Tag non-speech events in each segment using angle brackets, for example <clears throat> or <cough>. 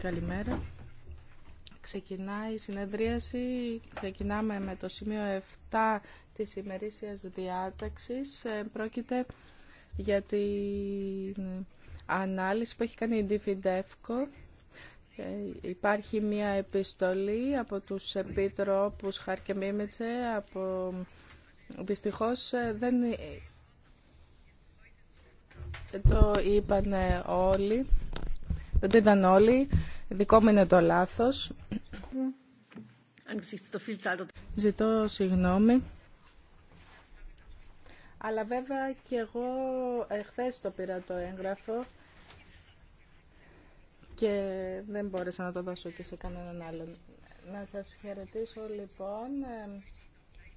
Καλημέρα. Ξεκινάει η συνεδρίαση. Ξεκινάμε με το σημείο 7 της ημερήσιας διάταξης. Ε, πρόκειται για την ανάλυση που έχει κάνει η Διφιντεύκο. Ε, υπάρχει μια επιστολή από τους επίτροπους Χάρκε Μίμητσε, από... δυστυχώς ε, δεν δεν το είπαν όλοι. Δεν το είδαν όλοι. Δικό μου είναι το λάθος. Ζητώ συγγνώμη. Αλλά βέβαια και εγώ εχθές το πήρα το έγγραφο και δεν μπόρεσα να το δώσω και σε κανέναν άλλον. Να σας χαιρετήσω λοιπόν. Ε,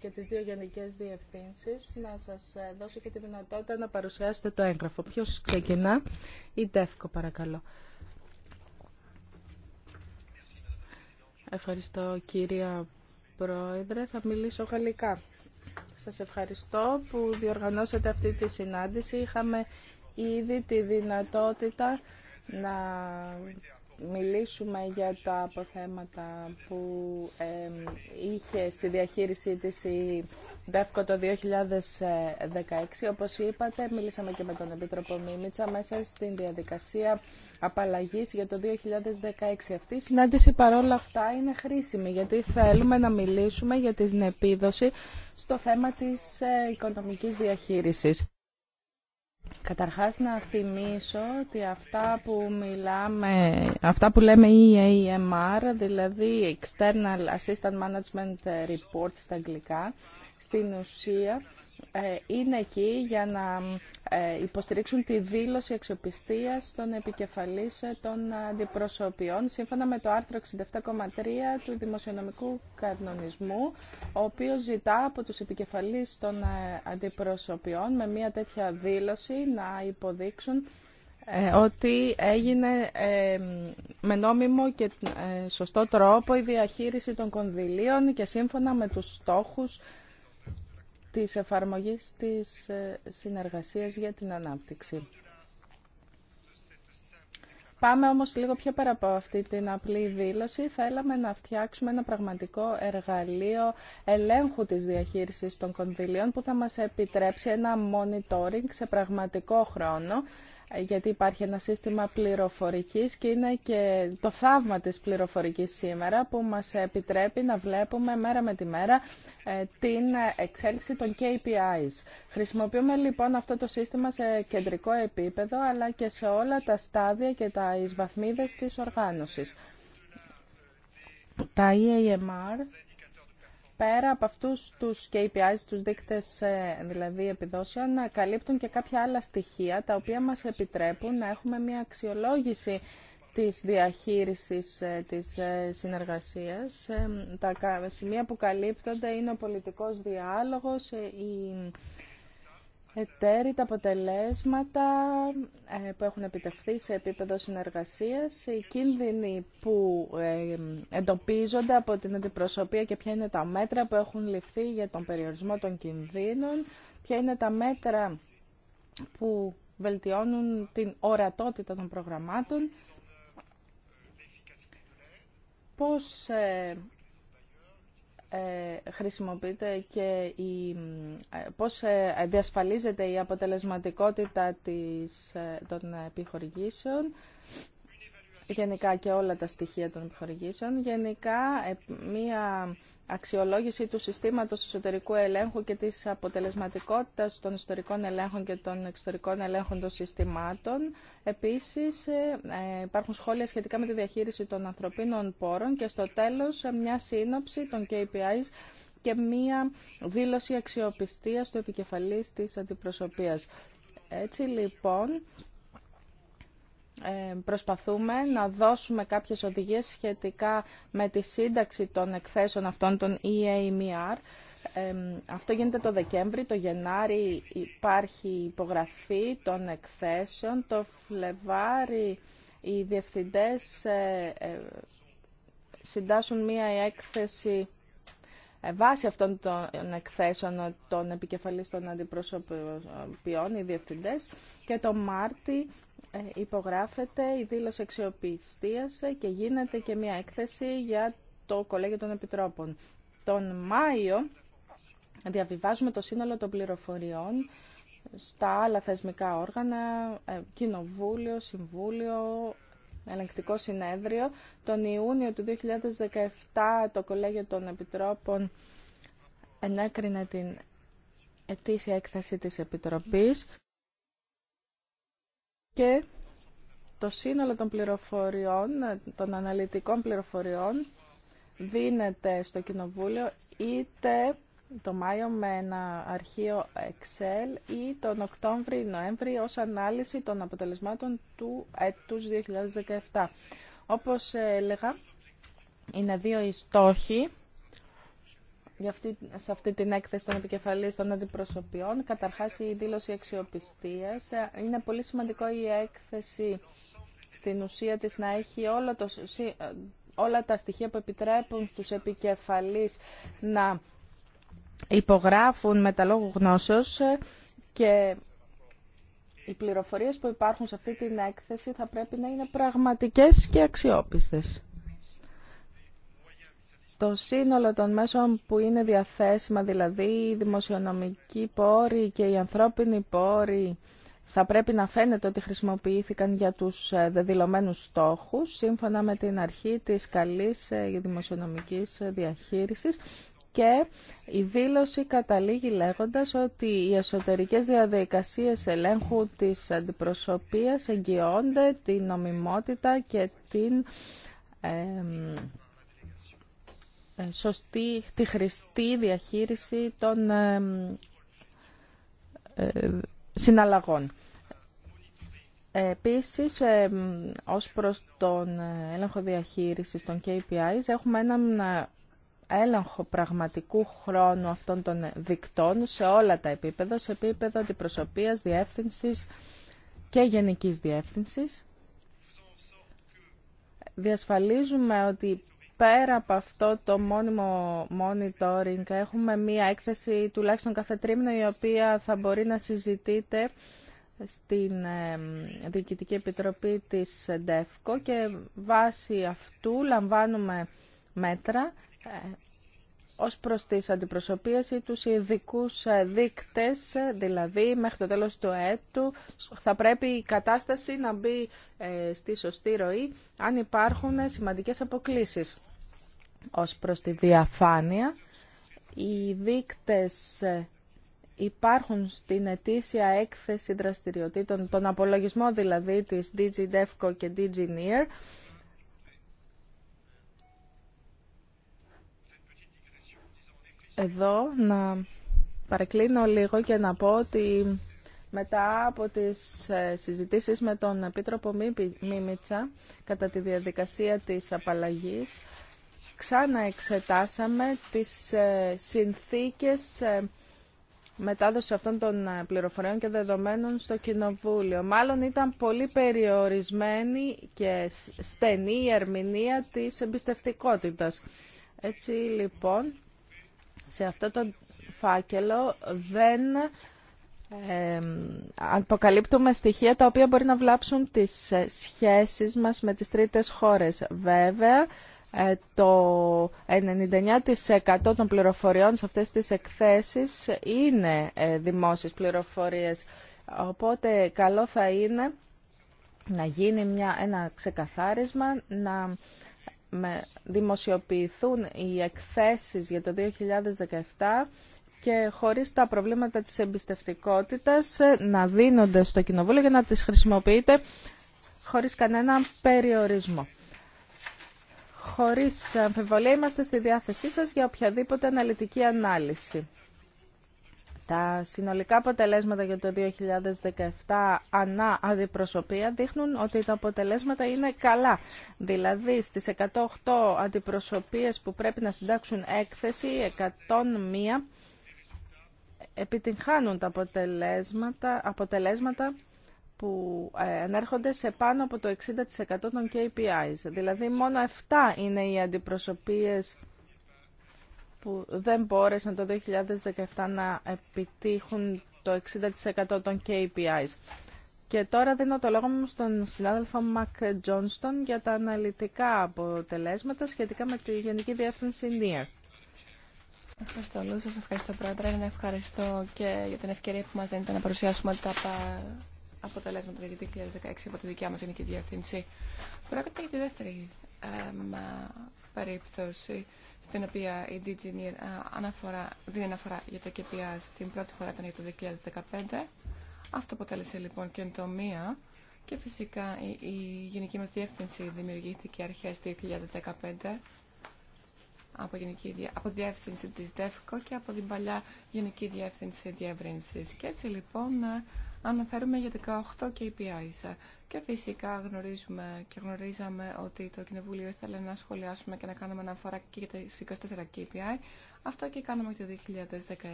και τις δύο γενικές διευθύνσεις να σας ε, δώσω και τη δυνατότητα να παρουσιάσετε το έγγραφο. Ποιος ξεκινά, η Τεύκο παρακαλώ. Ευχαριστώ κυρία Πρόεδρε, θα μιλήσω γαλλικά. Σας ευχαριστώ που διοργανώσατε αυτή τη συνάντηση. Είχαμε ήδη τη δυνατότητα να μιλήσουμε για τα αποθέματα που ε, είχε στη διαχείρισή της η ΔΕΦΚΟ το 2016. Όπως είπατε, μίλησαμε και με τον Επίτροπο Μίμητσα μέσα στην διαδικασία απαλλαγής για το 2016. Αυτή η συνάντηση παρόλα αυτά είναι χρήσιμη, γιατί θέλουμε να μιλήσουμε για την επίδοση στο θέμα της ε, οικονομικής διαχείρισης. Καταρχάς να θυμίσω ότι αυτά που μιλάμε, αυτά που λέμε EAMR, δηλαδή External Assistant Management Report στα αγγλικά, στην ουσία ε, είναι εκεί για να ε, υποστηρίξουν τη δήλωση εξοπιστίας των επικεφαλής ε, των αντιπροσωπιών σύμφωνα με το άρθρο 67,3 του Δημοσιονομικού Κανονισμού ο οποίος ζητά από τους επικεφαλής των αντιπροσωπιών με μια τέτοια δήλωση να υποδείξουν ότι έγινε με νόμιμο και σωστό τρόπο η διαχείριση των κονδυλίων και σύμφωνα με τους στόχους της εφαρμογής της ε, συνεργασίας για την ανάπτυξη. Πάμε όμως λίγο πιο πέρα από αυτή την απλή δήλωση. Θέλαμε να φτιάξουμε ένα πραγματικό εργαλείο ελέγχου της διαχείρισης των κονδυλίων που θα μας επιτρέψει ένα monitoring σε πραγματικό χρόνο γιατί υπάρχει ένα σύστημα πληροφορικής και είναι και το θαύμα της πληροφορικής σήμερα που μας επιτρέπει να βλέπουμε μέρα με τη μέρα ε, την εξέλιξη των KPIs. Χρησιμοποιούμε λοιπόν αυτό το σύστημα σε κεντρικό επίπεδο αλλά και σε όλα τα στάδια και τα εισβαθμίδες της οργάνωσης. Τα EAMR πέρα από αυτούς τους KPIs, τους δείκτες ε, δηλαδή επιδόσεων, καλύπτουν και κάποια άλλα στοιχεία, τα οποία μας επιτρέπουν να έχουμε μια αξιολόγηση της διαχείρισης ε, της ε, συνεργασίας. Τα σημεία που καλύπτονται είναι ο πολιτικός διάλογος, η εταίροι τα αποτελέσματα ε, που έχουν επιτευχθεί σε επίπεδο συνεργασίας, οι κίνδυνοι που ε, εντοπίζονται από την αντιπροσωπεία και ποια είναι τα μέτρα που έχουν ληφθεί για τον περιορισμό των κινδύνων, ποια είναι τα μέτρα που βελτιώνουν την ορατότητα των προγραμμάτων, πώς ε, ε, χρησιμοποιείται και η, ε, πώς ε, διασφαλίζεται η αποτελεσματικότητα της, των επιχορηγήσεων γενικά και όλα τα στοιχεία των επιχορηγήσεων, γενικά ε, μία αξιολόγηση του συστήματος εσωτερικού ελέγχου και της αποτελεσματικότητας των ιστορικών ελέγχων και των εξωτερικών ελέγχων των συστημάτων. Επίσης, ε, ε, υπάρχουν σχόλια σχετικά με τη διαχείριση των ανθρωπίνων πόρων και στο τέλος μια σύνοψη των KPIs και μία δήλωση αξιοπιστίας του επικεφαλής της αντιπροσωπείας. Έτσι λοιπόν, ε, προσπαθούμε να δώσουμε κάποιες οδηγίες σχετικά με τη σύνταξη των εκθέσεων αυτών των EAMR. E ε, αυτό γίνεται το Δεκέμβρη, το Γενάρη υπάρχει υπογραφή των εκθέσεων, το Φλεβάρι οι διευθυντές ε, συντάσσουν μία έκθεση ε, βάσει αυτών των εκθέσεων των επικεφαλής των αντιπροσωπιών, οι διευθυντές, και το Μάρτι ε, υπογράφεται η δήλωση αξιοπιστίας και γίνεται και μια έκθεση για το Κολέγιο των Επιτρόπων. Τον Μάιο διαβιβάζουμε το σύνολο των πληροφοριών στα άλλα θεσμικά όργανα, ε, Κοινοβούλιο, Συμβούλιο, ελεγκτικό συνέδριο. Τον Ιούνιο του 2017 το Κολέγιο των Επιτρόπων ενέκρινε την ετήσια έκθεση της Επιτροπής και το σύνολο των πληροφοριών, των αναλυτικών πληροφοριών δίνεται στο Κοινοβούλιο είτε το Μάιο με ένα αρχείο Excel ή τον Οκτώβρη ή Νοέμβρη ως ανάλυση των αποτελεσμάτων του έτους 2017. Όπως ε, έλεγα, είναι δύο οι στόχοι για αυτή, σε αυτή την έκθεση των επικεφαλής των αντιπροσωπιών. Καταρχάς, η δήλωση αξιοπιστίας. Είναι πολύ σημαντικό η έκθεση στην ουσία της να έχει ε, όλα τα στοιχεία που επιτρέπουν στους επικεφαλείς να υπογράφουν με τα λόγου γνώσεως ε, και οι πληροφορίες που υπάρχουν σε αυτή την έκθεση θα πρέπει να είναι πραγματικές και αξιόπιστες. Το σύνολο των μέσων που είναι διαθέσιμα, δηλαδή οι δημοσιονομικοί πόροι και οι ανθρώπινοι πόροι, θα πρέπει να φαίνεται ότι χρησιμοποιήθηκαν για τους ε, δεδηλωμένους στόχους, σύμφωνα με την αρχή της καλής ε, δημοσιονομικής διαχείρισης και η δήλωση καταλήγει λέγοντας ότι οι εσωτερικές διαδικασίες ελέγχου της αντιπροσωπείας εγγυώνται την νομιμότητα και την ε, σωστή, τη χρηστή διαχείριση των ε, συναλλαγών. Επίσης, ως προς τον ε, έλεγχο διαχείρισης των KPIs, έχουμε έναν ε, έλεγχο πραγματικού χρόνου αυτών των δικτών σε όλα τα επίπεδα, σε επίπεδο αντιπροσωπείας, διεύθυνση και γενικής διεύθυνση. Διασφαλίζουμε ότι πέρα από αυτό το μόνιμο monitoring έχουμε μία έκθεση τουλάχιστον κάθε τρίμηνο η οποία θα μπορεί να συζητείται στην Διοικητική Επιτροπή της ΔΕΦΚΟ και βάσει αυτού λαμβάνουμε μέτρα ε, ως προς τις αντιπροσωπείες ή τους ειδικού δείκτες, δηλαδή μέχρι το τέλος του έτου θα πρέπει η κατάσταση να μπει ε, στη σωστή ροή αν υπάρχουν σημαντικές αποκλήσεις. Ως προς τη διαφάνεια, οι δείκτες ε, υπάρχουν στην ετήσια έκθεση δραστηριοτήτων, τον απολογισμό δηλαδή της DigiDefco και DigiNear, εδώ να παρεκκλίνω λίγο και να πω ότι μετά από τις ε, συζητήσεις με τον Επίτροπο Μίμητσα κατά τη διαδικασία της απαλλαγής ξανά εξετάσαμε τις ε, συνθήκες ε, μετάδοση αυτών των πληροφοριών και δεδομένων στο Κοινοβούλιο. Μάλλον ήταν πολύ περιορισμένη και στενή η ερμηνεία της εμπιστευτικότητας. Έτσι λοιπόν σε αυτό το φάκελο δεν αποκαλύπτουμε στοιχεία τα οποία μπορεί να βλάψουν τις ε, σχέσεις μας με τις τρίτες χώρες. Βέβαια, ε, το 99% των πληροφοριών σε αυτές τις εκθέσεις είναι ε, δημόσιες πληροφορίες. Οπότε καλό θα είναι να γίνει μια, ένα ξεκαθάρισμα, να με, δημοσιοποιηθούν οι εκθέσεις για το 2017 και χωρίς τα προβλήματα της εμπιστευτικότητας ε, να δίνονται στο Κοινοβούλιο για να τις χρησιμοποιείτε χωρίς κανένα περιορισμό. Χωρίς αμφιβολία είμαστε στη διάθεσή σας για οποιαδήποτε αναλυτική ανάλυση. Τα συνολικά αποτελέσματα για το 2017 ανά αντιπροσωπεία δείχνουν ότι τα αποτελέσματα είναι καλά. Δηλαδή στις 108 αντιπροσωπείες που πρέπει να συντάξουν έκθεση, 101 επιτυγχάνουν τα αποτελέσματα, αποτελέσματα που ε, ανέρχονται σε πάνω από το 60% των KPIs. Δηλαδή μόνο 7 είναι οι αντιπροσωπείες που δεν μπόρεσαν το 2017 να επιτύχουν το 60% των KPIs. Και τώρα δίνω το λόγο μου στον συνάδελφο Μακ Τζόνστον για τα αναλυτικά αποτελέσματα σχετικά με τη Γενική Διεύθυνση NEAR. Ευχαριστώ όλους, σας ευχαριστώ πρόεδρε, να ευχαριστώ και για την ευκαιρία που μας δίνετε να παρουσιάσουμε τα αποτελέσματα για το 2016 από τη δικιά μας Γενική Διεύθυνση. Πρόκειται για τη δεύτερη περίπτωση στην οποία η DGN αναφορά, δίνει αναφορά για τα ΚΠΑ στην πρώτη φορά ήταν για το 2015. Αυτό αποτέλεσε λοιπόν και εντομία και φυσικά η, η Γενική μας Διεύθυνση δημιουργήθηκε αρχές 2015 από, γενική, από διεύθυνση της ΔΕΦΚΟ και από την παλιά Γενική Διεύθυνση Διεύρυνσης. Και έτσι λοιπόν Αναφέρουμε για 18 KPIs και φυσικά γνωρίζουμε και γνωρίζαμε ότι το Κοινοβούλιο ήθελε να σχολιάσουμε και να κάνουμε αναφορά και για 24 KPI. Αυτό και κάναμε και το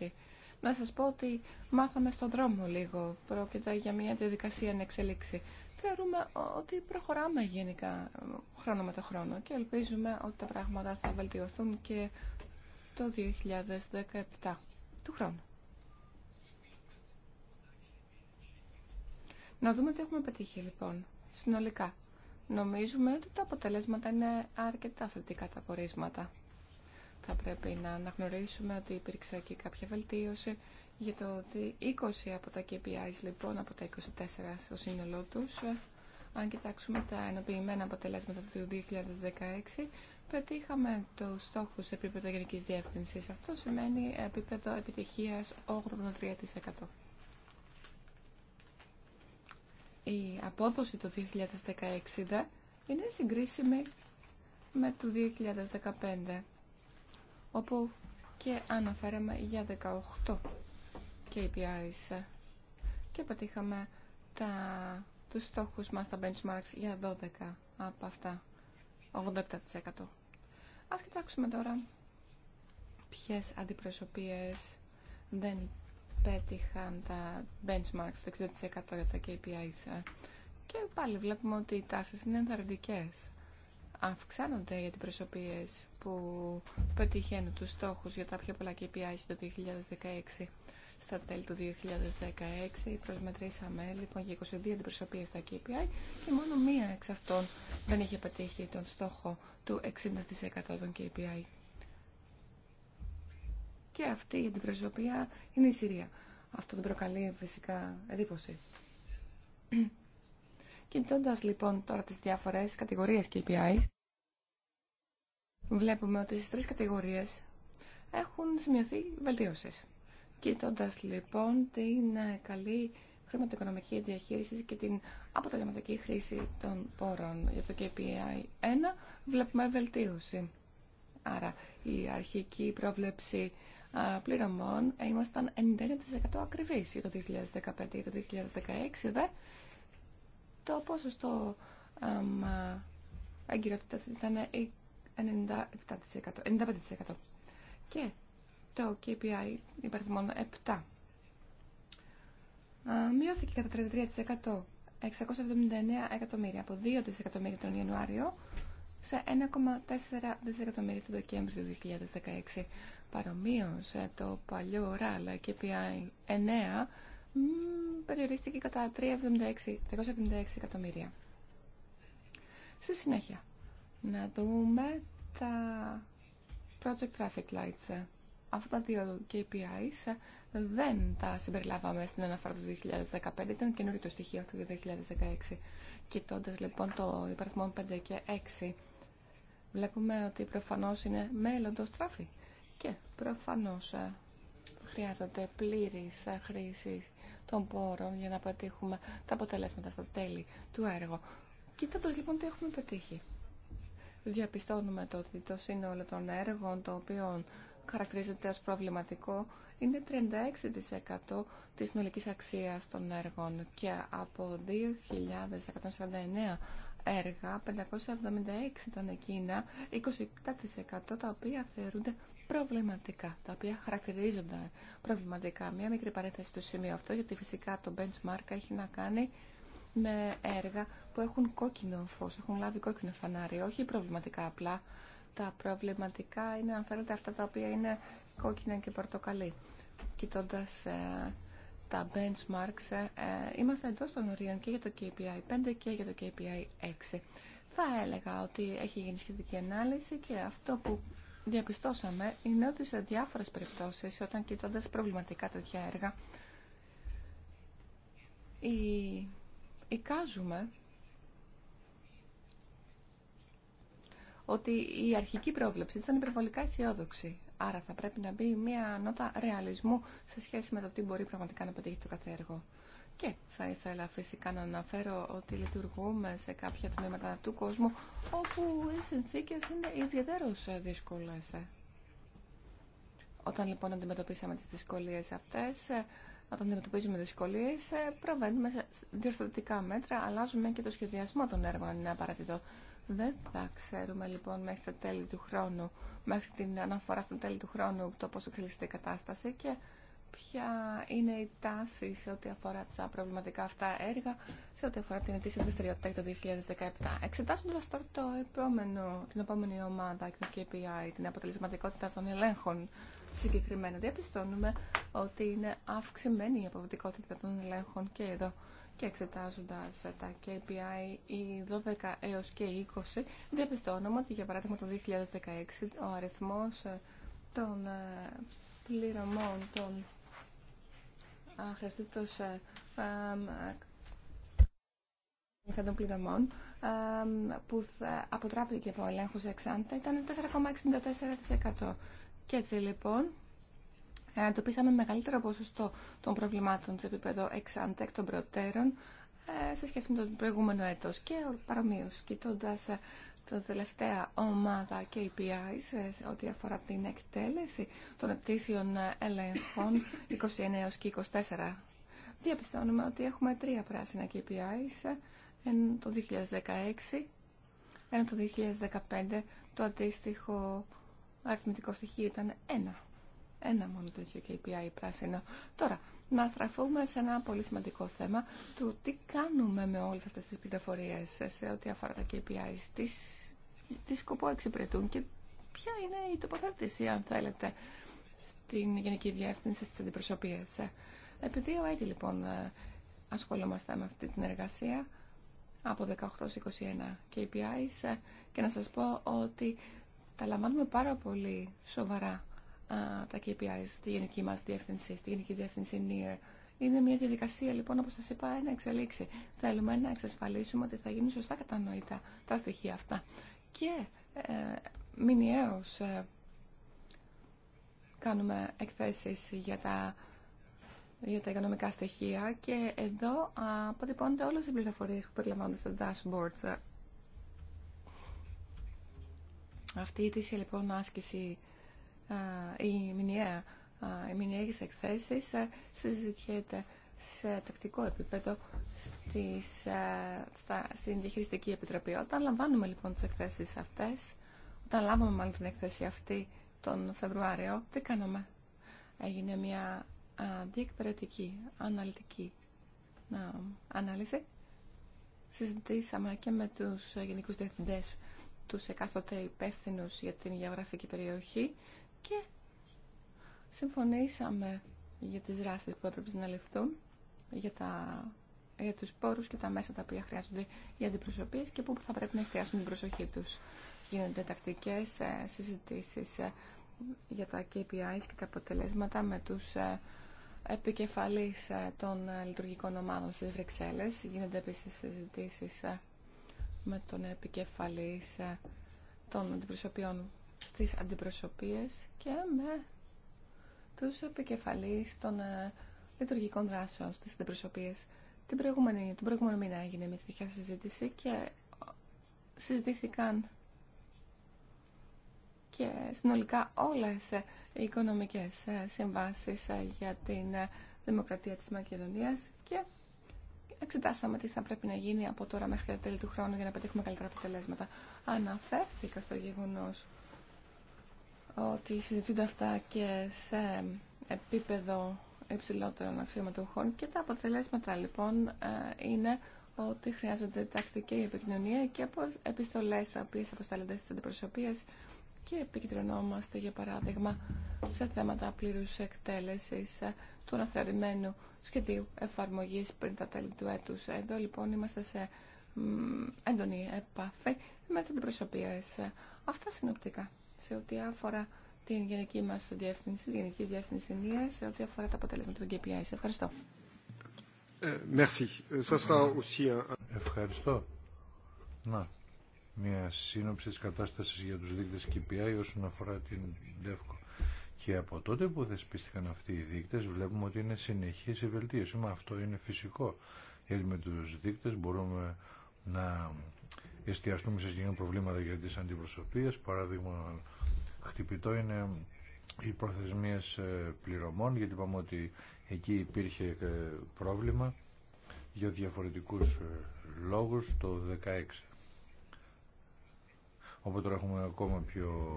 2016. Να σας πω ότι μάθαμε στον δρόμο λίγο. Πρόκειται για μια διαδικασία να εξελίξει. Θεωρούμε ότι προχωράμε γενικά χρόνο με το χρόνο και ελπίζουμε ότι τα πράγματα θα βελτιωθούν και το 2017 του χρόνου. Να δούμε τι έχουμε πετύχει λοιπόν, συνολικά. Νομίζουμε ότι τα αποτελέσματα είναι αρκετά θετικά τα απορίσματα. Θα πρέπει να αναγνωρίσουμε ότι υπήρξε και κάποια βελτίωση για το ότι 20 από τα KPIs λοιπόν, από τα 24 στο σύνολό τους, αν κοιτάξουμε τα ενοποιημένα αποτελέσματα του 2016, πετύχαμε το στόχο σε επίπεδο γενική διεύθυνση. Αυτό σημαίνει επίπεδο επιτυχίας 83% η απόδοση το 2016 είναι συγκρίσιμη με το 2015 όπου και αναφέραμε για 18 KPIs και πετύχαμε τα, τους στόχους μας, τα benchmarks για 12 από αυτά, 87%. Ας κοιτάξουμε τώρα ποιες αντιπροσωπείες δεν πέτυχαν τα benchmarks το 60% για τα KPIs και πάλι βλέπουμε ότι οι τάσεις είναι ενθαρρυντικέ. Αυξάνονται οι προσωπίες που πετυχαίνουν τους στόχους για τα πιο πολλά KPIs το 2016. Στα τέλη του 2016 προσμετρήσαμε λοιπόν για 22 αντιπροσωπείες στα KPI και μόνο μία εξ αυτών δεν είχε πετύχει τον στόχο του 60% των KPI και αυτή η αντιπροσωπεία είναι η Συρία. Αυτό δεν προκαλεί φυσικά εντύπωση. <clears throat> Κοιτώντας λοιπόν τώρα τις διάφορες κατηγορίες KPI, βλέπουμε ότι στις τρεις κατηγορίες έχουν σημειωθεί βελτίωσεις. Κοιτώντα λοιπόν την ε, καλή χρηματοοικονομική διαχείριση και την αποτελεσματική χρήση των πόρων για το KPI 1, βλέπουμε βελτίωση. Άρα η αρχική πρόβλεψη πληρωμών ήμασταν 99% ακριβείς το 2015 ή το 2016 δε το ποσοστό εγκυρότητας ήταν 97%, 95% και το KPI υπαριθμών 7 μειώθηκε κατά 33% 679 εκατομμύρια από 2 δισεκατομμύρια τον Ιανουάριο σε 1,4 δισεκατομμύρια το Δεκέμβριο του 2016. Παρομοίως ε, το παλιό ραλ KPI ε, 9 περιορίστηκε κατά 376, 376 εκατομμύρια. Στη συνέχεια, να δούμε τα Project Traffic Lights. Αυτά τα δύο KPIs δεν τα συμπεριλάβαμε στην αναφορά του 2015, ήταν καινούριο το στοιχείο αυτό του 2016. Κοιτώντα λοιπόν το υπαριθμό 5 και 6, βλέπουμε ότι προφανώς είναι μέλλοντος τράφι και προφανώς ε, χρειάζεται πλήρης ε, χρήση των πόρων για να πετύχουμε τα αποτελέσματα στα τέλη του έργου. Κοίτατο λοιπόν τι έχουμε πετύχει. Διαπιστώνουμε το ότι το σύνολο των έργων το οποίο χαρακτηρίζεται ως προβληματικό είναι 36% της συνολικής αξίας των έργων και από 2.149 έργα, 576 ήταν εκείνα, 27% τα οποία θεωρούνται προβληματικά, τα οποία χαρακτηρίζονται προβληματικά. Μία μικρή παρένθεση στο σημείο αυτό, γιατί φυσικά το benchmark έχει να κάνει με έργα που έχουν κόκκινο φως, έχουν λάβει κόκκινο φανάρι, όχι προβληματικά απλά. Τα προβληματικά είναι, αν θέλετε, αυτά τα οποία είναι κόκκινα και πορτοκαλί. Κοιτώντα ε, τα benchmarks, ε, ε, είμαστε εντό των ορίων και για το KPI 5 και για το KPI 6. Θα έλεγα ότι έχει γίνει σχετική ανάλυση και αυτό που διαπιστώσαμε είναι ότι σε διάφορες περιπτώσεις, όταν κοιτώντας προβληματικά τέτοια έργα, εικάζουμε ότι η αρχική πρόβλεψη ήταν υπερβολικά αισιόδοξη. Άρα θα πρέπει να μπει μια νότα ρεαλισμού σε σχέση με το τι μπορεί πραγματικά να πετύχει το κάθε έργο. Και θα ήθελα φυσικά να αναφέρω ότι λειτουργούμε σε κάποια τμήματα του κόσμου όπου οι συνθήκες είναι ιδιαίτερω δύσκολες. Όταν λοιπόν αντιμετωπίσαμε τις δυσκολίες αυτές, όταν αντιμετωπίζουμε δυσκολίε, προβαίνουμε διορθωτικά μέτρα, αλλάζουμε και το σχεδιασμό των έργων, αν είναι απαραίτητο. Δεν θα ξέρουμε λοιπόν μέχρι τα τέλη του χρόνου, μέχρι την αναφορά στα τέλη του χρόνου το πώς εξελίσσεται η κατάσταση και ποια είναι η τάση σε ό,τι αφορά τα προβληματικά αυτά έργα, σε ό,τι αφορά την ετήσια δραστηριότητα για το 2017. Εξετάζοντα τώρα το επόμενο, την επόμενη ομάδα και το KPI, την αποτελεσματικότητα των ελέγχων συγκεκριμένα, διαπιστώνουμε ότι είναι αυξημένη η αποδοτικότητα των ελέγχων και εδώ και εξετάζοντας τα KPI οι 12 έως και 20 διαπιστώνουμε ότι για παράδειγμα το 2016 ο αριθμός των πληρωμών των χρηστήτως των πληρωμών που αποτράπηκε από ελέγχους εξάντα ήταν 4,64%. Και έτσι λοιπόν εντοπίσαμε μεγαλύτερο ποσοστό των προβλημάτων σε επίπεδο εξαντέκ των προτέρων ε, σε σχέση με το προηγούμενο έτος και παρομοίως κοιτώντα ε, τα τελευταία ομάδα KPI ε, ό,τι αφορά την εκτέλεση των ετησιων ελεγχών 29 και 24. Διαπιστώνουμε ότι έχουμε τρία πράσινα KPI το 2016, ενώ το 2015 το αντίστοιχο αριθμητικό στοιχείο ήταν ένα. Ένα μόνο τέτοιο KPI πράσινο. Τώρα, να στραφούμε σε ένα πολύ σημαντικό θέμα του τι κάνουμε με όλες αυτές τις πληροφορίες σε ό,τι αφορά τα KPI, τι σκοπό εξυπηρετούν και ποια είναι η τοποθέτηση, αν θέλετε, στην Γενική Διεύθυνση στις αντιπροσωπείες. Επειδή ο έτη, λοιπόν, ασχολούμαστε με αυτή την εργασία από 18-21 KPIs και να σας πω ότι τα λαμβάνουμε πάρα πολύ σοβαρά τα KPIs στη γενική μας διεύθυνση, στη γενική διεύθυνση NEAR. Είναι μια διαδικασία λοιπόν, όπως σας είπα, να εξελίξει. Θέλουμε να εξασφαλίσουμε ότι θα γίνουν σωστά κατανοητά τα στοιχεία αυτά. Και ε, μηνιαίως ε, κάνουμε εκθέσεις για τα, για τα οικονομικά στοιχεία και εδώ αποτυπώνονται όλες οι πληροφορίες που περιλαμβάνονται στα dashboards. Αυτή η τύση λοιπόν άσκηση η μηνιαία οι μηνιαίες εκθέσεις ε, συζητιέται σε τακτικό επίπεδο στις, ε, στα, στην Διαχειριστική Επιτροπή. Όταν λαμβάνουμε λοιπόν τις εκθέσεις αυτές, όταν λάβαμε μάλλον την εκθέση αυτή τον Φεβρουάριο, τι κάναμε. Έγινε μια διεκπαιρετική, αναλυτική ανάλυση. Συζητήσαμε και με τους γενικούς διευθυντές, τους εκάστοτε υπεύθυνου για την γεωγραφική περιοχή και συμφωνήσαμε για τις δράσεις που έπρεπε να ληφθούν, για, τα, για τους πόρους και τα μέσα τα οποία χρειάζονται οι αντιπροσωπείες και πού θα πρέπει να εστιάσουν την προσοχή τους. Γίνονται τακτικές ε, συζητήσεις ε, για τα KPIs και τα αποτελέσματα με τους ε, επικεφαλής των λειτουργικών ομάδων στις Βρυξέλλες. Γίνονται επίσης συζητήσεις με τον επικεφαλής των αντιπροσωπιών στις αντιπροσωπείες και με τους επικεφαλείς των ε, λειτουργικών δράσεων στις αντιπροσωπείες. Την προηγούμενη, τον προηγούμενο μήνα έγινε μια τέτοια συζήτηση και ε, συζητήθηκαν και συνολικά όλες ε, οι οικονομικές συμβάσεις για την δημοκρατία της Μακεδονίας και εξετάσαμε τι θα πρέπει να γίνει από τώρα μέχρι τα τέλη του χρόνου για να πετύχουμε καλύτερα αποτελέσματα. Αναφέρθηκα στο γεγονός ότι συζητούνται αυτά και σε επίπεδο υψηλότερων αξιωματούχων και τα αποτελέσματα λοιπόν ε, είναι ότι χρειάζεται τακτική επικοινωνία και από επιστολές τα οποίες αποστάλλονται στις αντιπροσωπείες και επικεντρωνόμαστε για παράδειγμα σε θέματα πλήρους εκτέλεσης ε, του αναθεωρημένου σχεδίου εφαρμογής πριν τα τέλη του έτους. Εδώ λοιπόν είμαστε σε έντονη επαφή με τι αντιπροσωπείες. Αυτά συνοπτικά σε ό,τι αφορά την γενική μα διεύθυνση, τη γενική διεύθυνση ΝΙΑ, σε ό,τι αφορά τα αποτελέσματα των KPI. ευχαριστώ. Ε, ε, ευχαριστώ. Να, μια σύνοψη της κατάστασης για τους δείκτες KPI όσον αφορά την ΔΕΦΚΟ. Και από τότε που θεσπίστηκαν αυτοί οι δείκτες βλέπουμε ότι είναι συνεχής η βελτίωση. Μα αυτό είναι φυσικό. Γιατί με τους δείκτες μπορούμε να εστιαστούμε σε συγκεκριμένα προβλήματα για τις αντιπροσωπείες. Παράδειγμα, χτυπητό είναι οι προθεσμίες ε, πληρωμών, γιατί είπαμε ότι εκεί υπήρχε ε, πρόβλημα για διαφορετικούς ε, λόγους το 16. Οπότε τώρα έχουμε ακόμα πιο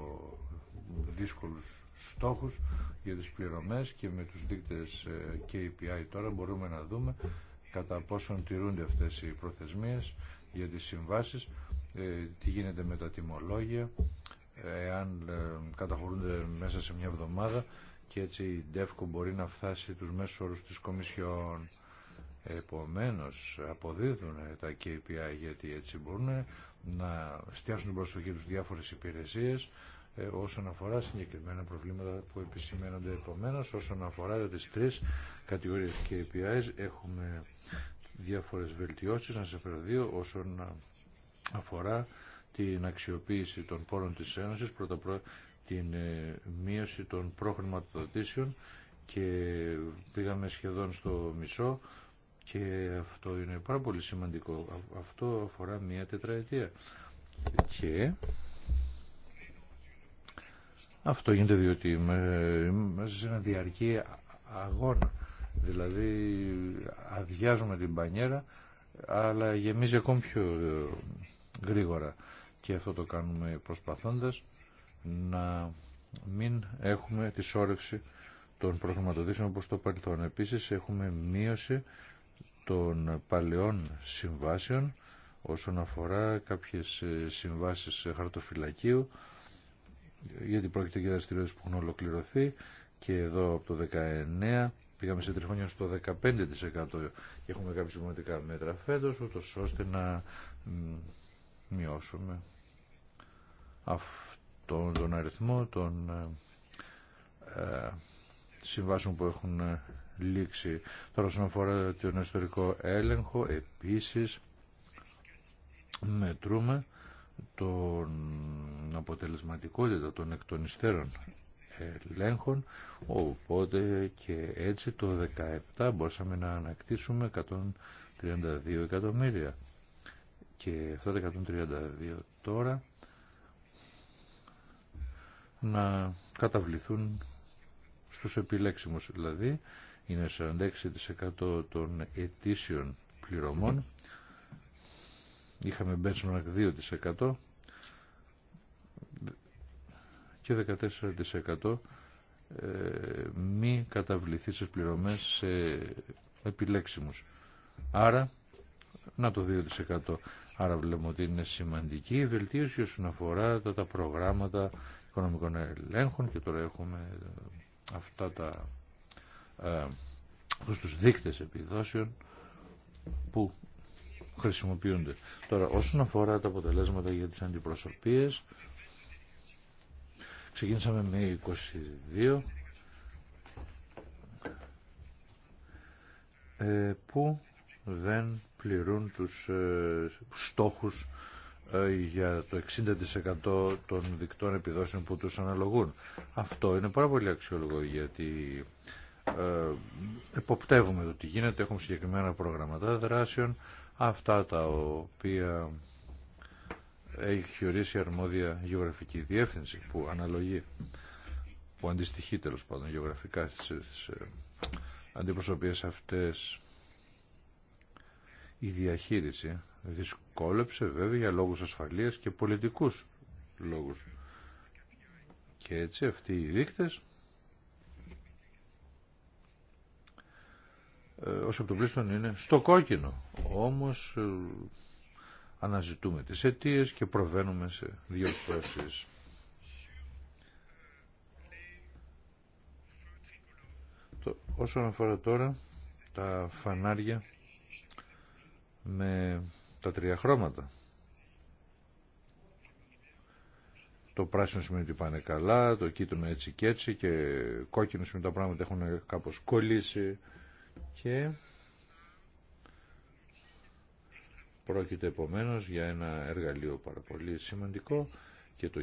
δύσκολους στόχους για τις πληρωμές και με τους δείκτες KPI τώρα μπορούμε να δούμε κατά πόσον τηρούνται αυτές οι προθεσμίες για τις συμβάσεις, ε, τι γίνεται με τα τιμολόγια, εάν ε, καταχωρούνται μέσα σε μια εβδομάδα και έτσι η ΔΕΦΚΟ μπορεί να φτάσει τους μέσους όρους της Κομισιόν. Επομένως, αποδίδουν τα KPI γιατί έτσι μπορούν να στιάσουν την προσοχή τους διάφορες υπηρεσίες ε, όσον αφορά συγκεκριμένα προβλήματα που επισημαίνονται επομένως. Όσον αφορά τις τρεις κατηγορίες KPIs έχουμε διάφορες βελτιώσεις, να σε φέρω δύο, όσον αφορά την αξιοποίηση των πόρων της Ένωσης, πρώτα πρώτα την ε, μείωση των προχρηματοδοτήσεων και πήγαμε σχεδόν στο μισό και αυτό είναι πάρα πολύ σημαντικό. Αυτό αφορά μία τετραετία. Και αυτό γίνεται διότι είμαστε σε ένα διαρκή αγώνα. Δηλαδή αδειάζουμε την πανιέρα αλλά γεμίζει ακόμη πιο ε, γρήγορα και αυτό το κάνουμε προσπαθώντας να μην έχουμε τη σόρευση των προγραμματοδίσεων όπως το παρελθόν. Επίσης έχουμε μείωση των παλαιών συμβάσεων όσον αφορά κάποιες ε, συμβάσεις χαρτοφυλακίου γιατί πρόκειται για δραστηριότητες που έχουν ολοκληρωθεί και εδώ από το 19 πήγαμε σε τριχόνια στο 15% και έχουμε κάποια σημαντικά μέτρα φέτος ούτως ώστε να μειώσουμε αυτόν τον αριθμό των ε, ε, συμβάσεων που έχουν ε, λήξει. Τώρα όσον αφορά τον ιστορικό έλεγχο επίσης μετρούμε τον αποτελεσματικότητα των εκτονιστέρων ελέγχων οπότε και έτσι το 17 μπορούσαμε να ανακτήσουμε 132 εκατομμύρια και αυτά τα 132 τώρα να καταβληθούν στους επιλέξιμους δηλαδή είναι 46% των ετήσιων πληρωμών είχαμε benchmark 2% και 14% ε, μη σε πληρωμές σε επιλέξιμους. Άρα, να το 2%. Άρα βλέπουμε ότι είναι σημαντική η βελτίωση όσον αφορά τα, τα προγράμματα οικονομικών ελέγχων και τώρα έχουμε ε, αυτά τα, ε, αυτούς τους δείκτες επιδόσεων που χρησιμοποιούνται. Τώρα όσον αφορά τα αποτελέσματα για τις αντιπροσωπείες Ξεκίνησαμε με 22 ε, που δεν πληρούν τους ε, στόχους ε, για το 60% των δικτών επιδόσεων που τους αναλογούν. Αυτό είναι πάρα πολύ αξιόλογο γιατί εποπτεύουμε το τι γίνεται, έχουμε συγκεκριμένα προγραμματά δράσεων, αυτά τα οποία έχει ορίσει αρμόδια γεωγραφική διεύθυνση που αναλογεί, που αντιστοιχεί τέλος πάντων γεωγραφικά στις ε, αντιπροσωπείες αυτές. Η διαχείριση δυσκόλεψε βέβαια για λόγους ασφαλείας και πολιτικούς λόγους. Και έτσι αυτοί οι δείκτες ε, ως από το πλήστον είναι στο κόκκινο. Όμως ε, αναζητούμε τις αιτίε και προβαίνουμε σε δύο Το, Όσον αφορά τώρα τα φανάρια με τα τρία χρώματα. Το πράσινο σημαίνει ότι πάνε καλά, το κίτρινο έτσι και έτσι και κόκκινο σημαίνει ότι τα πράγματα έχουν κάπως κολλήσει και Πρόκειται επομένως για ένα εργαλείο πάρα πολύ σημαντικό και το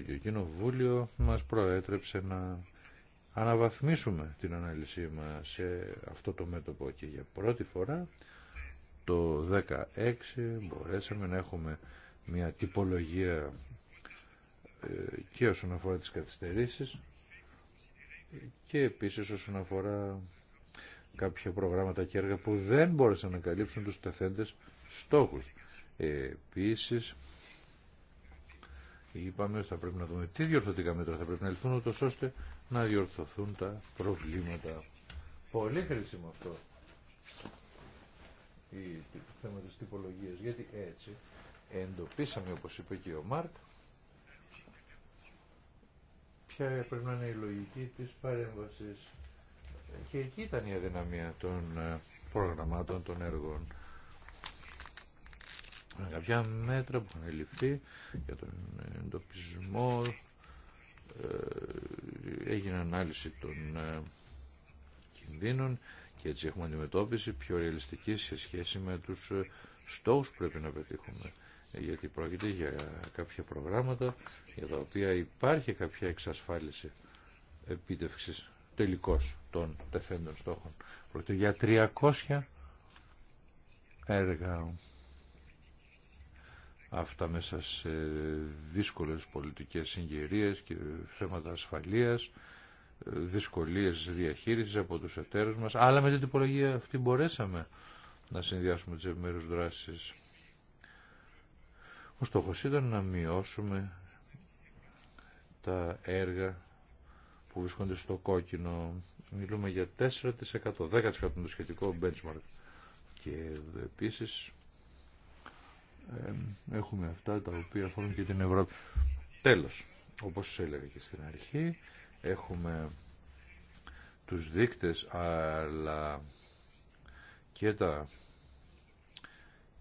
Βούλιο μας προέτρεψε να αναβαθμίσουμε την ανάλυση μας σε αυτό το μέτωπο και για πρώτη φορά το 2016 μπορέσαμε να έχουμε μια τυπολογία ε, και όσον αφορά τις καθυστερήσεις και επίσης όσον αφορά κάποια προγράμματα και έργα που δεν μπόρεσαν να καλύψουν τους τεθέντες στόχους. Επίσης, είπαμε ότι θα πρέπει να δούμε τι διορθωτικά μέτρα θα πρέπει να ληφθούν ούτως ώστε να διορθωθούν τα προβλήματα. Πολύ χρήσιμο αυτό Το θέμα της τυπολογίας γιατί έτσι εντοπίσαμε όπως είπε και ο Μάρκ ποια πρέπει να είναι η λογική της παρέμβασης και εκεί ήταν η αδυναμία των ε, προγραμμάτων των έργων κάποια μέτρα που έχουν ληφθεί για τον εντοπισμό ε, έγινε ανάλυση των ε, κινδύνων και έτσι έχουμε αντιμετώπιση πιο ρεαλιστική σε σχέση με τους ε, στόχους που πρέπει να πετύχουμε γιατί πρόκειται για κάποια προγράμματα για τα οποία υπάρχει κάποια εξασφάλιση επίτευξης τελικός των τεθέντων στόχων. Πρόκειται για 300 έργα αυτά μέσα σε δύσκολες πολιτικές συγκυρίες και θέματα ασφαλείας, δυσκολίες διαχείρισης από τους εταίρους μας, αλλά με την τυπολογία αυτή μπορέσαμε να συνδυάσουμε τις ευμέρους δράσεις. Ο στόχος ήταν να μειώσουμε τα έργα που βρίσκονται στο κόκκινο. Μιλούμε για 4%, 10% το σχετικό benchmark. Και επίσης ε, έχουμε αυτά τα οποία αφορούν και την Ευρώπη. Τέλος, όπως σας έλεγα και στην αρχή, έχουμε τους δείκτες αλλά και τα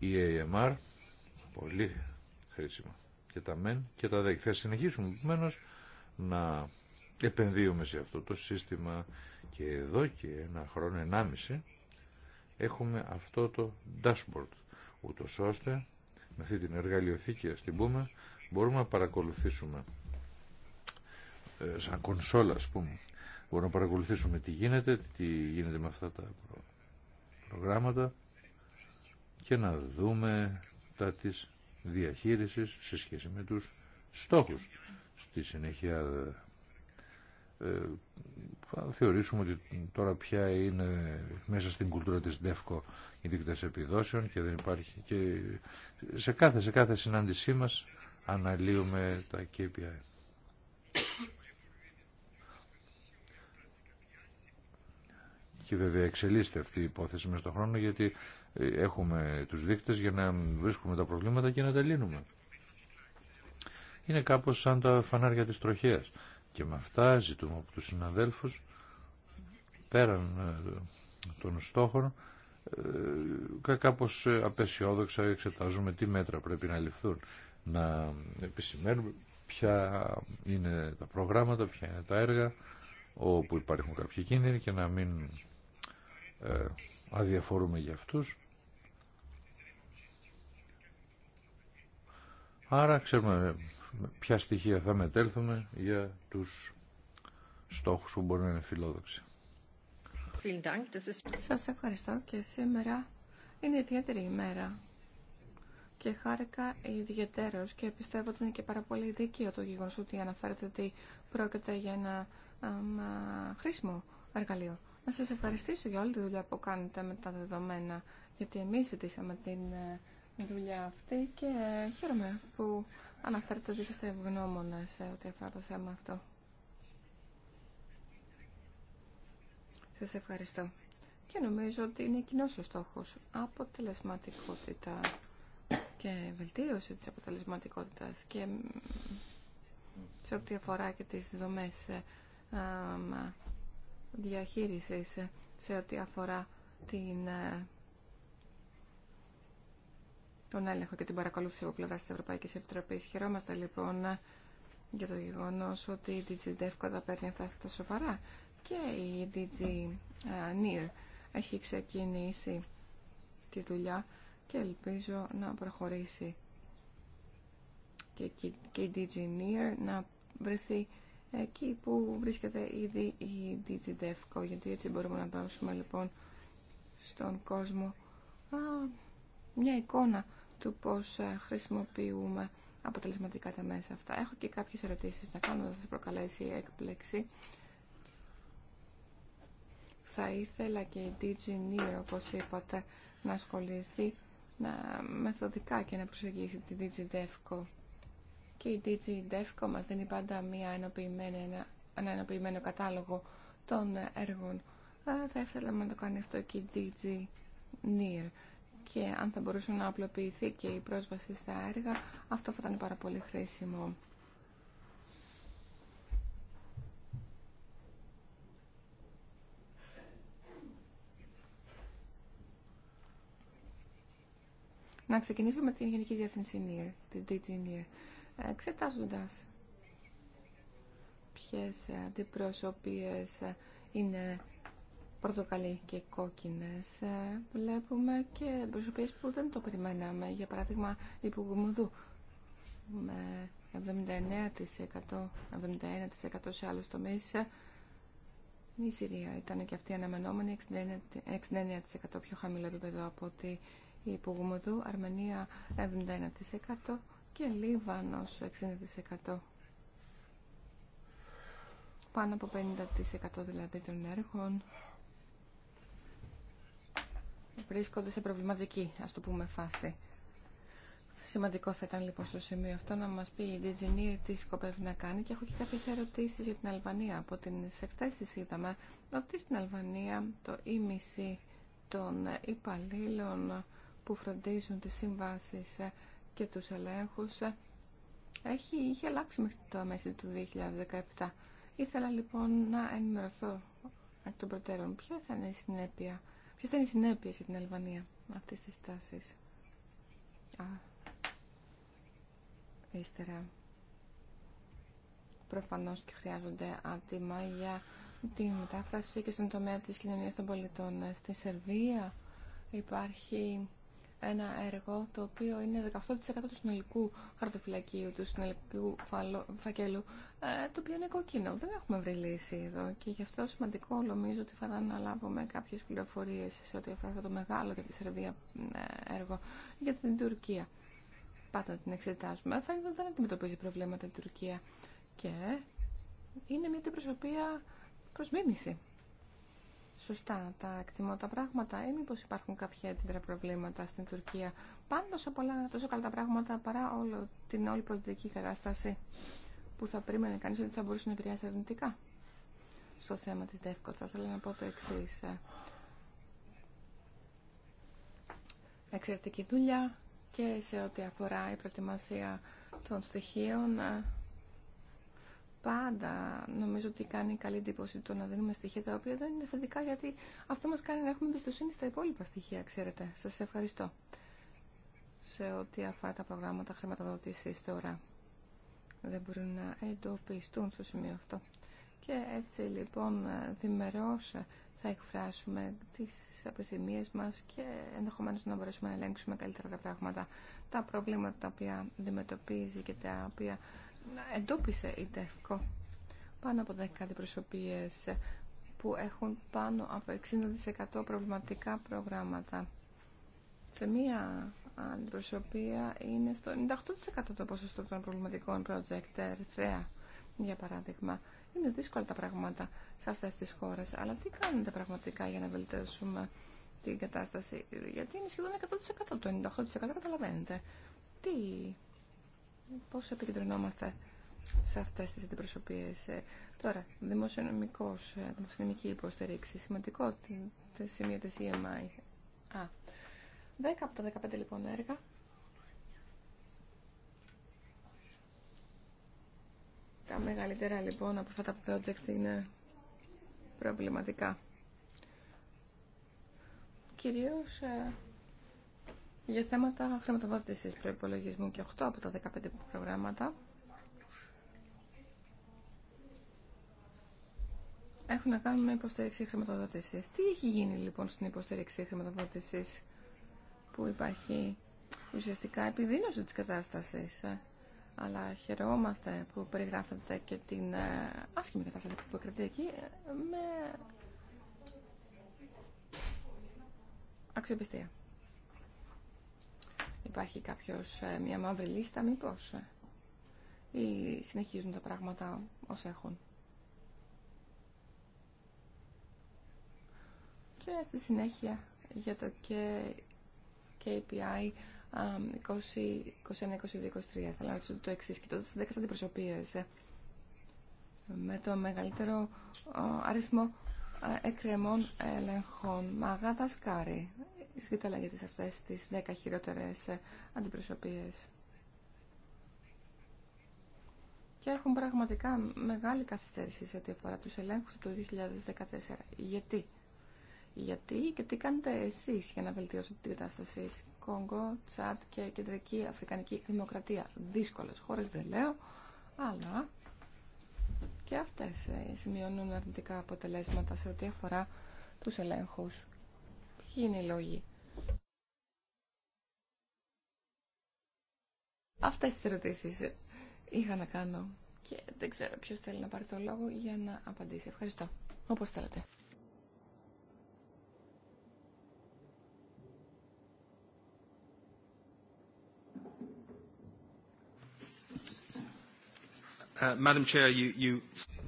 EAMR πολύ χρήσιμα και τα MEN και τα δείκτες Θα συνεχίσουμε επομένω να επενδύουμε σε αυτό το σύστημα και εδώ και ένα χρόνο, ενάμιση έχουμε αυτό το dashboard ούτως ώστε με αυτή την εργαλειοθήκη, ας την πούμε, μπορούμε να παρακολουθήσουμε ε, σαν κονσόλα, ας πούμε. Μπορούμε να παρακολουθήσουμε τι γίνεται, τι γίνεται με αυτά τα προγράμματα και να δούμε τα της διαχείρισης σε σχέση με τους στόχους. Στη συνέχεια ε, θεωρήσουμε ότι τώρα πια είναι μέσα στην κουλτούρα της ΔΕΦΚΟ οι δείκτες επιδόσεων και δεν υπάρχει και σε κάθε, σε κάθε συνάντησή μας αναλύουμε τα KPI. Και βέβαια εξελίσσεται αυτή η υπόθεση μέσα στον χρόνο γιατί ε, έχουμε τους δείκτες για να βρίσκουμε τα προβλήματα και να τα λύνουμε. Είναι κάπως σαν τα φανάρια της τροχέας. Και με αυτά ζητούμε από τους συναδέλφους πέραν ε, των στόχων ε, κάπως ε, απεσιόδοξα εξετάζουμε τι μέτρα πρέπει να ληφθούν να επισημαίνουμε ποια είναι τα προγράμματα, ποια είναι τα έργα όπου υπάρχουν κάποιοι κίνδυνοι και να μην αδιαφορούμε για αυτούς. Άρα ξέρουμε ποια στοιχεία θα μετέλθουμε για τους στόχους που μπορεί να είναι φιλόδοξοι. Σας ευχαριστώ και σήμερα είναι ιδιαίτερη ημέρα και χάρηκα ιδιαίτερος και πιστεύω ότι είναι και πάρα πολύ δίκαιο το γεγονός ότι αναφέρεται ότι πρόκειται για ένα χρήσιμο εργαλείο. Να σας ευχαριστήσω για όλη τη δουλειά που κάνετε με τα δεδομένα, γιατί εμείς ζητήσαμε την ε, δουλειά αυτή και χαίρομαι που αναφέρετε ότι είστε ευγνώμονε σε ό,τι αφορά το θέμα αυτό. Σας ευχαριστώ. Και νομίζω ότι είναι κοινό ο στόχος. Αποτελεσματικότητα και βελτίωση της αποτελεσματικότητας και σε ό,τι αφορά και τις δομές ε, διαχείρισης ε, σε ό,τι αφορά την ε, τον έλεγχο και την παρακολούθηση από πλευρά τη Ευρωπαϊκή Επιτροπή. Χαιρόμαστε λοιπόν για το γεγονό ότι η DG DEFCO τα παίρνει αυτά στα σοβαρά και η DG ε, NIR έχει ξεκινήσει τη δουλειά και ελπίζω να προχωρήσει και η DG NIR να βρεθεί εκεί που βρίσκεται ήδη η DG DEFCO γιατί έτσι μπορούμε να δώσουμε λοιπόν στον κόσμο μια εικόνα του πώς ε, χρησιμοποιούμε αποτελεσματικά τα μέσα αυτά. Έχω και κάποιες ερωτήσεις να κάνω, δεν θα προκαλέσει έκπληξη. Θα ήθελα και η DG Near, όπως είπατε, να ασχοληθεί να, μεθοδικά και να προσεγγίσει τη DG DEFCO. Και η DG DEFCO μας δίνει πάντα μια ενοποιημένη, ένα, ένα ενοποιημένο κατάλογο των έργων. Ε, θα ήθελα να το κάνει αυτό και η DG NIR και αν θα μπορούσε να απλοποιηθεί και η πρόσβαση στα έργα, αυτό θα ήταν πάρα πολύ χρήσιμο. Να ξεκινήσουμε με την Γενική Διεύθυνση την DG NIR, εξετάζοντας ποιες αντιπροσωπείες είναι πορτοκαλί και κόκκινες. Ε, βλέπουμε και προσωπίες που δεν το περιμέναμε. Για παράδειγμα, η με 79%, 71% σε άλλους τομείς. Η Συρία ήταν και αυτή αναμενόμενη, 69%, πιο χαμηλό επίπεδο από ότι η Υπουργομοδού. Αρμενία 71% και Λίβανος 60% πάνω από 50% δηλαδή των έργων βρίσκονται σε προβληματική, ας το πούμε, φάση. Σημαντικό θα ήταν λοιπόν στο σημείο αυτό να μας πει η Διτζινίρ τι σκοπεύει να κάνει και έχω και κάποιες ερωτήσεις για την Αλβανία. Από την εκθέσει είδαμε ότι στην Αλβανία το ίμιση των υπαλλήλων που φροντίζουν τις συμβάσεις και τους ελέγχου έχει, είχε αλλάξει μέχρι το μέση του 2017. Ήθελα λοιπόν να ενημερωθώ εκ των προτέρων ποια θα είναι η συνέπεια Ποιε θα είναι οι συνέπειε για την Αλβανία αυτή τη τάση. Ύστερα. Προφανώ και χρειάζονται άτομα για τη μετάφραση και στον τομέα τη κοινωνία των πολιτών. Στη Σερβία υπάρχει ένα έργο το οποίο είναι 18% του συνολικού χαρτοφυλακίου, του συνολικού φακέλου, ε, το οποίο είναι κοκκίνο. Δεν έχουμε βρει λύση εδώ και γι' αυτό σημαντικό νομίζω ότι θα αναλάβουμε κάποιε πληροφορίε σε ό,τι αφορά αυτό το μεγάλο για τη Σερβία ε, έργο για την Τουρκία. Πάντα την εξετάζουμε. Φαίνεται ότι δεν αντιμετωπίζει προβλήματα η Τουρκία και είναι μια αντιπροσωπεία προς μίμηση σωστά τα εκτιμώ τα πράγματα ή ε, μήπω υπάρχουν κάποια έντυπα προβλήματα στην Τουρκία. Πάντω πολλά τόσο καλά τα πράγματα παρά όλο, την όλη πολιτική κατάσταση που θα περίμενε κανεί ότι θα μπορούσε να επηρεάσει αρνητικά στο θέμα τη ΔΕΦΚΟ. Θα ήθελα να πω το εξή. Ε, εξαιρετική δουλειά και σε ό,τι αφορά η προετοιμασία των στοιχείων ε, πάντα νομίζω ότι κάνει καλή εντύπωση το να δίνουμε στοιχεία τα οποία δεν είναι θετικά γιατί αυτό μας κάνει να έχουμε εμπιστοσύνη στα υπόλοιπα στοιχεία, ξέρετε. Σας ευχαριστώ σε ό,τι αφορά τα προγράμματα χρηματοδότησης τώρα. Δεν μπορούν να εντοπιστούν στο σημείο αυτό. Και έτσι λοιπόν διμερώς θα εκφράσουμε τις επιθυμίες μας και ενδεχομένως να μπορέσουμε να ελέγξουμε καλύτερα τα πράγματα, τα προβλήματα τα οποία αντιμετωπίζει και τα οποία εντόπισε η ΤΕΦΚΟ πάνω από 10 αντιπροσωπείες που έχουν πάνω από 60% προβληματικά προγράμματα. Σε μία αντιπροσωπεία είναι στο 98% το ποσοστό των προβληματικών project Ερυθρέα, για παράδειγμα. Είναι δύσκολα τα πράγματα σε αυτές τις χώρες, αλλά τι κάνετε πραγματικά για να βελτιώσουμε την κατάσταση, γιατί είναι σχεδόν 100% το 98% καταλαβαίνετε. Τι πώς επικεντρωνόμαστε σε αυτές τις αντιπροσωπείες. Ε, τώρα, δημοσιονομικός, ε, δημοσιονομική υποστηρίξη, σημαντικό το σημείο της EMI. Α, 10 από τα 15 λοιπόν έργα. Τα μεγαλύτερα λοιπόν από αυτά τα project είναι προβληματικά. Κυρίως ε, για θέματα χρηματοδότησης προϋπολογισμού και 8 από τα 15 προγράμματα έχουν να κάνουν με υποστήριξη χρηματοδότησης. Τι έχει γίνει λοιπόν στην υποστήριξη χρηματοδότησης που υπάρχει ουσιαστικά επιδείνωση της κατάστασης. Ε? Αλλά χαιρόμαστε που περιγράφεται και την ε, άσχημη κατάσταση που επικρατεί εκεί ε, με αξιοπιστία. Υπάρχει κάποιος, ε, μια μαύρη λίστα μήπως ε, ή συνεχίζουν τα πράγματα όσο έχουν. Και στη συνέχεια για το KPI 2021 2023 θα λάβω το εξής και τότε στις 10 αντιπροσωπείες ε, με το μεγαλύτερο αριθμό εκκρεμών ελεγχών. Μαγάτα σκάρι εισηγητέλα για τις αυτές τις 10 χειρότερες αντιπροσωπείες. Και έχουν πραγματικά μεγάλη καθυστέρηση σε ό,τι αφορά τους ελέγχους του 2014. Γιατί? Γιατί και τι κάνετε εσείς για να βελτιώσετε την κατάσταση. Κόγκο, Τσάτ και Κεντρική Αφρικανική Δημοκρατία. Δύσκολες χώρες δεν λέω, αλλά και αυτές ε, σημειώνουν αρνητικά αποτελέσματα σε ό,τι αφορά τους ελέγχους. Ποιοι είναι οι λόγοι. Αυτέ τι ερωτήσει είχα να κάνω και δεν ξέρω ποιο θέλει να πάρει το λόγο για να απαντήσει. Ευχαριστώ. Όπω θέλετε. Uh, Madam Chair, you, you...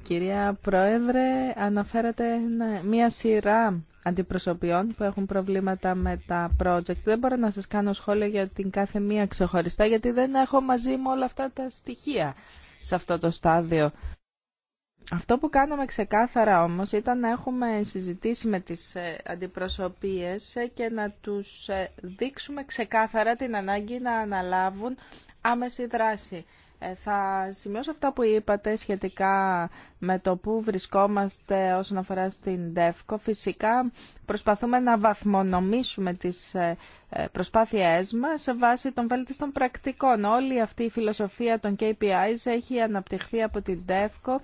Κυρία Πρόεδρε, αναφέρατε μία σειρά αντιπροσωπιών που έχουν προβλήματα με τα project. Δεν μπορώ να σας κάνω σχόλια για την κάθε μία ξεχωριστά, γιατί δεν έχω μαζί μου όλα αυτά τα στοιχεία σε αυτό το στάδιο. Αυτό που κάναμε ξεκάθαρα όμως ήταν να έχουμε συζητήσει με τις ε, αντιπροσωπείες ε, και να τους ε, δείξουμε ξεκάθαρα την ανάγκη να αναλάβουν άμεση δράση. Ε, θα σημειώσω αυτά που είπατε σχετικά με το που βρισκόμαστε όσον αφορά στην ΔΕΦΚΟ. Φυσικά προσπαθούμε να βαθμονομήσουμε τις ε, ε, προσπάθειές μας βάση των βέλτιστων πρακτικών. Όλη αυτή η φιλοσοφία των KPIs έχει αναπτυχθεί από την DEFCO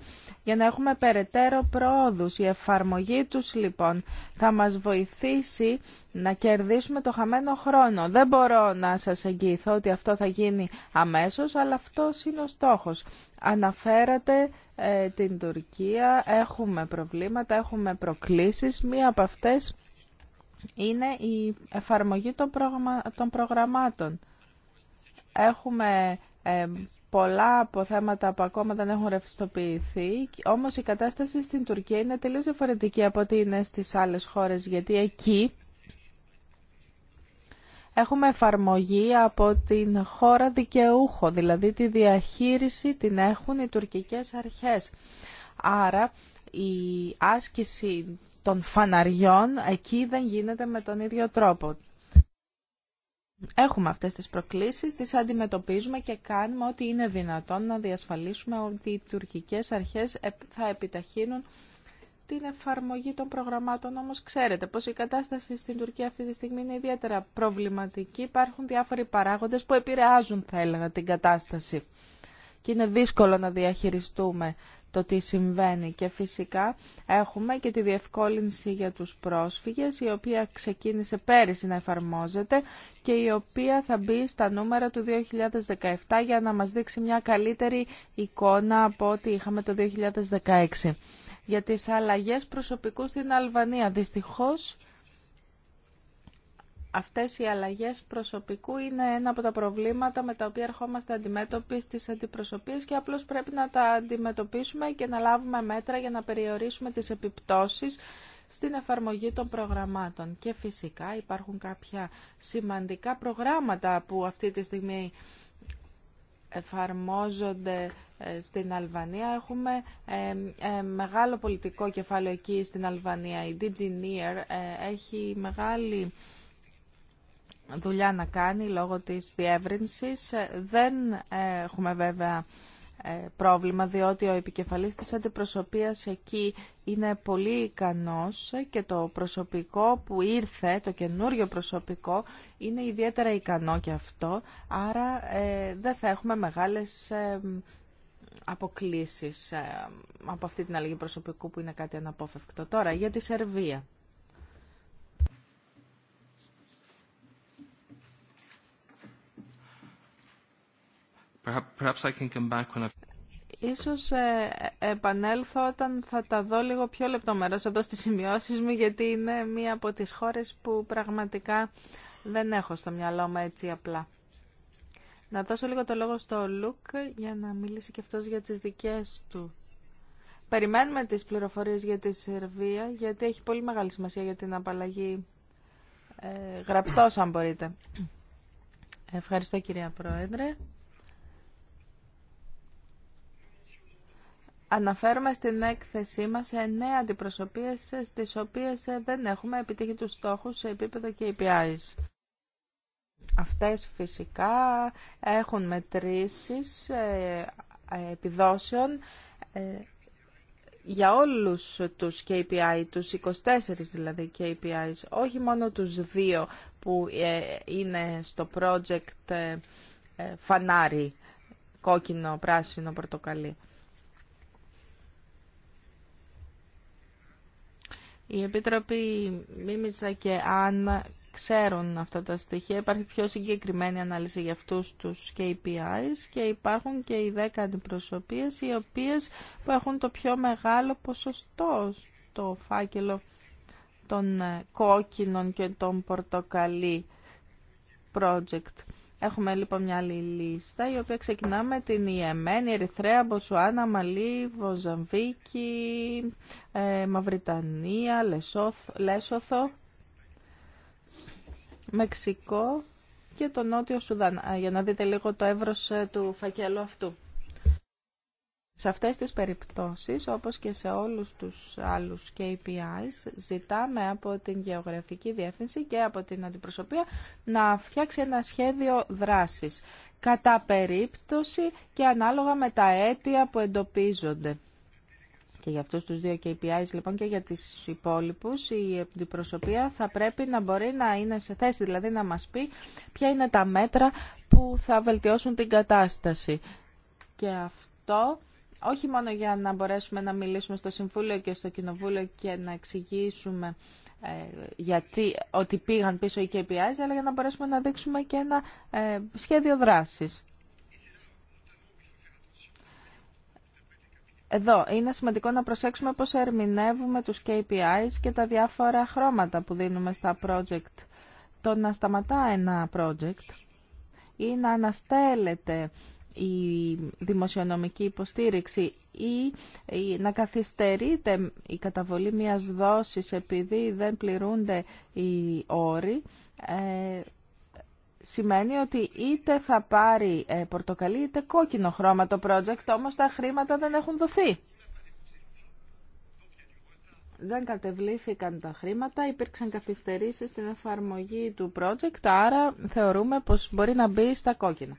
για να έχουμε περαιτέρω πρόοδους. Η εφαρμογή τους λοιπόν θα μας βοηθήσει να κερδίσουμε το χαμένο χρόνο. Δεν μπορώ να σας εγγυηθώ ότι αυτό θα γίνει αμέσως, αλλά αυτό είναι ο στόχος. Αναφέρατε ε, την Τουρκία, έχουμε προβλήματα, έχουμε προκλήσεις. Μία από αυτές είναι η εφαρμογή των προγραμμάτων. Έχουμε ε, πολλά από θέματα που ακόμα δεν έχουν ρευστοποιηθεί, όμως η κατάσταση στην Τουρκία είναι τελείως διαφορετική από ό,τι είναι στις άλλες χώρες, γιατί εκεί έχουμε εφαρμογή από την χώρα δικαιούχο, δηλαδή τη διαχείριση την έχουν οι τουρκικές αρχές. Άρα η άσκηση των φαναριών εκεί δεν γίνεται με τον ίδιο τρόπο. Έχουμε αυτές τις προκλήσεις, τις αντιμετωπίζουμε και κάνουμε ό,τι είναι δυνατόν να διασφαλίσουμε ότι οι τουρκικές αρχές θα επιταχύνουν την εφαρμογή των προγραμμάτων. Όμως ξέρετε πως η κατάσταση στην Τουρκία αυτή τη στιγμή είναι ιδιαίτερα προβληματική. Υπάρχουν διάφοροι παράγοντες που επηρεάζουν, θα έλεγα, την κατάσταση. Και είναι δύσκολο να διαχειριστούμε το τι συμβαίνει. Και φυσικά έχουμε και τη διευκόλυνση για τους πρόσφυγες, η οποία ξεκίνησε πέρυσι να εφαρμόζεται και η οποία θα μπει στα νούμερα του 2017 για να μας δείξει μια καλύτερη εικόνα από ό,τι είχαμε το 2016. Για τις αλλαγές προσωπικού στην Αλβανία, δυστυχώς Αυτές οι αλλαγές προσωπικού είναι ένα από τα προβλήματα με τα οποία ερχόμαστε αντιμέτωποι στις αντιπροσωπείες και απλώς πρέπει να τα αντιμετωπίσουμε και να λάβουμε μέτρα για να περιορίσουμε τις επιπτώσεις στην εφαρμογή των προγραμμάτων. Και φυσικά υπάρχουν κάποια σημαντικά προγράμματα που αυτή τη στιγμή εφαρμόζονται ε, στην Αλβανία. Έχουμε ε, ε, μεγάλο πολιτικό κεφάλαιο εκεί στην Αλβανία. Η έχει μεγάλη δουλειά να κάνει λόγω της διεύρυνσης. Δεν έχουμε βέβαια ε, πρόβλημα διότι ο επικεφαλής της αντιπροσωπείας εκεί είναι πολύ ικανός και το προσωπικό που ήρθε, το καινούριο προσωπικό είναι ιδιαίτερα ικανό και αυτό άρα ε, δεν θα έχουμε μεγάλες ε, αποκλήσεις από αυτή την αλλαγή προσωπικού που είναι κάτι αναπόφευκτο. Τώρα για τη Σερβία. Ίσως ε, επανέλθω όταν θα τα δω λίγο πιο λεπτομέρως εδώ στις σημειώσεις μου γιατί είναι μία από τις χώρες που πραγματικά δεν έχω στο μυαλό μου έτσι απλά. Να δώσω λίγο το λόγο στο Λουκ για να μιλήσει και αυτός για τις δικές του. Περιμένουμε τις πληροφορίες για τη Σερβία γιατί έχει πολύ μεγάλη σημασία για την απαλλαγή ε, γραπτός αν μπορείτε. Ευχαριστώ κυρία Πρόεδρε. Αναφέρουμε στην έκθεσή μας εννέα αντιπροσωπείες στις οποίες δεν έχουμε επιτύχει τους στόχους σε επίπεδο KPIs. Αυτές φυσικά έχουν μετρήσεις ε, επιδόσεων ε, για όλους τους KPI, τους 24 δηλαδή KPIs, όχι μόνο τους δύο που ε, είναι στο project φανάρι, κόκκινο, πράσινο, πορτοκαλί. Η Επίτροπη Μίμητσα και αν ξέρουν αυτά τα στοιχεία, υπάρχει πιο συγκεκριμένη ανάλυση για αυτούς τους KPIs και υπάρχουν και οι 10 αντιπροσωπείες οι οποίες που έχουν το πιο μεγάλο ποσοστό στο φάκελο των κόκκινων και των πορτοκαλί project. Έχουμε λοιπόν μια άλλη λίστα η οποία ξεκινά με την Ιεμένη, Ερυθρέα, Μποσουάνα, Μαλή, Βοζαμβίκη, ε, Μαυριτανία, Λεσόθ, Λέσοθο, Μεξικό και το Νότιο Σουδάν. Για να δείτε λίγο το έβρος ε, του φακέλου αυτού. Σε αυτές τις περιπτώσεις, όπως και σε όλους τους άλλους KPIs, ζητάμε από την Γεωγραφική Διεύθυνση και από την Αντιπροσωπεία να φτιάξει ένα σχέδιο δράσης, κατά περίπτωση και ανάλογα με τα αίτια που εντοπίζονται. Και για αυτούς τους δύο KPIs λοιπόν και για τις υπόλοιπους η αντιπροσωπεία θα πρέπει να μπορεί να είναι σε θέση, δηλαδή να μας πει ποια είναι τα μέτρα που θα βελτιώσουν την κατάσταση. Και αυτό όχι μόνο για να μπορέσουμε να μιλήσουμε στο Συμβούλιο και στο Κοινοβούλιο και να εξηγήσουμε ε, γιατί, ότι πήγαν πίσω οι KPIs, αλλά για να μπορέσουμε να δείξουμε και ένα ε, σχέδιο δράσης. Εδώ είναι σημαντικό να προσέξουμε πώς ερμηνεύουμε τους KPIs και τα διάφορα χρώματα που δίνουμε στα project. Το να σταματά ένα project ή να αναστέλλεται η δημοσιονομική υποστήριξη ή να καθυστερείται η καταβολή μιας δόσης επειδή δεν πληρούνται οι όροι, ε, σημαίνει ότι είτε θα πάρει ε, πορτοκαλί είτε κόκκινο χρώμα το project, όμως τα χρήματα δεν έχουν δοθεί. Δεν κατεβλήθηκαν τα χρήματα, υπήρξαν καθυστερήσεις στην εφαρμογή του project, άρα θεωρούμε πως μπορεί να μπει στα κόκκινα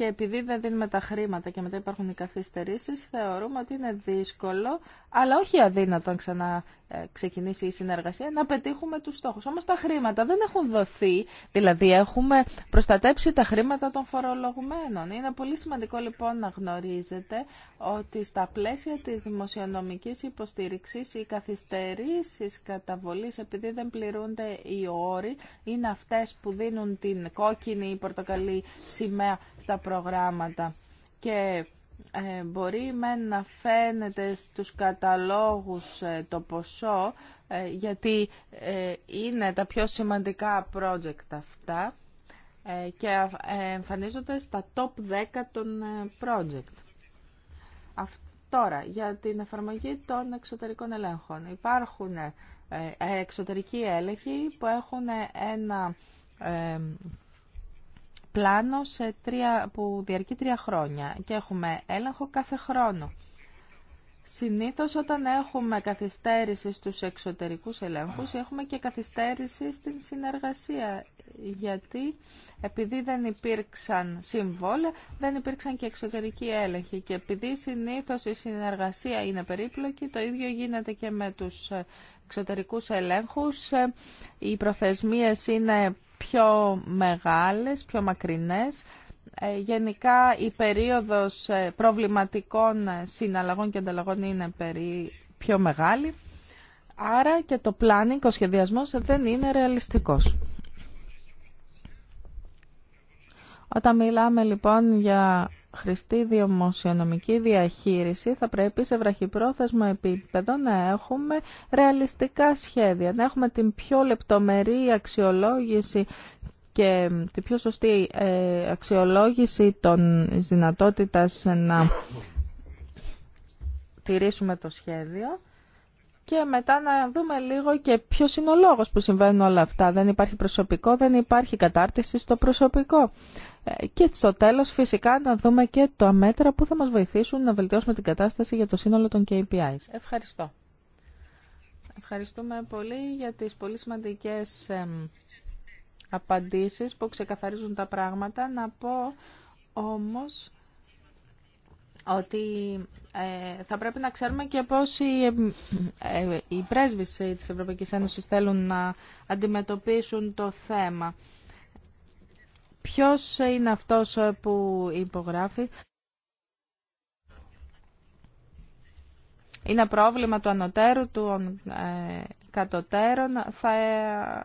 και επειδή δεν δίνουμε τα χρήματα και μετά υπάρχουν οι καθυστερήσεις, θεωρούμε ότι είναι δύσκολο, αλλά όχι αδύνατο ξανά ε, ξεκινήσει η συνεργασία να πετύχουμε τους στόχους. Όμως τα χρήματα δεν έχουν δοθεί, δηλαδή έχουμε προστατέψει τα χρήματα των φορολογουμένων. Είναι πολύ σημαντικό λοιπόν να γνωρίζετε ότι στα πλαίσια της δημοσιονομικής υποστήριξης οι καθυστερήσεις καταβολής επειδή δεν πληρούνται οι όροι είναι αυτές που δίνουν την κόκκινη ή πορτοκαλί σημαία στα προγράμματα. Και ε, μπορεί με να φαίνεται στους καταλόγους ε, το ποσό ε, γιατί είναι τα πιο σημαντικά project αυτά και εμφανίζονται στα top 10 των project. Τώρα, για την εφαρμογή των εξωτερικών ελέγχων. Υπάρχουν εξωτερικοί έλεγχοι που έχουν ένα πλάνο σε τρία, που διαρκεί τρία χρόνια και έχουμε έλεγχο κάθε χρόνο. Συνήθως όταν έχουμε καθυστέρηση στους εξωτερικούς ελέγχους έχουμε και καθυστέρηση στην συνεργασία γιατί επειδή δεν υπήρξαν συμβόλαια δεν υπήρξαν και εξωτερικοί έλεγχοι και επειδή συνήθως η συνεργασία είναι περίπλοκη το ίδιο γίνεται και με τους εξωτερικούς ελέγχους οι προθεσμίες είναι πιο μεγάλες, πιο μακρινές. Ε, γενικά η περίοδος ε, προβληματικών ε, συναλλαγών και ανταλλαγών είναι περί πιο μεγάλη. Άρα και το planning, ο σχεδιασμός δεν είναι ρεαλιστικός. Όταν μιλάμε λοιπόν για χρηστή δημοσιονομική διαχείριση θα πρέπει σε βραχυπρόθεσμο επίπεδο να έχουμε ρεαλιστικά σχέδια, να έχουμε την πιο λεπτομερή αξιολόγηση και την πιο σωστή ε, αξιολόγηση των δυνατότητας να τηρήσουμε το σχέδιο και μετά να δούμε λίγο και ποιο είναι ο λόγος που συμβαίνουν όλα αυτά. Δεν υπάρχει προσωπικό, δεν υπάρχει κατάρτιση στο προσωπικό. Και στο τέλος φυσικά να δούμε και τα μέτρα που θα μας βοηθήσουν να βελτιώσουμε την κατάσταση για το σύνολο των KPIs. Ευχαριστώ. Ευχαριστούμε πολύ για τις πολύ σημαντικές απαντήσεις που ξεκαθαρίζουν τα πράγματα. Να πω όμως ότι ε, θα πρέπει να ξέρουμε και πώς οι, ε, οι πρέσβεις της Ευρωπαϊκής Ένωσης θέλουν να αντιμετωπίσουν το θέμα. Ποιος είναι αυτός που υπογράφει. Είναι πρόβλημα του ανωτέρου, του ε, κατωτέρων. Θα ε,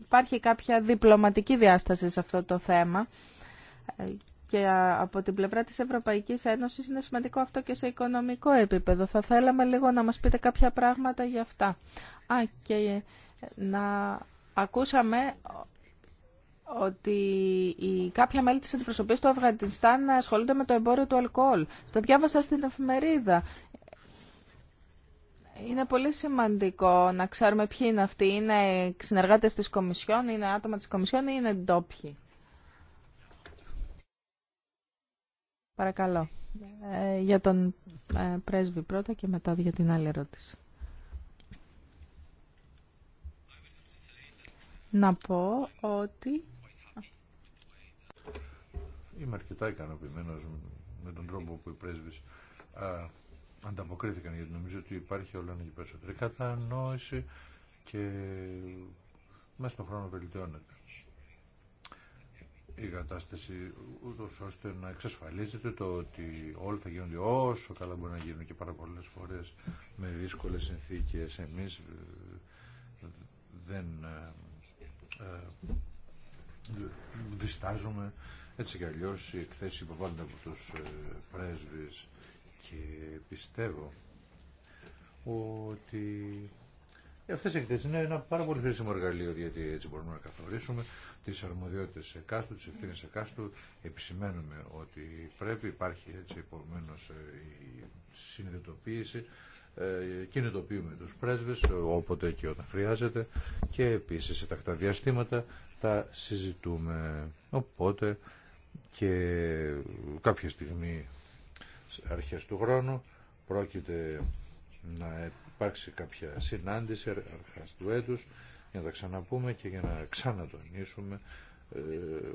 υπάρχει κάποια διπλωματική διάσταση σε αυτό το θέμα. Ε, και από την πλευρά της Ευρωπαϊκής Ένωσης είναι σημαντικό αυτό και σε οικονομικό επίπεδο. Θα θέλαμε λίγο να μας πείτε κάποια πράγματα για αυτά. Α, και ε, να ακούσαμε ότι η, κάποια μέλη της αντιπροσωπείας του Αφγανιστάν ασχολούνται με το εμπόριο του αλκοόλ. Τα διάβασα στην εφημερίδα. Είναι πολύ σημαντικό να ξέρουμε ποιοι είναι αυτοί. Είναι συνεργάτες της Κομισιόν, είναι άτομα της Κομισιόν ή είναι ντόπιοι. Παρακαλώ. Ε, για τον ε, πρέσβη πρώτα και μετά για την άλλη ερώτηση. Να πω ότι Είμαι αρκετά ικανοποιημένο με τον τρόπο που οι πρέσβει ανταποκρίθηκαν γιατί νομίζω ότι υπάρχει όλο και περισσότερη κατανόηση και μέσα στον χρόνο βελτιώνεται η κατάσταση ούτω ώστε να εξασφαλίζεται το ότι όλα θα γίνονται όσο καλά μπορεί να γίνουν και πάρα πολλέ φορές με δύσκολες συνθήκε Εμεί ε, δεν ε, ε, διστάζουμε έτσι κι αλλιώ οι εκθέσει υποβάλλονται από τους ε, πρέσβει και πιστεύω ότι αυτέ οι εκθέσει είναι ένα πάρα πολύ χρήσιμο εργαλείο γιατί έτσι μπορούμε να καθορίσουμε τι αρμοδιότητε κάστου, τι ευθύνε εκάστου. Επισημαίνουμε ότι πρέπει, υπάρχει έτσι επομένω ε, η συνειδητοποίηση. Ε, κινητοποιούμε τους πρέσβες ε, όποτε και όταν χρειάζεται και επίσης σε τακτά διαστήματα τα συζητούμε οπότε και κάποια στιγμή αρχές του χρόνου πρόκειται να υπάρξει κάποια συνάντηση αρχάς του έτους για να τα ξαναπούμε και για να ξανατονίσουμε ε,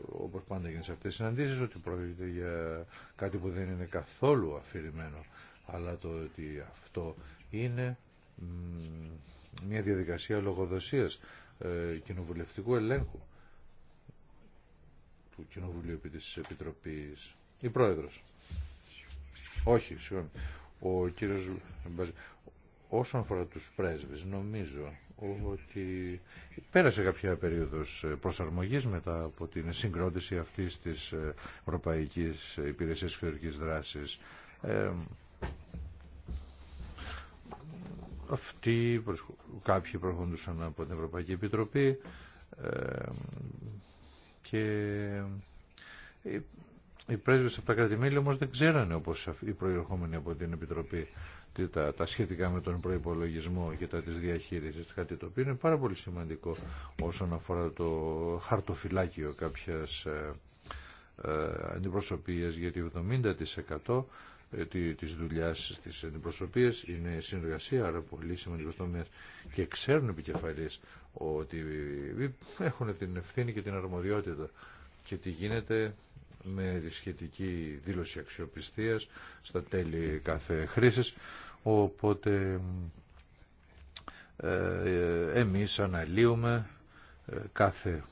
όπως πάντα γίνεται σε αυτές τις συναντήσεις ότι πρόκειται για κάτι που δεν είναι καθόλου αφηρημένο αλλά το ότι αυτό είναι μια διαδικασία λογοδοσίας ε, κοινοβουλευτικού ελέγχου του Κοινοβουλίου επί της Επιτροπής. Η Πρόεδρος. Όχι, συγγνώμη. Ο κύριος Όσον αφορά τους πρέσβες, νομίζω ότι πέρασε κάποια περίοδος προσαρμογής μετά από την συγκρότηση αυτής της ε, Ευρωπαϊκής Υπηρεσίας Εξωτερικής Δράσης. Ε, αυτοί, κάποιοι προχωρούσαν από την Ευρωπαϊκή Επιτροπή, ε, και οι πρέσβες από τα κρατημέλη όμως δεν ξέρανε όπως οι προερχόμενοι από την Επιτροπή τα, τα σχετικά με τον προϋπολογισμό και τα της διαχείρισης, κάτι το οποίο είναι πάρα πολύ σημαντικό όσον αφορά το χαρτοφυλάκιο κάποιας ε, ε, αντιπροσωπείας, γιατί 70% ε, της δουλειάς της αντιπροσωπείας είναι συνεργασία, άρα πολύ σημαντικός τομέας και ξέρουν επικεφαλής ότι έχουν την ευθύνη και την αρμοδιότητα και τι γίνεται με τη σχετική δήλωση αξιοπιστίας στα τέλη κάθε χρήσης οπότε ε, εμείς αναλύουμε ε, κάθε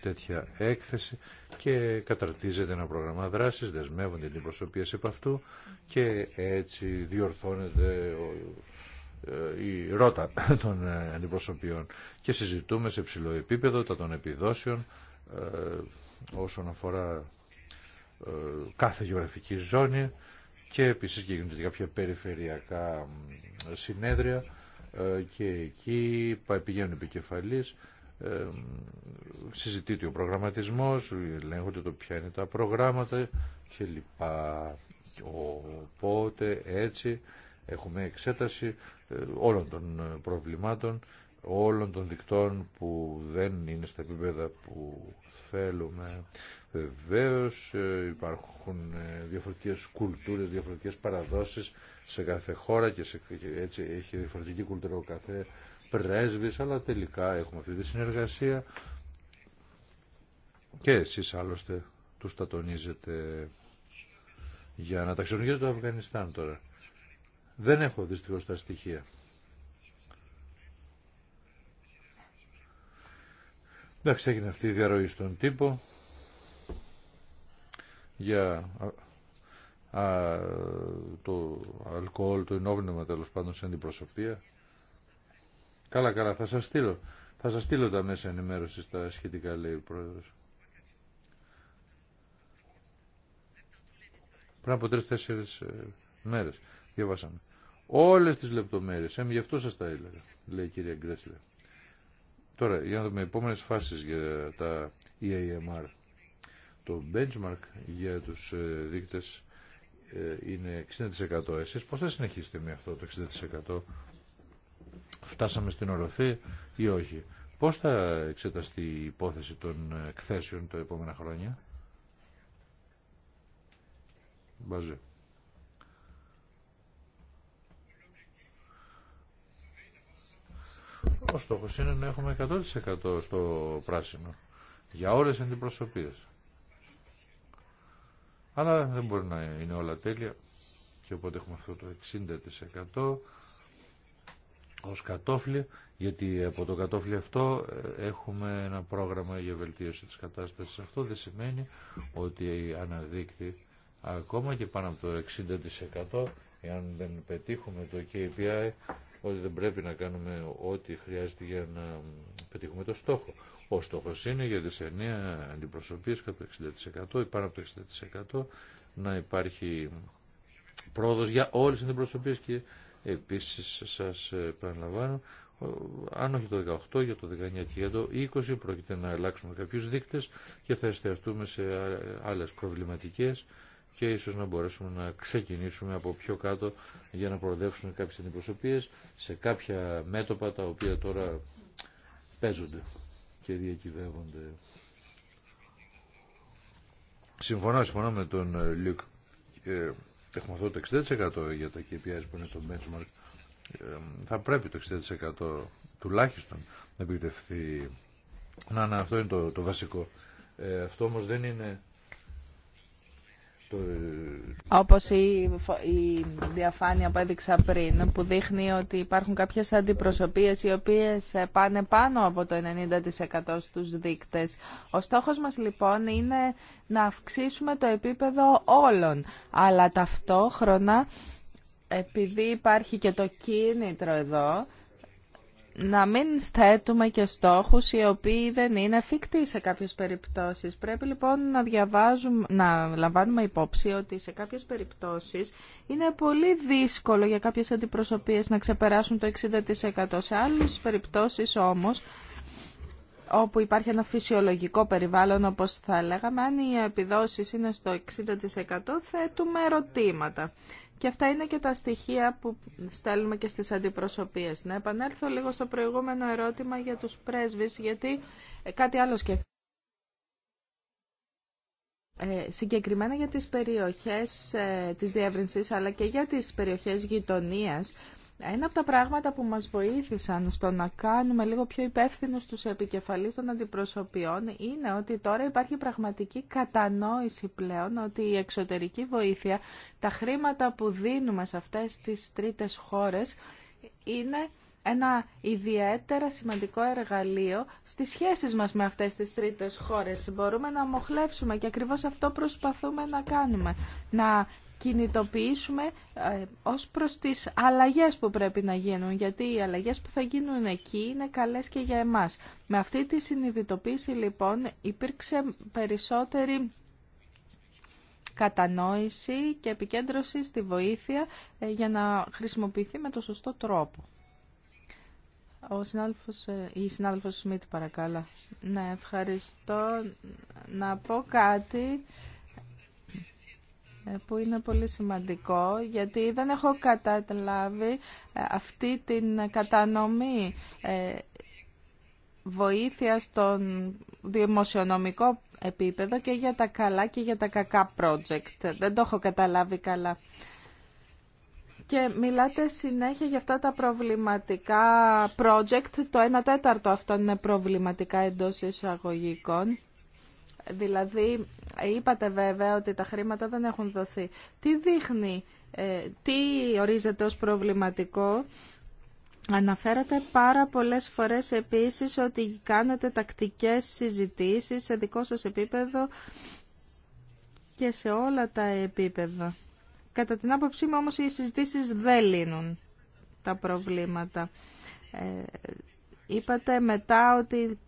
τέτοια έκθεση και καταρτίζεται ένα πρόγραμμα δράσης, δεσμεύονται την προσωπία σε αυτού και έτσι διορθώνεται ε, η ρότα <coughs> των ε, αντιπροσωπιών και συζητούμε σε ψηλό επίπεδο τα των επιδόσεων ε, όσον αφορά κάθε γεωγραφική ζώνη και επίσης και γίνονται κάποια περιφερειακά συνέδρια και εκεί πηγαίνουν επικεφαλής συζητείται ο προγραμματισμός ελέγχονται το ποια είναι τα προγράμματα και λοιπά Οπότε έτσι έχουμε εξέταση όλων των ε, προβλημάτων, όλων των δικτών που δεν είναι στα επίπεδα που θέλουμε. Βεβαίω ε, υπάρχουν ε, διαφορετικές κουλτούρες, διαφορετικές παραδόσεις σε κάθε χώρα και, σε, έτσι έχει διαφορετική κουλτούρα ο κάθε πρέσβης, αλλά τελικά έχουμε αυτή τη συνεργασία και εσείς άλλωστε τους τα τονίζετε για να ταξιδεύετε το Αφγανιστάν τώρα. Δεν έχω δυστυχώ τα στοιχεία. Εντάξει, έγινε αυτή η διαρροή στον τύπο για α, το αλκοόλ, το ενόπνευμα τέλο πάντων σε αντιπροσωπεία. Καλά, καλά, θα σας στείλω. Θα σας στείλω τα μέσα ενημέρωση τα σχετικά, λέει ο Πρόεδρος. Πριν από τρεις-τέσσερις ε, μέρες διαβάσαμε. Όλες τις λεπτομέρειες. Ε, γι' αυτό σα τα έλεγα, λέει η κυρία Γκρέσλε. Τώρα, για να δούμε επόμενε φάσεις για τα EAMR. Το benchmark για τους ε, δείκτες ε, είναι 60%. Εσεί πώς θα συνεχίσετε με αυτό το 60%? Φτάσαμε στην οροφή ή όχι. Πώς θα εξεταστεί η υπόθεση των εκθέσεων τα επόμενα χρόνια. Μπαζέ. Ο στόχο είναι να έχουμε 100% στο πράσινο για όλε τι Αλλά δεν μπορεί να είναι όλα τέλεια και οπότε έχουμε αυτό το 60% ως κατόφλι γιατί από το κατόφλι αυτό ε, έχουμε ένα πρόγραμμα για βελτίωση της κατάστασης. Αυτό δεν σημαίνει ότι αναδείκτη ακόμα και πάνω από το 60% εάν δεν πετύχουμε το KPI ότι δεν πρέπει να κάνουμε ό,τι χρειάζεται για να πετύχουμε το στόχο. Ο στόχος είναι για τις 9 αντιπροσωπείες κατά το 60% ή πάνω από το 60% να υπάρχει πρόοδος για όλες τις αντιπροσωπείες και επίσης σας παραλαμβάνω, αν όχι το 18, για το 19 και για το 20 πρόκειται να αλλάξουμε κάποιους δείκτες και θα εστιαστούμε σε άλλες προβληματικές και ίσως να μπορέσουμε να ξεκινήσουμε από πιο κάτω για να προοδεύσουμε κάποιες αντιπροσωπείες σε κάποια μέτωπα τα οποία τώρα παίζονται και διακυβεύονται. Συμφωνώ, συμφωνώ με τον ε, Λιουκ. Ε, έχουμε αυτό το 60% για τα KPIs που είναι το benchmark. Ε, θα πρέπει το 60% τουλάχιστον να επιτευχθεί. Να, να, αυτό είναι το, βασικό. αυτό όμως δεν είναι ε, Όπως η, η διαφάνεια που έδειξα πριν, που δείχνει ότι υπάρχουν κάποιες αντιπροσωπίες οι οποίες ε, πάνε πάνω από το 90% στους δείκτες. Ο στόχος μας λοιπόν είναι να αυξήσουμε το επίπεδο όλων, αλλά ταυτόχρονα επειδή υπάρχει και το κίνητρο εδώ, να μην θέτουμε και στόχους οι οποίοι δεν είναι εφικτοί σε κάποιες περιπτώσεις. Πρέπει λοιπόν να, διαβάζουμε, να λαμβάνουμε υπόψη ότι σε κάποιες περιπτώσεις είναι πολύ δύσκολο για κάποιες αντιπροσωπείες να ξεπεράσουν το 60%. Σε άλλες περιπτώσεις όμως όπου υπάρχει ένα φυσιολογικό περιβάλλον όπως θα λέγαμε αν οι επιδόσεις είναι στο 60% θέτουμε ερωτήματα. Και αυτά είναι και τα στοιχεία που στέλνουμε και στις αντιπροσωπείες. Να επανέλθω λίγο στο προηγούμενο ερώτημα για τους πρέσβεις, γιατί ε, κάτι άλλο σκέφτομαι. Ε, συγκεκριμένα για τις περιοχές ε, της διεύρυνσης αλλά και για τις περιοχές γειτονίας ένα από τα πράγματα που μας βοήθησαν στο να κάνουμε λίγο πιο υπεύθυνου τους επικεφαλείς των αντιπροσωπιών είναι ότι τώρα υπάρχει πραγματική κατανόηση πλέον ότι η εξωτερική βοήθεια, τα χρήματα που δίνουμε σε αυτές τις τρίτες χώρες είναι ένα ιδιαίτερα σημαντικό εργαλείο στις σχέσεις μας με αυτές τις τρίτες χώρες. Μπορούμε να μοχλεύσουμε και ακριβώς αυτό προσπαθούμε να κάνουμε κινητοποιήσουμε ε, ως προς τις αλλαγές που πρέπει να γίνουν, γιατί οι αλλαγές που θα γίνουν εκεί είναι καλές και για εμάς. Με αυτή τη συνειδητοποίηση λοιπόν υπήρξε περισσότερη κατανόηση και επικέντρωση στη βοήθεια ε, για να χρησιμοποιηθεί με το σωστό τρόπο. Ο συνάδελφος, ε, η συνάδελφος Σμίτ παρακαλώ. Ναι, ευχαριστώ. Να πω κάτι ε, που είναι πολύ σημαντικό γιατί δεν έχω καταλάβει ε, αυτή την κατανομή ε, βοήθεια στον δημοσιονομικό επίπεδο και για τα καλά και για τα κακά project. Δεν το έχω καταλάβει καλά. Και μιλάτε συνέχεια για αυτά τα προβληματικά project. Το 1 τέταρτο αυτό είναι προβληματικά εντός εισαγωγικών. Δηλαδή, είπατε βέβαια ότι τα χρήματα δεν έχουν δοθεί. Τι δείχνει, ε, τι ορίζεται ως προβληματικό. Αναφέρατε πάρα πολλές φορές επίσης ότι κάνετε τακτικές συζητήσεις σε δικό σας επίπεδο και σε όλα τα επίπεδα. Κατά την άποψή μου όμως οι συζητήσεις δεν λύνουν τα προβλήματα. Ε, είπατε μετά ότι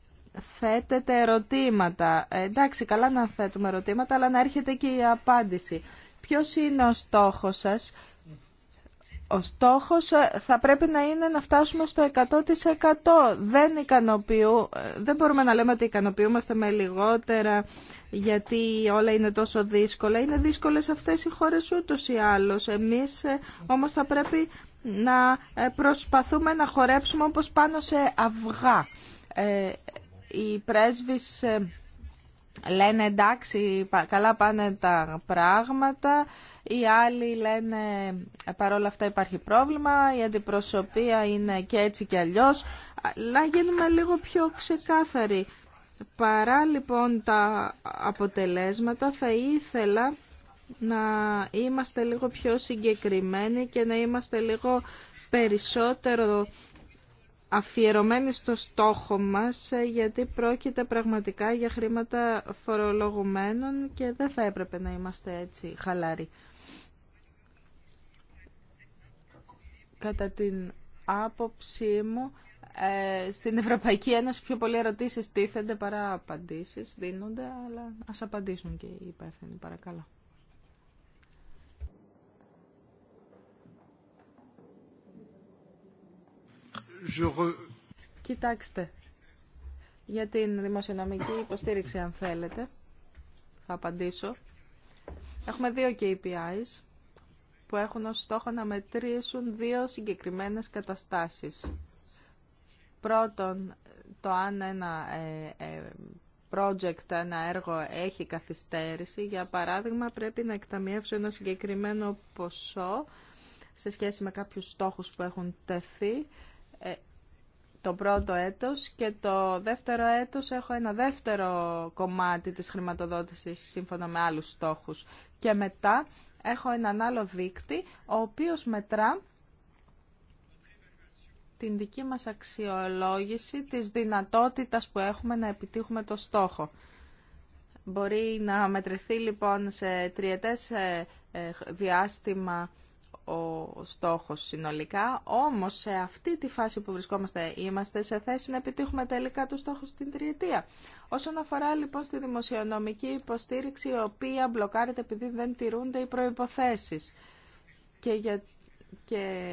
θέτετε ερωτήματα. Ε, εντάξει, καλά να θέτουμε ερωτήματα, αλλά να έρχεται και η απάντηση. Ποιος είναι ο στόχος σας. Ο στόχος ε, θα πρέπει να είναι να φτάσουμε στο 100%. Δεν ικανοποιού, ε, δεν μπορούμε να λέμε ότι ικανοποιούμαστε με λιγότερα γιατί όλα είναι τόσο δύσκολα. Είναι δύσκολες αυτές οι χώρες ούτως ή άλλως. Εμείς όμως θα πρέπει να προσπαθούμε να χορέψουμε όπως πάνω σε αυγά οι πρέσβεις ε, λένε εντάξει καλά πάνε τα πράγματα, οι άλλοι λένε παρόλα αυτά υπάρχει πρόβλημα, η αντιπροσωπεία είναι και έτσι και αλλιώς, αλλά γίνουμε λίγο πιο ξεκάθαροι. Παρά λοιπόν τα αποτελέσματα θα ήθελα να είμαστε λίγο πιο συγκεκριμένοι και να είμαστε λίγο περισσότερο αφιερωμένη στο στόχο μας ε, γιατί πρόκειται πραγματικά για χρήματα φορολογουμένων και δεν θα έπρεπε να είμαστε έτσι χαλάροι. Κατά την άποψή μου, ε, στην Ευρωπαϊκή Ένωση πιο πολλοί ερωτήσει τίθενται παρά απαντήσεις δίνονται, αλλά ας απαντήσουν και οι υπεύθυνοι, παρακαλώ. Κοιτάξτε, για την δημοσιονομική υποστήριξη αν θέλετε, θα απαντήσω. Έχουμε δύο KPIs που έχουν ως στόχο να μετρήσουν δύο συγκεκριμένες καταστάσεις. Πρώτον, το αν ένα ε, ε, project, ένα έργο έχει καθυστέρηση. Για παράδειγμα, πρέπει να εκταμιεύσω ένα συγκεκριμένο ποσό σε σχέση με κάποιους στόχους που έχουν τεθεί ε, το πρώτο έτος και το δεύτερο έτος έχω ένα δεύτερο κομμάτι της χρηματοδότησης σύμφωνα με άλλους στόχους. Και μετά έχω έναν άλλο δείκτη, ο οποίος μετρά την δική μας αξιολόγηση της δυνατότητας που έχουμε να επιτύχουμε το στόχο. Μπορεί να μετρηθεί λοιπόν σε τριετές ε, ε, διάστημα ο στόχος συνολικά, όμως σε αυτή τη φάση που βρισκόμαστε είμαστε σε θέση να επιτύχουμε τελικά το στόχο στην τριετία. Όσον αφορά λοιπόν στη δημοσιονομική υποστήριξη, η οποία μπλοκάρεται επειδή δεν τηρούνται οι προϋποθέσεις. Και, για... και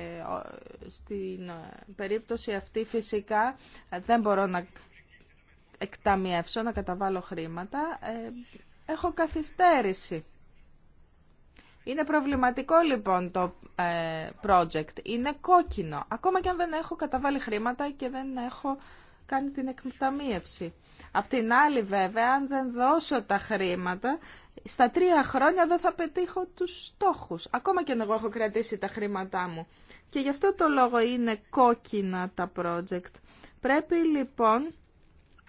στην ε, περίπτωση αυτή φυσικά ε, δεν μπορώ να εκταμιεύσω, να καταβάλω χρήματα. Ε, έχω καθυστέρηση. Είναι προβληματικό λοιπόν το ε, project. Είναι κόκκινο. Ακόμα και αν δεν έχω καταβάλει χρήματα και δεν έχω κάνει την εκταμείευση. Απ' την άλλη βέβαια, αν δεν δώσω τα χρήματα, στα τρία χρόνια δεν θα πετύχω τους στόχους. Ακόμα και αν εγώ έχω κρατήσει τα χρήματά μου. Και γι' αυτό το λόγο είναι κόκκινα τα project. Πρέπει λοιπόν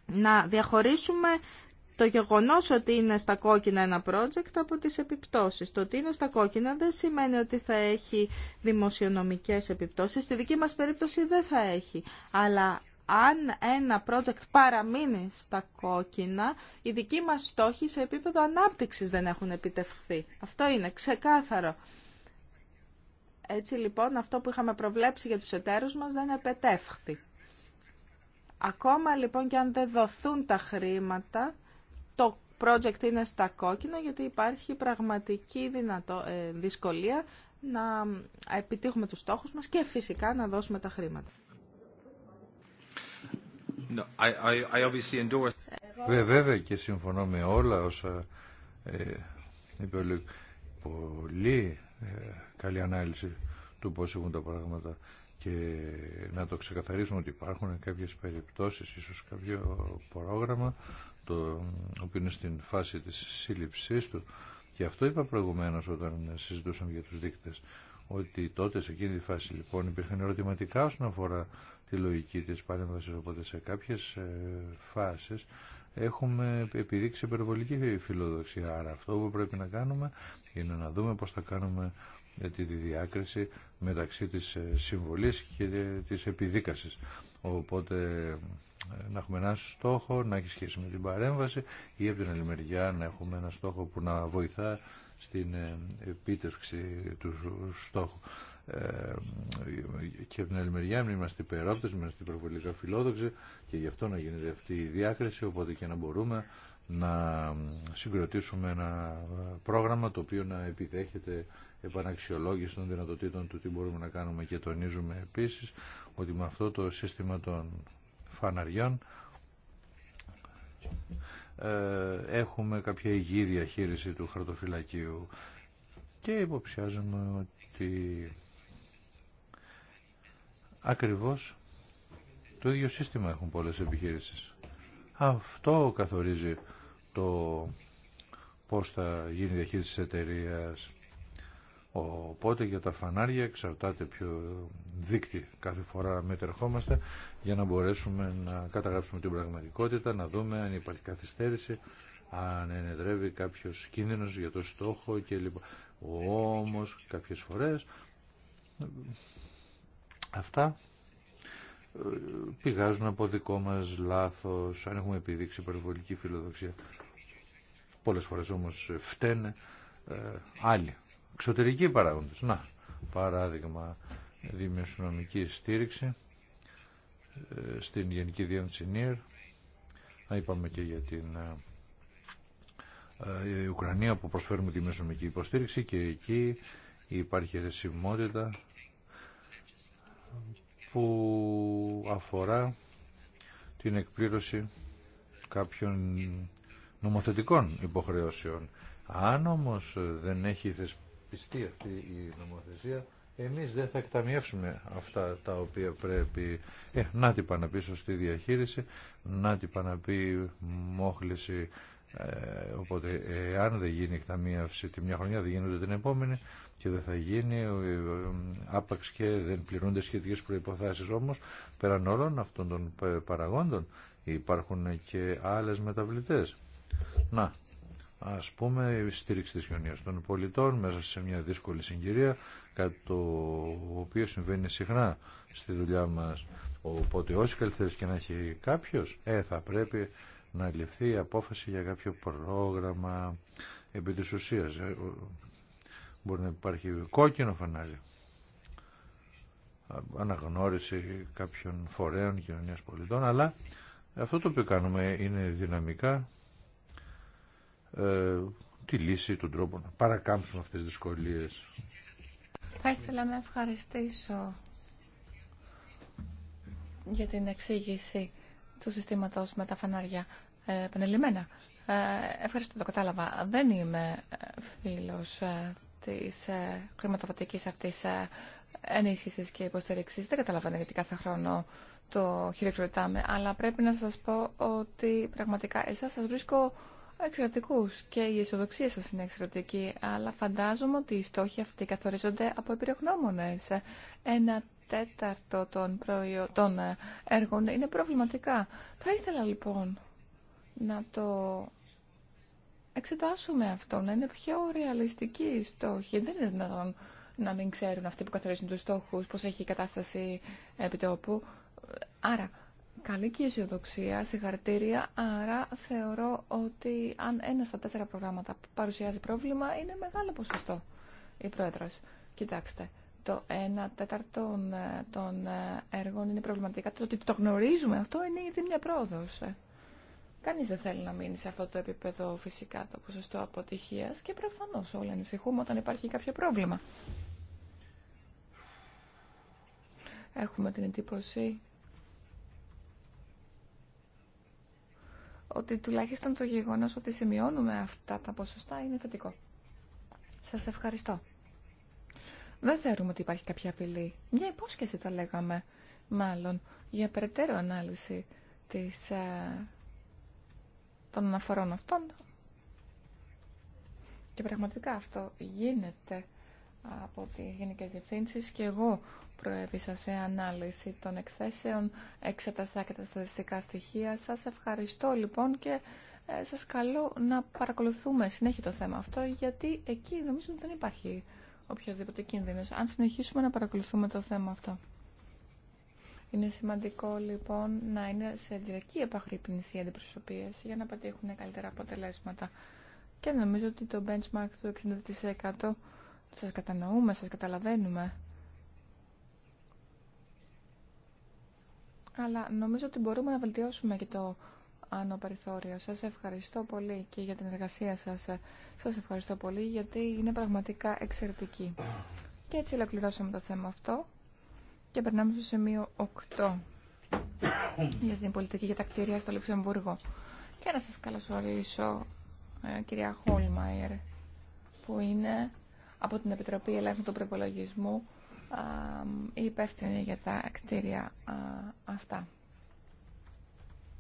να διαχωρίσουμε το γεγονό ότι είναι στα κόκκινα ένα project από τι επιπτώσει. Το ότι είναι στα κόκκινα δεν σημαίνει ότι θα έχει δημοσιονομικέ επιπτώσει. Στη δική μα περίπτωση δεν θα έχει. Αλλά αν ένα project παραμείνει στα κόκκινα, οι δικοί μας στόχοι σε επίπεδο ανάπτυξης δεν έχουν επιτευχθεί. Αυτό είναι ξεκάθαρο. Έτσι λοιπόν αυτό που είχαμε προβλέψει για τους εταίρους μας δεν επετεύχθη. Ακόμα λοιπόν και αν δεν δοθούν τα χρήματα, το project είναι στα κόκκινα γιατί υπάρχει πραγματική δυνατό, ε, δυσκολία να επιτύχουμε τους στόχους μας και φυσικά να δώσουμε τα χρήματα. No, I, ε, Βέβαια και συμφωνώ με όλα όσα ε, είπε ο Πολύ ε, καλή ανάλυση του πώς έχουν τα πράγματα και να το ξεκαθαρίσουμε ότι υπάρχουν κάποιες περιπτώσεις, ίσως κάποιο πρόγραμμα το οποίο είναι στην φάση της σύλληψής του. Και αυτό είπα προηγουμένως όταν συζητούσαμε για τους δείκτες, ότι τότε σε εκείνη τη φάση λοιπόν υπήρχαν ερωτηματικά όσον αφορά τη λογική της παρέμβασης, οπότε σε κάποιες ε, φάσεις έχουμε επιδείξει υπερβολική φιλοδοξία. Άρα αυτό που πρέπει να κάνουμε είναι να δούμε πώς θα κάνουμε ε, τη διάκριση μεταξύ της ε, συμβολής και της επιδίκασης. Οπότε ε, να έχουμε ένα στόχο, να έχει σχέση με την παρέμβαση ή από την άλλη μεριά να έχουμε ένα στόχο που να βοηθά στην ε, επίτευξη του στόχου. Ε, και από την άλλη μεριά είμαστε υπερόπτες, είμαστε υπερβολικά φιλόδοξοι και γι' αυτό να γίνεται αυτή η διάκριση, οπότε και να μπορούμε να συγκροτήσουμε ένα πρόγραμμα το οποίο να επιδέχεται επαναξιολόγηση των δυνατοτήτων του τι μπορούμε να κάνουμε και τονίζουμε επίσης ότι με αυτό το σύστημα των φαναριών ε, έχουμε κάποια υγιή διαχείριση του χαρτοφυλακίου και υποψιάζουμε ότι ακριβώς το ίδιο σύστημα έχουν πολλές επιχείρησεις. Αυτό καθορίζει το πώς θα γίνει η διαχείριση της εταιρείας Οπότε για τα φανάρια εξαρτάται ποιο δίκτυ κάθε φορά μετερχόμαστε για να μπορέσουμε να καταγράψουμε την πραγματικότητα, να δούμε αν υπάρχει καθυστέρηση, αν ενεδρεύει κάποιος κίνδυνος για το στόχο κλπ. Όμως κάποιες φορές αυτά ε, πηγάζουν από δικό μας λάθος, αν έχουμε επιδείξει υπερβολική φιλοδοξία. Πολλές φορές όμως φταίνε ε, άλλοι εξωτερικοί παράγοντες. Να, παράδειγμα, δημοσιονομική στήριξη ε, στην Γενική Διεύθυνση ΝΙΡ. Να είπαμε και για την ε, ε, Ουκρανία που προσφέρουμε τη υποστήριξη και εκεί υπάρχει θεσιμότητα που αφορά την εκπλήρωση κάποιων νομοθετικών υποχρεώσεων. Αν όμως δεν έχει πιστεί αυτή η νομοθεσία, εμείς δεν θα εκταμιεύσουμε αυτά τα οποία πρέπει. Ε, να την παναπεί σωστή στη διαχείριση, να την παναπεί μόχληση. Ε, οπότε, αν δεν γίνει εκταμίευση τη μια χρονιά, δεν γίνονται την επόμενη και δεν θα γίνει ε, ε, άπαξ και δεν πληρούνται σχετικές προϋποθέσεις όμως πέραν όλων αυτών των παραγόντων υπάρχουν και άλλες μεταβλητές. Να, ας πούμε, η στήριξη της κοινωνίας των πολιτών μέσα σε μια δύσκολη συγκυρία, κάτι το οποίο συμβαίνει συχνά στη δουλειά μας. Οπότε όσοι καλύτερες και να έχει κάποιος, ε, θα πρέπει να ληφθεί η απόφαση για κάποιο πρόγραμμα επί ε, Μπορεί να υπάρχει κόκκινο φανάρι. Αναγνώριση κάποιων φορέων κοινωνίας πολιτών, αλλά αυτό το οποίο κάνουμε είναι δυναμικά ε, τη λύση, τον τρόπο να παρακάμψουν αυτές τις δυσκολίες. Θα ήθελα να ευχαριστήσω για την εξήγηση του συστήματος με τα φανάρια ε, ε ευχαριστώ, το κατάλαβα. Δεν είμαι φίλος ε, της ε, ενίσχυση αυτής ε, ενίσχυσης και υποστήριξης. Δεν καταλαβαίνω γιατί κάθε χρόνο το χειροκροτάμε, αλλά πρέπει να σας πω ότι πραγματικά εσάς σας βρίσκω εξαιρετικού και η ισοδοξία σα είναι εξαιρετική, αλλά φαντάζομαι ότι οι στόχοι αυτοί καθορίζονται από εμπειρογνώμονε. Ένα τέταρτο των, των έργων είναι προβληματικά. Θα ήθελα λοιπόν να το εξετάσουμε αυτό, να είναι πιο ρεαλιστική η στόχη. Δεν είναι δυνατόν να μην ξέρουν αυτοί που καθορίζουν τους στόχους, πω έχει η κατάσταση επιτόπου. Άρα, Καλή και αισιοδοξία, συγχαρητήρια. Άρα θεωρώ ότι αν ένα στα τέσσερα προγράμματα παρουσιάζει πρόβλημα, είναι μεγάλο ποσοστό η πρόεδρο. Κοιτάξτε, το ένα τέταρτο των έργων είναι προβληματικά. Το ότι το γνωρίζουμε αυτό είναι ήδη μια πρόοδο. Κανεί δεν θέλει να μείνει σε αυτό το επίπεδο φυσικά το ποσοστό αποτυχία και προφανώς όλοι ανησυχούμε όταν υπάρχει κάποιο πρόβλημα. Έχουμε την εντύπωση ότι τουλάχιστον το γεγονός ότι σημειώνουμε αυτά τα ποσοστά είναι θετικό. Σας ευχαριστώ. Δεν θεωρούμε ότι υπάρχει κάποια απειλή. Μια υπόσχεση τα λέγαμε, μάλλον, για περαιτέρω ανάλυση της, ε, των αναφορών αυτών. Και πραγματικά αυτό γίνεται από τις Γενικές Διευθύνσεις και εγώ προέβησα σε ανάλυση των εκθέσεων, εξεταστά και τα στατιστικά στοιχεία. Σας ευχαριστώ λοιπόν και ε, σας καλώ να παρακολουθούμε συνέχεια το θέμα αυτό γιατί εκεί νομίζω ότι δεν υπάρχει οποιοδήποτε κίνδυνος αν συνεχίσουμε να παρακολουθούμε το θέμα αυτό. Είναι σημαντικό λοιπόν να είναι σε διαρκή επαγρύπνηση οι αντιπροσωπείες για να πετύχουν καλύτερα αποτελέσματα. Και νομίζω ότι το benchmark του 60% σας κατανοούμε, σας καταλαβαίνουμε. Αλλά νομίζω ότι μπορούμε να βελτιώσουμε και το άνω περιθώριο. Σας ευχαριστώ πολύ και για την εργασία σας. Σας ευχαριστώ πολύ γιατί είναι πραγματικά εξαιρετική. Και έτσι ολοκληρώσαμε το θέμα αυτό και περνάμε στο σημείο 8 για την πολιτική για τα κτίρια στο Λουξεμβούργο. Και να σας καλωσορίσω, ε, κυρία Χόλμαϊρ, που είναι από την Επιτροπή Ελέγχου του Προπολογισμού η υπεύθυνη για τα κτίρια αυτά.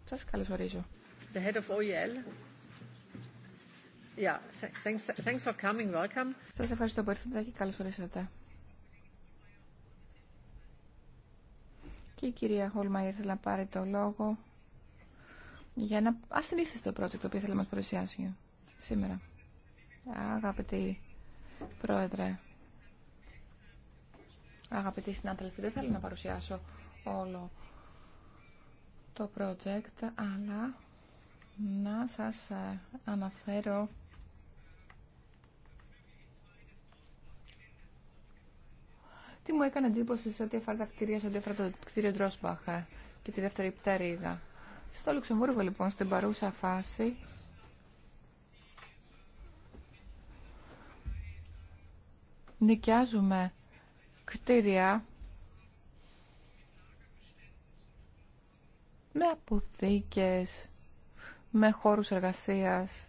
Σας καλωσορίζω. The head of OEL. Yeah, thanks, thanks for coming. Welcome. Σας ευχαριστώ που ήρθατε και καλώς ορίσατε. Και η κυρία Χόλμα ήρθε να πάρει το λόγο για ένα ασυνήθιστο project το οποίο θέλει να μας παρουσιάσει σήμερα. Αγαπητοί Πρόεδρε, αγαπητοί συνάδελφοι, δεν θέλω να παρουσιάσω όλο το project, αλλά να σας ε, αναφέρω τι μου έκανε εντύπωση σε ό,τι αφορά τα κτίρια, σε ό,τι αφορά το κτίριο Ντρόσμπαχ ε, και τη δεύτερη πτέρυγα. Στο Λουξεμβούργο, λοιπόν, στην παρούσα φάση, νοικιάζουμε κτίρια με αποθήκες, με χώρους εργασίας.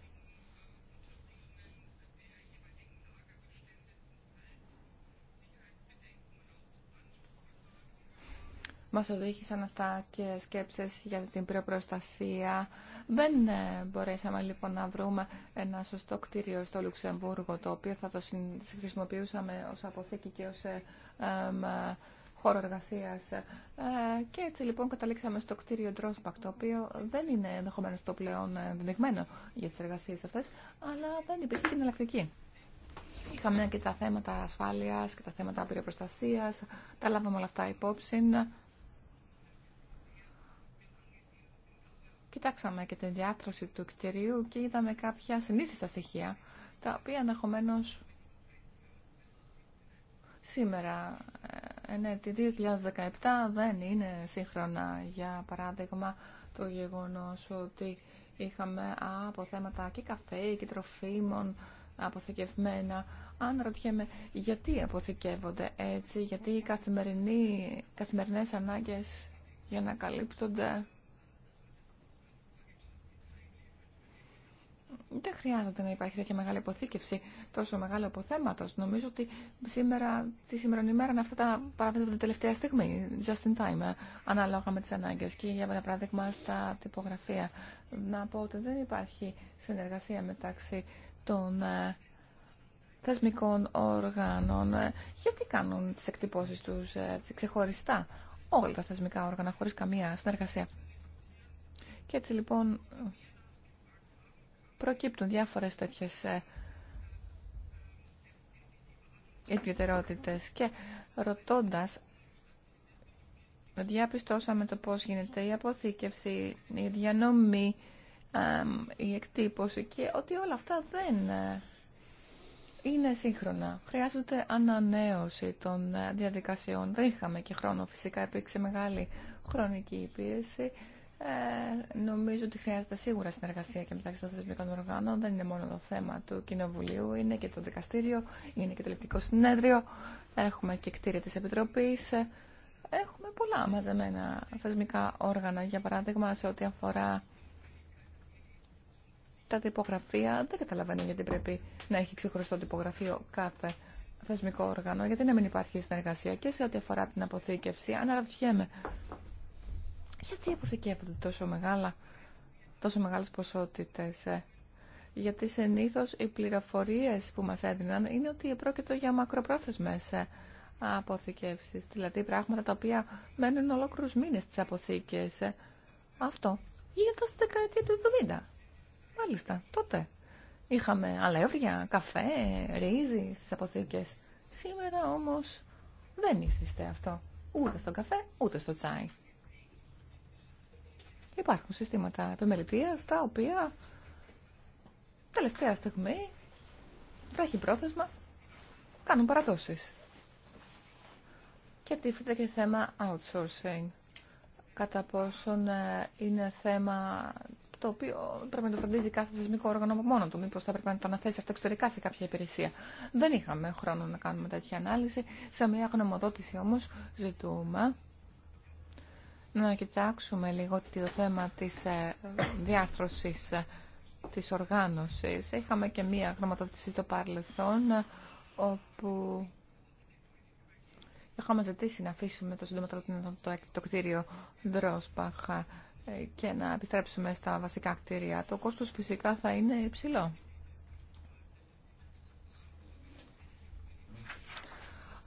Μας οδήγησαν αυτά και σκέψεις για την προστασία. Δεν ε, μπορέσαμε λοιπόν να βρούμε ένα σωστό κτίριο στο Λουξεμβούργο, το οποίο θα το χρησιμοποιούσαμε ως αποθήκη και ως ε, ε, χώρο εργασία. και έτσι λοιπόν καταλήξαμε στο κτίριο Ντρόσπακ, το οποίο δεν είναι ενδεχομένω το πλέον ενδεδειγμένο για τις εργασίες αυτές, αλλά δεν υπήρχε την εναλλακτική. Είχαμε και τα θέματα ασφάλειας και τα θέματα πυροπροστασία. Τα λάβαμε όλα αυτά υπόψη. Κοιτάξαμε και την διάτρωση του κτηρίου και είδαμε κάποια συνήθιστα στοιχεία, τα οποία ενδεχομένω σήμερα, έτσι, ε, ναι, 2017, δεν είναι σύγχρονα. Για παράδειγμα, το γεγονός ότι είχαμε από θέματα και καφέ και τροφίμων αποθηκευμένα. Αν ρωτιέμαι γιατί αποθηκεύονται έτσι, γιατί οι καθημερινές ανάγκες για να καλύπτονται δεν χρειάζεται να υπάρχει τέτοια μεγάλη αποθήκευση τόσο μεγάλο αποθέματο. Νομίζω ότι σήμερα, τη σημερινή μέρα αυτά τα παραδείγματα τελευταία στιγμή, just in time, ε, ανάλογα με τι ανάγκε. Και για παράδειγμα στα τυπογραφία. Να πω ότι δεν υπάρχει συνεργασία μεταξύ των ε, θεσμικών οργάνων. Ε, γιατί κάνουν τι εκτυπώσεις του ξεχωριστά όλα τα θεσμικά όργανα, χωρί καμία συνεργασία. Και έτσι λοιπόν προκύπτουν διάφορες τέτοιες ε, ιδιαιτερότητες και ρωτώντας διαπιστώσαμε το πώς γίνεται η αποθήκευση, η διανομή, η εκτύπωση και ότι όλα αυτά δεν ε, είναι σύγχρονα. Χρειάζεται ανανέωση των ε, διαδικασιών. Δεν είχαμε και χρόνο φυσικά, υπήρξε μεγάλη χρονική πίεση. Ε, νομίζω ότι χρειάζεται σίγουρα συνεργασία και μεταξύ των θεσμικών οργάνων. Δεν είναι μόνο το θέμα του Κοινοβουλίου, είναι και το δικαστήριο, είναι και το ελεκτικό συνέδριο. Έχουμε και κτίρια τη Επιτροπή. Ε, έχουμε πολλά μαζεμένα θεσμικά όργανα, για παράδειγμα, σε ό,τι αφορά τα τυπογραφία. Δεν καταλαβαίνω γιατί πρέπει να έχει ξεχωριστό τυπογραφείο κάθε θεσμικό όργανο, γιατί να μην υπάρχει συνεργασία και σε ό,τι αφορά την αποθήκευση. Αναρωτιέμαι γιατί αποθηκεύονται τόσο, μεγάλα, τόσο μεγάλες ποσότητες. Ε? Γιατί συνήθω οι πληροφορίες που μας έδιναν είναι ότι πρόκειται για μακροπρόθεσμες ε, αποθηκεύσεις. Δηλαδή πράγματα τα οποία μένουν ολόκληρους μήνες στις αποθήκες. Ε. Αυτό γίνεται στη δεκαετία του 70. Μάλιστα, τότε. Είχαμε αλεύρια, καφέ, ρύζι στις αποθήκες. Σήμερα όμως δεν ήθιστε αυτό. Ούτε στον καφέ, ούτε στο τσάι. Υπάρχουν συστήματα επιμελητίας τα οποία τελευταία στιγμή, βράχει πρόθεσμα, κάνουν παραδόσεις. Και τίθεται και θέμα outsourcing. Κατά πόσον ε, είναι θέμα το οποίο πρέπει να το φροντίζει κάθε θεσμικό όργανο από μόνο του. Μήπω θα πρέπει να το αναθέσει αυτό εξωτερικά σε κάποια υπηρεσία. Δεν είχαμε χρόνο να κάνουμε τέτοια ανάλυση. Σε μια γνωμοδότηση όμω ζητούμε να κοιτάξουμε λίγο το θέμα της ε, διάρθρωσης ε, της οργάνωσης. Είχαμε και μία γραμματοδότηση στο παρελθόν, ε, όπου είχαμε ζητήσει να αφήσουμε το σύντομα το, το κτίριο Ντρόσπαχ και να επιστρέψουμε στα βασικά κτίρια. Το κόστος φυσικά θα είναι υψηλό.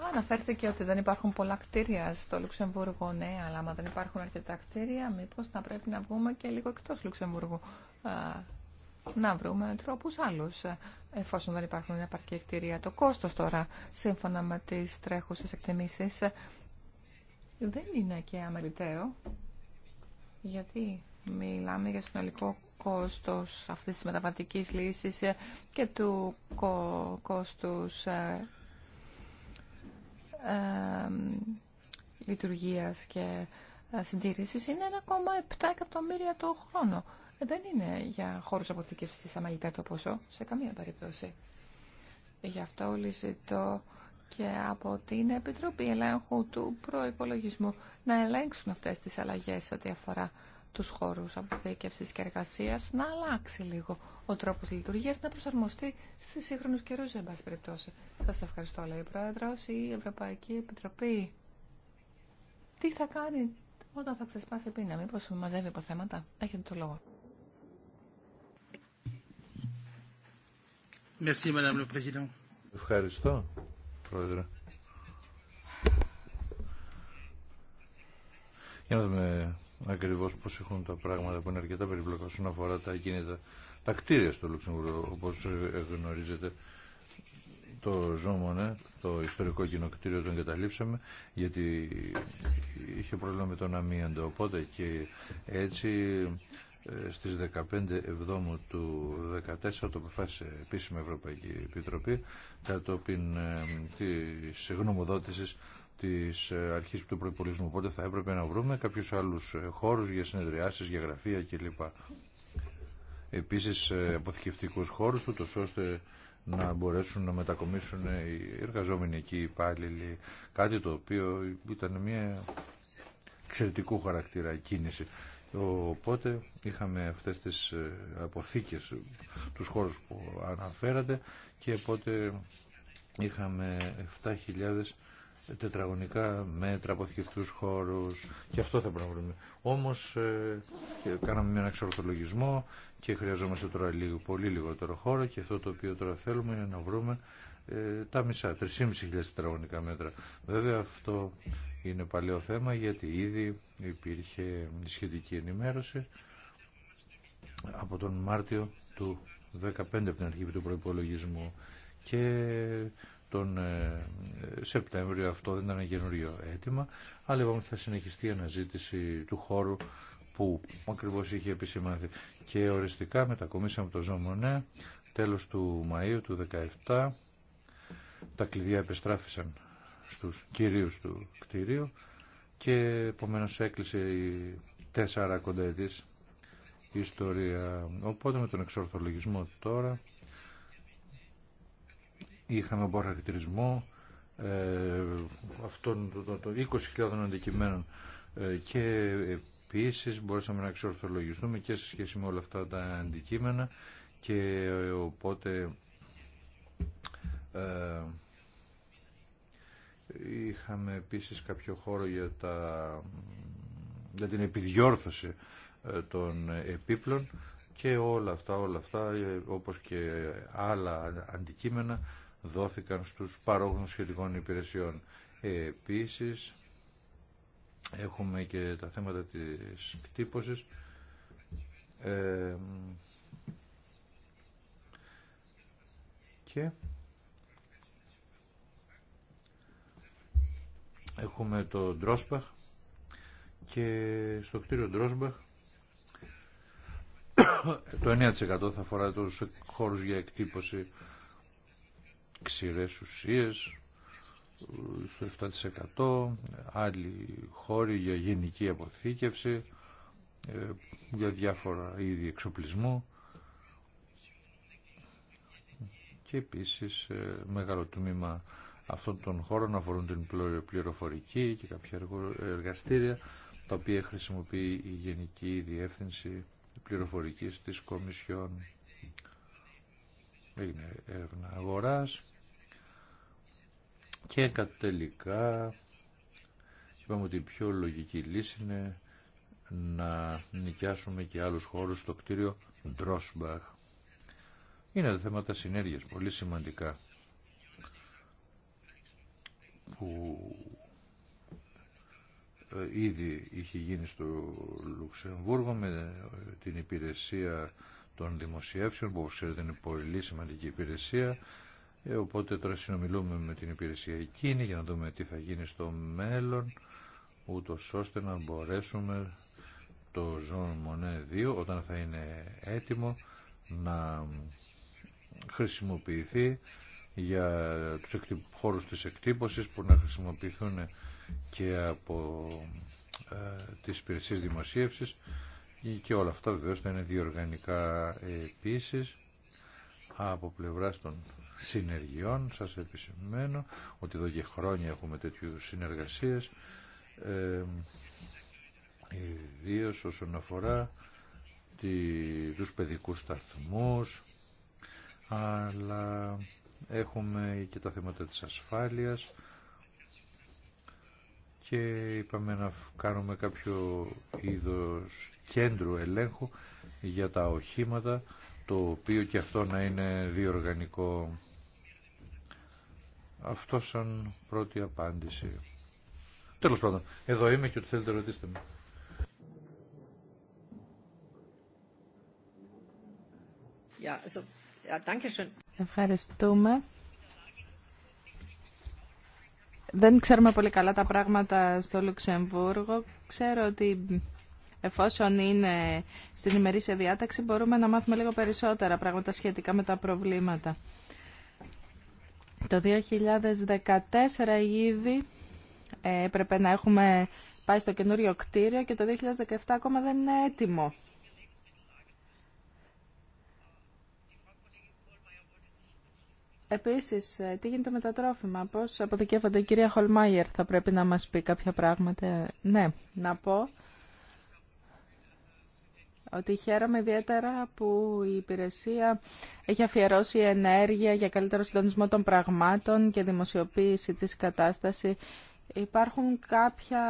Αναφέρθηκε ότι δεν υπάρχουν πολλά κτίρια στο Λουξεμβούργο. Ναι, αλλά άμα δεν υπάρχουν αρκετά κτίρια, μήπως θα πρέπει να βγούμε και λίγο εκτός Λουξεμβούργου. Να βρούμε τρόπους άλλους, ε, εφόσον δεν υπάρχουν επαρκή κτίρια. Το κόστος τώρα, σύμφωνα με τις τρέχουσες εκτιμήσεις, δεν είναι και αμεληταίο. Γιατί μιλάμε για συνολικό κόστος αυτής της μεταβατικής λύσης και του κόστους ε, λειτουργίας και ε, συντήρησης είναι 1,7 εκατομμύρια το χρόνο. Ε, δεν είναι για χώρους αποθήκευσης αμαγικά το ποσό, σε καμία περίπτωση. Γι' αυτό όλοι ζητώ και από την Επιτροπή Ελέγχου του Προϋπολογισμού να ελέγξουν αυτές τις αλλαγές ό,τι αφορά τους χώρους αποθήκευσης και εργασίας, να αλλάξει λίγο ο τρόπος λειτουργίας, να προσαρμοστεί στις σύγχρονους καιρούς, εν πάση περιπτώσει. Σας ευχαριστώ, λέει η Πρόεδρος, η Ευρωπαϊκή Επιτροπή. Τι θα κάνει όταν θα ξεσπάσει πίνα, μήπως μαζεύει από θέματα. Έχετε το λόγο. Ευχαριστώ, Πρόεδρε. Για να δούμε Ακριβώ πω έχουν τα πράγματα που είναι αρκετά περιπλοκά όσον αφορά τα κίνητα, τα κτίρια στο Λουξεμβούργο, όπως γνωρίζετε. Το ζώμονε το ιστορικό κοινοκτήριο τον καταλήψαμε γιατί είχε πρόβλημα με τον αμίαντο. Οπότε και έτσι ε, στις 15 Εβδόμου του 2014 το αποφάσισε επίσημη Ευρωπαϊκή Επιτροπή κατόπιν ε, της γνωμοδότηση. Τη ε, αρχή του προπολογισμού, Οπότε θα έπρεπε να βρούμε κάποιου άλλους ε, χώρους για συνεδριάσεις, για γραφεία κλπ. Επίσης ε, αποθηκευτικούς χώρους, το ώστε να μπορέσουν να μετακομίσουν οι εργαζόμενοι εκεί οι υπάλληλοι. Κάτι το οποίο ήταν μια εξαιρετικού χαρακτήρα κίνηση. Οπότε είχαμε αυτές τις αποθήκες, τους χώρους που αναφέρατε και οπότε είχαμε 7.000 τετραγωνικά μέτρα, αποθηκευτικού χώρου και αυτό θα πρέπει να βρούμε. Όμω ε, κάναμε ένα εξορθολογισμό και χρειαζόμαστε τώρα λίγο, πολύ λιγότερο χώρο και αυτό το οποίο τώρα θέλουμε είναι να βρούμε ε, τα μισά, 3.500 τετραγωνικά μέτρα. Βέβαια αυτό είναι παλαιό θέμα γιατί ήδη υπήρχε σχετική ενημέρωση από τον Μάρτιο του 15 από την αρχή του προϋπολογισμού και τον ε, Σεπτέμβριο. Αυτό δεν ήταν καινούριο αίτημα, αλλά λοιπόν θα συνεχιστεί η αναζήτηση του χώρου που ακριβώ είχε επισημάνθει. Και οριστικά μετακομίσαμε το Ζωμονέ ναι, τέλος του Μαΐου του 17 τα κλειδιά επιστράφησαν στους κυρίους του κτίριου και επομένω έκλεισε η τέσσερα κοντά ιστορία. Οπότε με τον εξορθολογισμό τώρα είχαμε χαρακτηρισμό ε, αυτών των 20.000 αντικειμένων ε, και επίσης μπορούσαμε να εξορθολογιστούμε και σε σχέση με όλα αυτά τα αντικείμενα και ε, οπότε ε, είχαμε επίσης κάποιο χώρο για, τα, για την επιδιόρθωση των επίπλων και όλα αυτά, όλα αυτά όπως και άλλα αντικείμενα δόθηκαν στους παρόγνους σχετικών υπηρεσιών. Επίσης, έχουμε και τα θέματα της κτύπωσης. Ε, και έχουμε το Ντρόσπαχ και στο κτίριο Ντρόσπαχ το 9% θα αφορά τους χώρους για εκτύπωση ξηρές ουσίες στο 7%, άλλοι χώροι για γενική αποθήκευση, ε, για διάφορα είδη εξοπλισμού και επίσης ε, μεγάλο τμήμα αυτών των χώρων αφορούν την πληροφορική και κάποια εργαστήρια τα οποία χρησιμοποιεί η Γενική Διεύθυνση Πληροφορικής της Κομισιόν έγινε έρευνα αγοράς και κατελικά είπαμε ότι η πιο λογική λύση είναι να νοικιάσουμε και άλλους χώρους στο κτίριο Ντρόσμπαχ. Είναι θέματα συνέργειας, πολύ σημαντικά που ε, ήδη είχε γίνει στο Λουξεμβούργο με την υπηρεσία των δημοσιεύσεων που όπως ξέρετε είναι πολύ σημαντική υπηρεσία ε, οπότε τώρα συνομιλούμε με την υπηρεσία εκείνη για να δούμε τι θα γίνει στο μέλλον ούτω ώστε να μπορέσουμε το Ζων Μονέ 2 όταν θα είναι έτοιμο να χρησιμοποιηθεί για τους χώρους της εκτύπωσης που να χρησιμοποιηθούν και από ε, τις υπηρεσίες δημοσίευσης και όλα αυτά βεβαίω θα είναι διοργανικά επίσης από πλευράς των συνεργειών σας επισημαίνω ότι εδώ και χρόνια έχουμε τέτοιου συνεργασίες ε, ιδίω όσον αφορά τη, τους παιδικούς σταθμούς αλλά έχουμε και τα θέματα της ασφάλειας και είπαμε να κάνουμε κάποιο είδος κέντρου ελέγχου για τα οχήματα το οποίο και αυτό να είναι διοργανικό. Αυτό σαν πρώτη απάντηση. Τέλος πάντων, εδώ είμαι και ό,τι θέλετε ρωτήστε με. Ευχαριστούμε δεν ξέρουμε πολύ καλά τα πράγματα στο Λουξεμβούργο. Ξέρω ότι εφόσον είναι στην ημερήσια διάταξη μπορούμε να μάθουμε λίγο περισσότερα πράγματα σχετικά με τα προβλήματα. Το 2014 ήδη ε, έπρεπε να έχουμε πάει στο καινούριο κτίριο και το 2017 ακόμα δεν είναι έτοιμο. Επίσης, ε, τι γίνεται με τα τρόφιμα, πώς αποδικεύονται. η κυρία Χολμάιερ, θα πρέπει να μας πει κάποια πράγματα. Ναι, να πω ότι χαίρομαι ιδιαίτερα που η υπηρεσία έχει αφιερώσει ενέργεια για καλύτερο συντονισμό των πραγμάτων και δημοσιοποίηση της κατάστασης. Υπάρχουν κάποια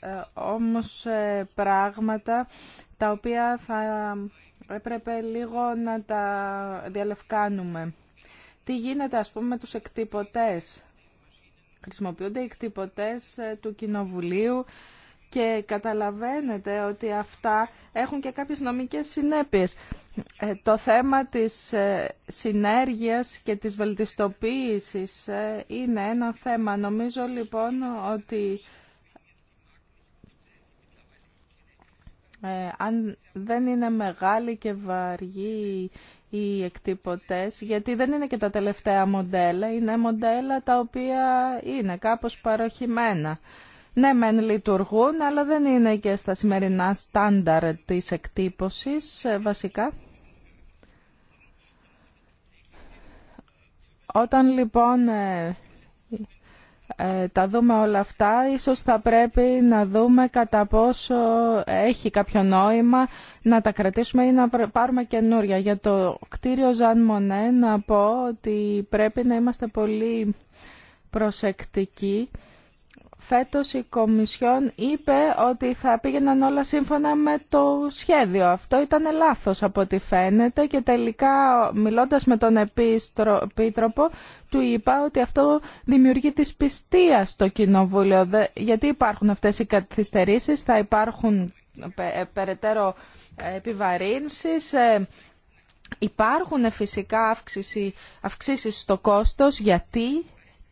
ε, όμως ε, πράγματα τα οποία θα έπρεπε λίγο να τα διαλευκάνουμε. Τι γίνεται ας πούμε με τους εκτυπωτές. Χρησιμοποιούνται οι εκτυπωτές ε, του Κοινοβουλίου και καταλαβαίνετε ότι αυτά έχουν και κάποιες νομικές συνέπειες. Ε, το θέμα της ε, συνέργειας και της βελτιστοποίησης είναι ένα θέμα. Νομίζω λοιπόν ότι αν δεν είναι μεγάλη και βαριή οι εκτύπωτες, γιατί δεν είναι και τα τελευταία μοντέλα, είναι μοντέλα τα οποία είναι κάπως παροχημένα. Ναι, μεν λειτουργούν, αλλά δεν είναι και στα σημερινά στάνταρ της εκτύπωσης ε, βασικά. Όταν λοιπόν ε, ε, τα δούμε όλα αυτά, ίσως θα πρέπει να δούμε κατά πόσο έχει κάποιο νόημα να τα κρατήσουμε ή να πάρουμε καινούρια. Για το κτίριο Ζαν Μονέ να πω ότι πρέπει να είμαστε πολύ προσεκτικοί φέτος η Κομισιόν είπε ότι θα πήγαιναν όλα σύμφωνα με το σχέδιο. Αυτό ήταν λάθος από ό,τι φαίνεται και τελικά μιλώντας με τον Επίτροπο του είπα ότι αυτό δημιουργεί τη πιστεία στο Κοινοβούλιο. Γιατί υπάρχουν αυτές οι καθυστερήσεις, θα υπάρχουν ε, ε, περαιτέρω ε, επιβαρύνσεις, υπάρχουν φυσικά αυξήσεις στο κόστος. Γιατί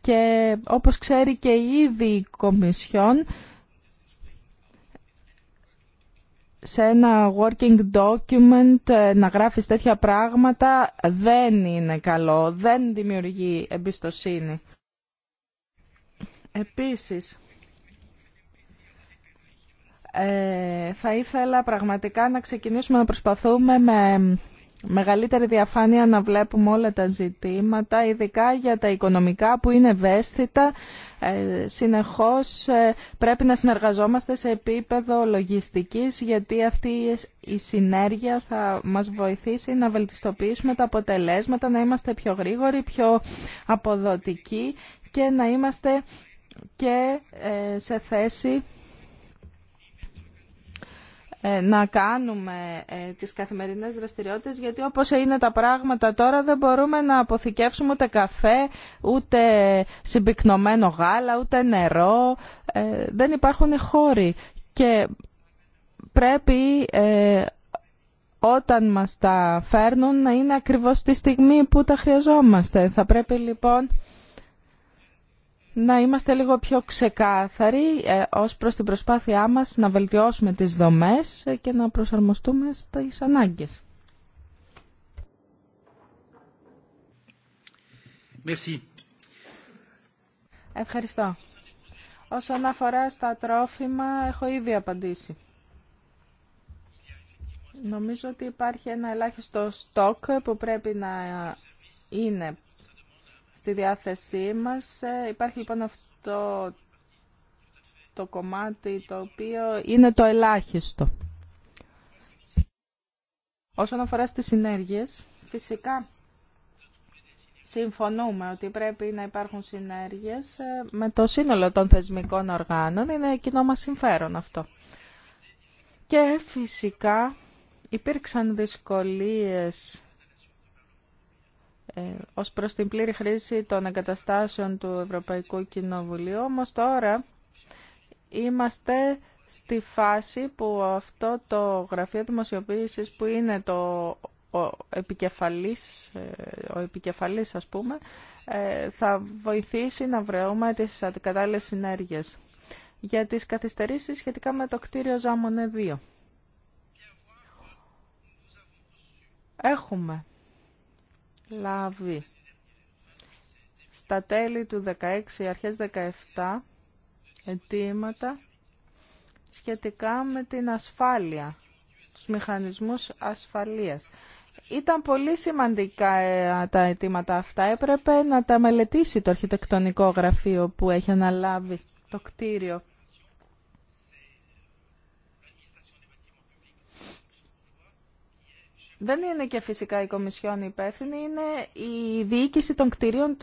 και όπως ξέρει και ήδη η Κομισιόν, σε ένα working document ε, να γράφεις τέτοια πράγματα δεν είναι καλό, δεν δημιουργεί εμπιστοσύνη. Επίσης, ε, θα ήθελα πραγματικά να ξεκινήσουμε να προσπαθούμε με μεγαλύτερη διαφάνεια να βλέπουμε όλα τα ζητήματα, ειδικά για τα οικονομικά που είναι ευαίσθητα. Ε, συνεχώς ε, πρέπει να συνεργαζόμαστε σε επίπεδο λογιστικής, γιατί αυτή η συνέργεια θα μας βοηθήσει να βελτιστοποιήσουμε τα αποτελέσματα, να είμαστε πιο γρήγοροι, πιο αποδοτικοί και να είμαστε και ε, σε θέση ε, να κάνουμε ε, τις καθημερινές δραστηριότητες γιατί όπως είναι τα πράγματα τώρα δεν μπορούμε να αποθηκεύσουμε ούτε καφέ, ούτε συμπυκνωμένο γάλα, ούτε νερό. Ε, δεν υπάρχουν χώροι και πρέπει όταν μας τα φέρνουν να είναι ακριβώς τη στιγμή που τα χρειαζόμαστε. Θα πρέπει λοιπόν να είμαστε λίγο πιο ξεκάθαροι ε, ως προς την προσπάθειά μας να βελτιώσουμε τις δομές ε, και να προσαρμοστούμε στις ανάγκες. Merci. Ευχαριστώ. Όσον αφορά στα τρόφιμα, έχω ήδη απαντήσει. Νομίζω ότι υπάρχει ένα ελάχιστο στόκ που πρέπει να είναι στη διάθεσή μας. Ε, υπάρχει λοιπόν αυτό το κομμάτι το οποίο είναι το ελάχιστο. Όσον αφορά στις συνέργειες, φυσικά συμφωνούμε ότι πρέπει να υπάρχουν συνέργειες ε, με το σύνολο των θεσμικών οργάνων. Είναι κοινό μας συμφέρον αυτό. Και φυσικά υπήρξαν δυσκολίες ε, ως προς την πλήρη χρήση των εγκαταστάσεων του Ευρωπαϊκού Κοινοβουλίου. Όμως τώρα είμαστε στη φάση που αυτό το Γραφείο Δημοσιοποίησης που είναι το ο επικεφαλής, ε, ο επικεφαλής ας πούμε, ε, θα βοηθήσει να βρεούμε τις κατάλληλες συνέργειες για τις καθυστερήσεις σχετικά με το κτίριο Ζάμονε 2. Έχουμε λάβει στα τέλη του 16, αρχές 17, αιτήματα σχετικά με την ασφάλεια, τους μηχανισμούς ασφαλείας. Ήταν πολύ σημαντικά ε, τα αιτήματα αυτά. Έπρεπε να τα μελετήσει το αρχιτεκτονικό γραφείο που έχει αναλάβει το κτίριο. Δεν είναι και φυσικά η Κομισιόν υπεύθυνη, είναι η διοίκηση των κτηρίων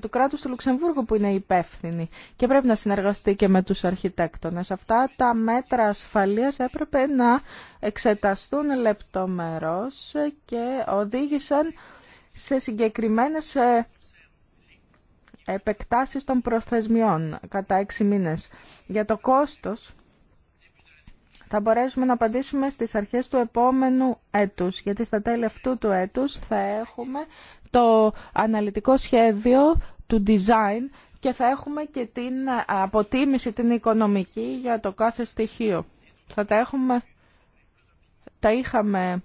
του κράτους του Λουξεμβούργου που είναι υπεύθυνη και πρέπει να συνεργαστεί και με τους αρχιτέκτονες. Αυτά τα μέτρα ασφαλείας έπρεπε να εξεταστούν λεπτομερώς και οδήγησαν σε συγκεκριμένες ε, επεκτάσεις των προθεσμιών κατά έξι μήνες. Για το κόστος θα μπορέσουμε να απαντήσουμε στις αρχές του επόμενου έτους, γιατί στα τέλη αυτού του έτους θα έχουμε το αναλυτικό σχέδιο του design και θα έχουμε και την αποτίμηση την οικονομική για το κάθε στοιχείο. Θα τα έχουμε, τα είχαμε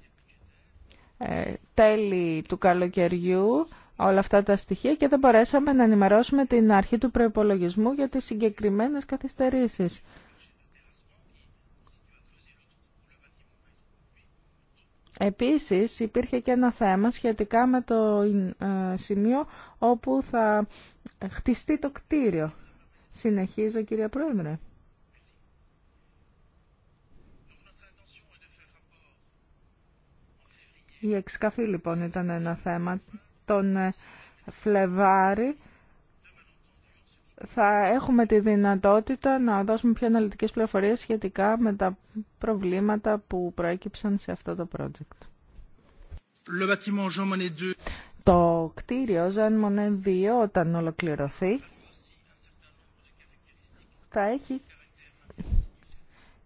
ε, τέλη του καλοκαιριού όλα αυτά τα στοιχεία και δεν μπορέσαμε να ενημερώσουμε την αρχή του προϋπολογισμού για τις συγκεκριμένες καθυστερήσεις. Επίσης υπήρχε και ένα θέμα σχετικά με το ε, σημείο όπου θα χτιστεί το κτίριο. Συνεχίζω κυρία Πρόεδρε. Η εξκαφή λοιπόν ήταν ένα θέμα. Τον ε, Φλεβάρη θα έχουμε τη δυνατότητα να δώσουμε πιο αναλυτικές πληροφορίες σχετικά με τα προβλήματα που προέκυψαν σε αυτό το project. Το κτίριο Jean Monnet 2 όταν ολοκληρωθεί θα έχει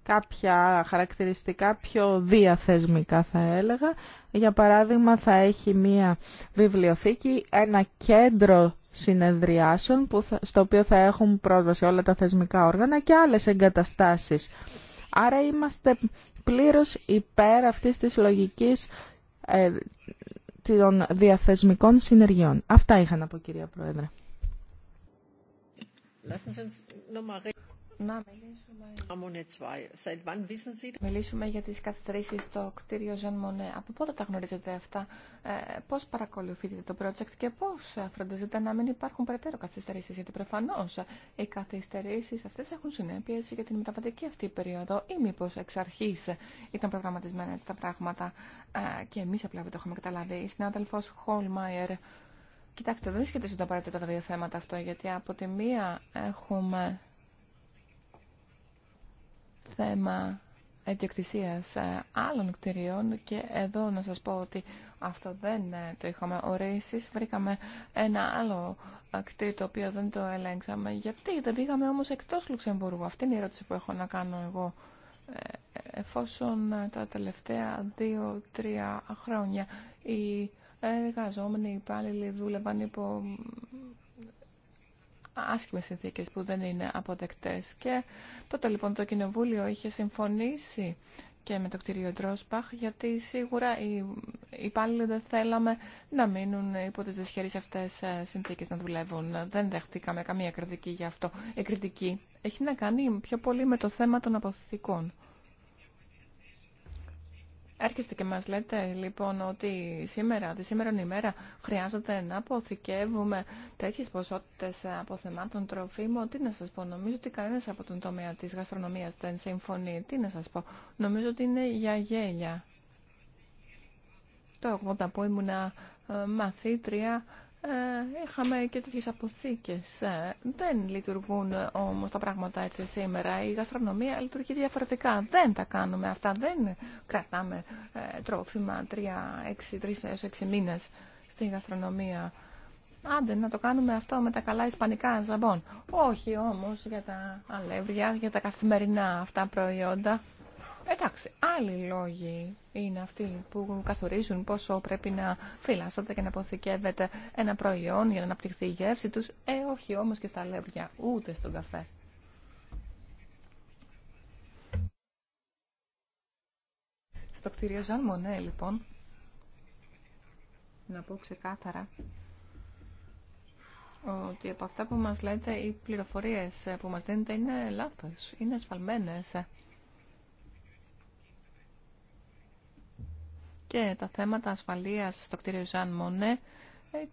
κάποια χαρακτηριστικά πιο διαθεσμικά θα έλεγα. Για παράδειγμα θα έχει μία βιβλιοθήκη, ένα κέντρο συνεδριάσεων που στο οποίο θα έχουν πρόσβαση όλα τα θεσμικά όργανα και άλλες εγκαταστάσεις. Άρα είμαστε πλήρως υπέρ αυτής της λογικής ε, των διαθεσμικών συνεργειών. Αυτά είχα να πω κυρία Πρόεδρε να μιλήσουμε... μιλήσουμε για τις καθυστερήσεις στο κτίριο Ζαν Μονέ. Από πότε τα γνωρίζετε αυτά, ε, πώς παρακολουθείτε το project και πώς φροντίζετε να μην υπάρχουν περαιτέρω καθυστερήσεις, γιατί προφανώς οι καθυστερήσεις αυτές έχουν συνέπειες για την μεταβατική αυτή περίοδο ή μήπω εξ αρχής ήταν προγραμματισμένα έτσι τα πράγματα ε, και εμείς απλά δεν το έχουμε καταλάβει. Η συνάδελφος Χολμάιερ Κοιτάξτε, δεν σχετίζονται απαραίτητα τα δύο θέματα αυτό, γιατί από τη μία έχουμε θέμα ιδιοκτησίας ε, άλλων κτηρίων και εδώ να σας πω ότι αυτό δεν ε, το είχαμε ορίσει. Βρήκαμε ένα άλλο ε, κτίριο το οποίο δεν το ελέγξαμε. Γιατί δεν πήγαμε όμως εκτός Λουξεμβούργου. Αυτή είναι η ερώτηση που έχω να κάνω εγώ. Εφόσον τα τελευταία δύο-τρία χρόνια οι εργαζόμενοι υπάλληλοι δούλευαν υπό άσχημες συνθήκες που δεν είναι αποδεκτές. Και τότε λοιπόν το Κοινοβούλιο είχε συμφωνήσει και με το κτίριο Ντρόσπαχ, γιατί σίγουρα οι υπάλληλοι δεν θέλαμε να μείνουν υπό τις δυσχερείς αυτές ε, συνθήκες να δουλεύουν. Δεν δεχτήκαμε καμία κριτική γι' αυτό. Η κριτική έχει να κάνει πιο πολύ με το θέμα των αποθηκών. Έρχεστε και μας λέτε λοιπόν ότι σήμερα, τη σήμερα ημέρα χρειάζεται να αποθηκεύουμε τέτοιες ποσότητες αποθεμάτων τροφίμων. Τι να σας πω, νομίζω ότι κανένας από τον τομέα της γαστρονομίας δεν συμφωνεί. Τι να σας πω, νομίζω ότι είναι για γέλια. Το 80 που ήμουνα ε, μαθήτρια ε, είχαμε και τέτοιες αποθήκες. Ε, δεν λειτουργούν ε, όμως τα πράγματα έτσι σήμερα. Η γαστρονομία λειτουργεί διαφορετικά. Δεν τα κάνουμε αυτά. Δεν κρατάμε τρόφιμα 3 έως 6 μήνες στη γαστρονομία. Άντε να το κάνουμε αυτό με τα καλά ισπανικά ζαμπόν. Όχι όμως για τα αλεύρια, για τα καθημερινά αυτά προϊόντα. Εντάξει, άλλοι λόγοι είναι αυτοί που καθορίζουν πόσο πρέπει να φυλάσσονται και να αποθηκεύεται ένα προϊόν για να αναπτυχθεί η γεύση τους. Ε, όχι όμως και στα λεύρια, ούτε στον καφέ. Στο κτίριο Ζαν Μονέ, λοιπόν, να πω ξεκάθαρα ότι από αυτά που μας λέτε οι πληροφορίες που μας δίνετε είναι λάθος, είναι ασφαλμένες. και τα θέματα ασφαλείας στο κτίριο Ζαν Μονέ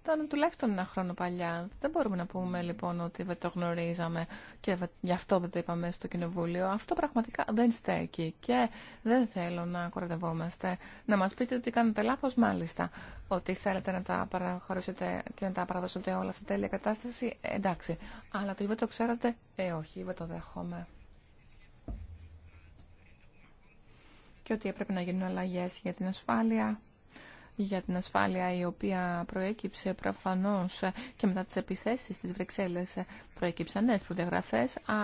ήταν τουλάχιστον ένα χρόνο παλιά. Δεν μπορούμε να πούμε λοιπόν ότι δεν το γνωρίζαμε και γι' αυτό δεν το είπαμε στο Κοινοβούλιο. Αυτό πραγματικά δεν στέκει και δεν θέλω να κορδευόμαστε. Να μας πείτε ότι κάνετε λάθος μάλιστα, ότι θέλετε να τα παραχωρήσετε και να τα παραδώσετε όλα σε τέλεια κατάσταση, ε, εντάξει. Αλλά το είπε το ξέρατε, ε όχι, είπε το δέχομαι. και ότι έπρεπε να γίνουν αλλαγές για την ασφάλεια, για την ασφάλεια η οποία προέκυψε προφανώς και μετά τις επιθέσεις στις Βρυξέλλες προέκυψαν νέες προδιαγραφές. Α,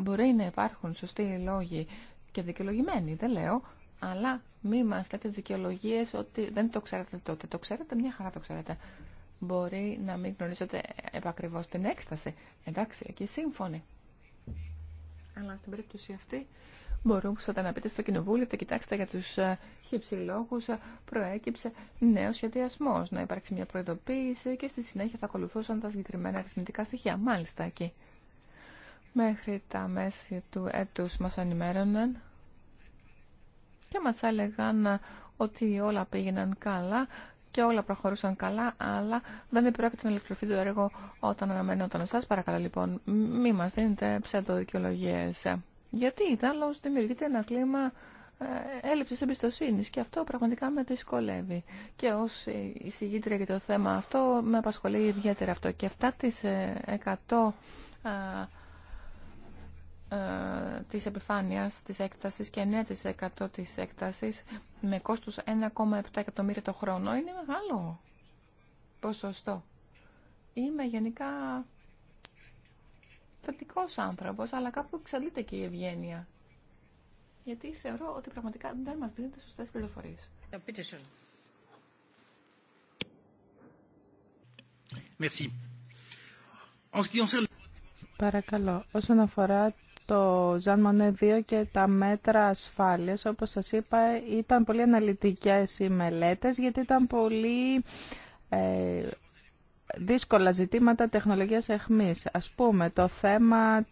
μπορεί να υπάρχουν σωστοί λόγοι και δικαιολογημένοι, δεν λέω, αλλά μη μας λέτε δικαιολογίες ότι δεν το ξέρετε τότε. Το ξέρετε, μια χαρά το ξέρετε. Μπορεί να μην γνωρίζετε επακριβώς την έκταση. Εντάξει, εκεί σύμφωνοι. Αλλά στην περίπτωση αυτή μπορούσατε να πείτε στο Κοινοβούλιο θα κοιτάξετε για τους ε, χυψηλόγους ε, προέκυψε νέο σχεδιασμό να υπάρξει μια προειδοποίηση και στη συνέχεια θα ακολουθούσαν τα συγκεκριμένα αριθμητικά στοιχεία. Μάλιστα εκεί. Μέχρι τα μέση του έτους μας ανημέρωναν και μας έλεγαν ε, ότι όλα πήγαιναν καλά και όλα προχωρούσαν καλά, αλλά δεν επιπρόκειται να ελεκτροφεί το έργο όταν αναμένονταν εσά. Παρακαλώ λοιπόν, μη μας δίνετε ψευδοδικαιολογίες. Γιατί άλλως δημιουργείται ένα κλίμα ε, έλλειψης εμπιστοσύνης και αυτό πραγματικά με δυσκολεύει. Και ως εισηγήτρια για το θέμα αυτό με απασχολεί ιδιαίτερα αυτό. Και 7% ε, ε, της επιφάνειας της έκτασης και 9% της έκτασης με κόστος 1,7 εκατομμύρια το χρόνο είναι μεγάλο ποσοστό. Είμαι γενικά θετικό άνθρωπο, αλλά κάπου εξαντλείται και η ευγένεια. Γιατί θεωρώ ότι πραγματικά δεν μα δίνετε σωστέ πληροφορίε. Παρακαλώ. Όσον αφορά το Ζαν Μονέ 2 και τα μέτρα ασφάλειας, όπως σας είπα, ήταν πολύ αναλυτικές οι μελέτες, γιατί ήταν πολύ ε, δύσκολα ζητήματα τεχνολογίας εχμής. Ας πούμε το θέμα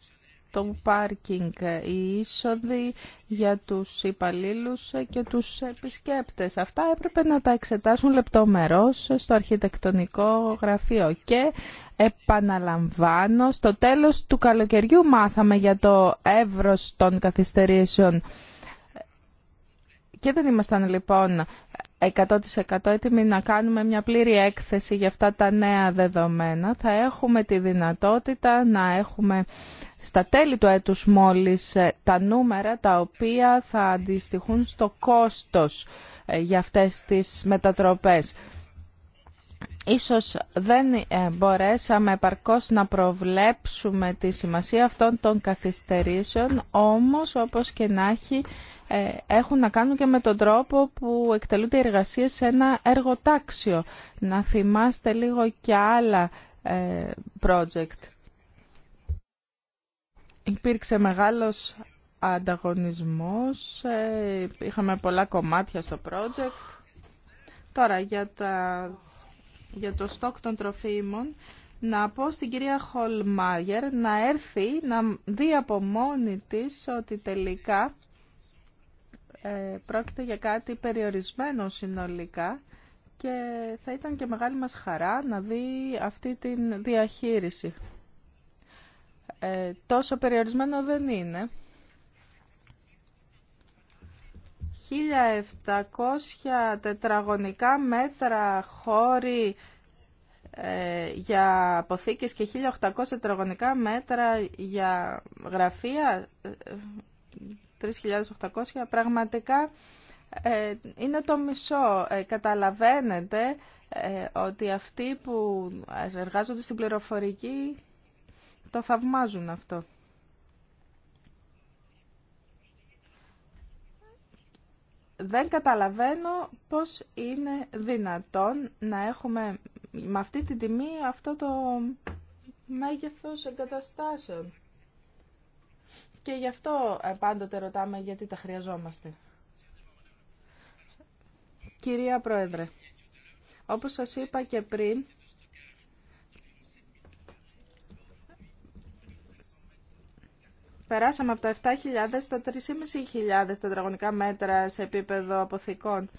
του πάρκινγκ, η είσοδη για τους υπαλλήλους και τους επισκέπτες. Αυτά έπρεπε να τα εξετάσουν λεπτομερώς στο αρχιτεκτονικό γραφείο. Και επαναλαμβάνω, στο τέλος του καλοκαιριού μάθαμε για το εύρος των καθυστερήσεων. Και δεν ήμασταν λοιπόν 100% έτοιμοι να κάνουμε μια πλήρη έκθεση για αυτά τα νέα δεδομένα. Θα έχουμε τη δυνατότητα να έχουμε στα τέλη του έτους μόλις ε, τα νούμερα τα οποία θα αντιστοιχούν στο κόστος ε, για αυτές τις μετατροπές. Ίσως δεν ε, μπορέσαμε επαρκώς να προβλέψουμε τη σημασία αυτών των καθυστερήσεων, όμως όπως και να έχει ε, έχουν να κάνουν και με τον τρόπο που εκτελούνται οι εργασίες σε ένα εργοτάξιο. Να θυμάστε λίγο και άλλα ε, project. Υπήρξε μεγάλος ανταγωνισμός, είχαμε πολλά κομμάτια στο project. Τώρα για τα για το στόκ των τροφίμων να πω στην κυρία Χολμάγερ να έρθει να δει από μόνη της ότι τελικά ε, πρόκειται για κάτι περιορισμένο συνολικά και θα ήταν και μεγάλη μας χαρά να δει αυτή την διαχείριση. Ε, τόσο περιορισμένο δεν είναι. 1.700 τετραγωνικά μέτρα χώροι ε, για αποθήκες και 1.800 τετραγωνικά μέτρα για γραφεία, 3.800 ε, πραγματικά ε, είναι το μισό. Καταλαβαίνετε ότι αυτοί που εργάζονται στην πληροφορική το θαυμάζουν αυτό. δεν καταλαβαίνω πώς είναι δυνατόν να έχουμε με αυτή την τιμή αυτό το μέγεθος εγκαταστάσεων. Και γι' αυτό ε, πάντοτε ρωτάμε γιατί τα χρειαζόμαστε. Κυρία Πρόεδρε, όπως σας είπα και πριν, περάσαμε από τα 7.000 στα 3.500 τετραγωνικά μέτρα σε επίπεδο αποθηκών.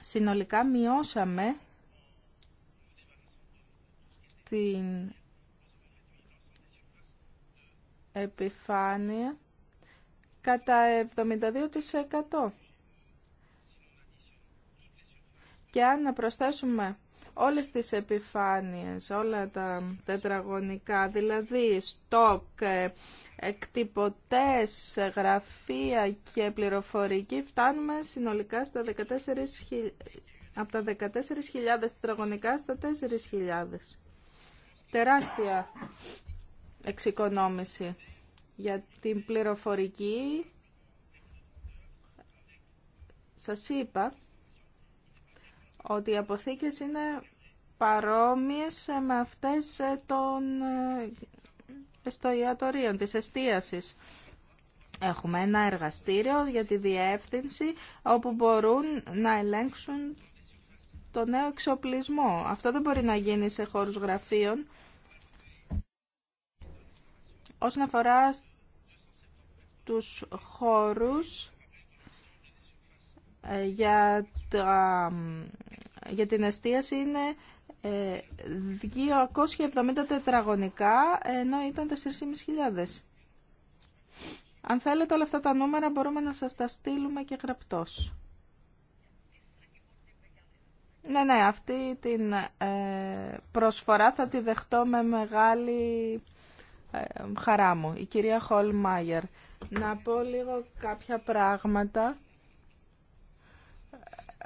Συνολικά μειώσαμε την επιφάνεια κατά 72%. Και αν να προσθέσουμε όλες τις επιφάνειες, όλα τα τετραγωνικά, δηλαδή στόκ, ε, εκτυπωτές, γραφεία και πληροφορική, φτάνουμε συνολικά στα 14, από τα 14.000 τετραγωνικά στα 4.000. Τεράστια εξοικονόμηση για την πληροφορική. Σας είπα ότι οι αποθήκες είναι παρόμοιες με αυτές ε, των ε, εστιατορίων, της εστίασης. Έχουμε ένα εργαστήριο για τη διεύθυνση όπου μπορούν να ελέγξουν το νέο εξοπλισμό. Αυτό δεν μπορεί να γίνει σε χώρους γραφείων. Όσον αφορά τους χώρους, ε, για, για την εστίαση είναι 270 ε, τετραγωνικά, ενώ ήταν 4.500. Αν θέλετε όλα αυτά τα νούμερα μπορούμε να σας τα στείλουμε και γραπτός. Ναι, ναι, αυτή την ε, προσφορά θα τη δεχτώ με μεγάλη χαρά μου. Η κυρία Χολμάγερ. Να πω λίγο κάποια πράγματα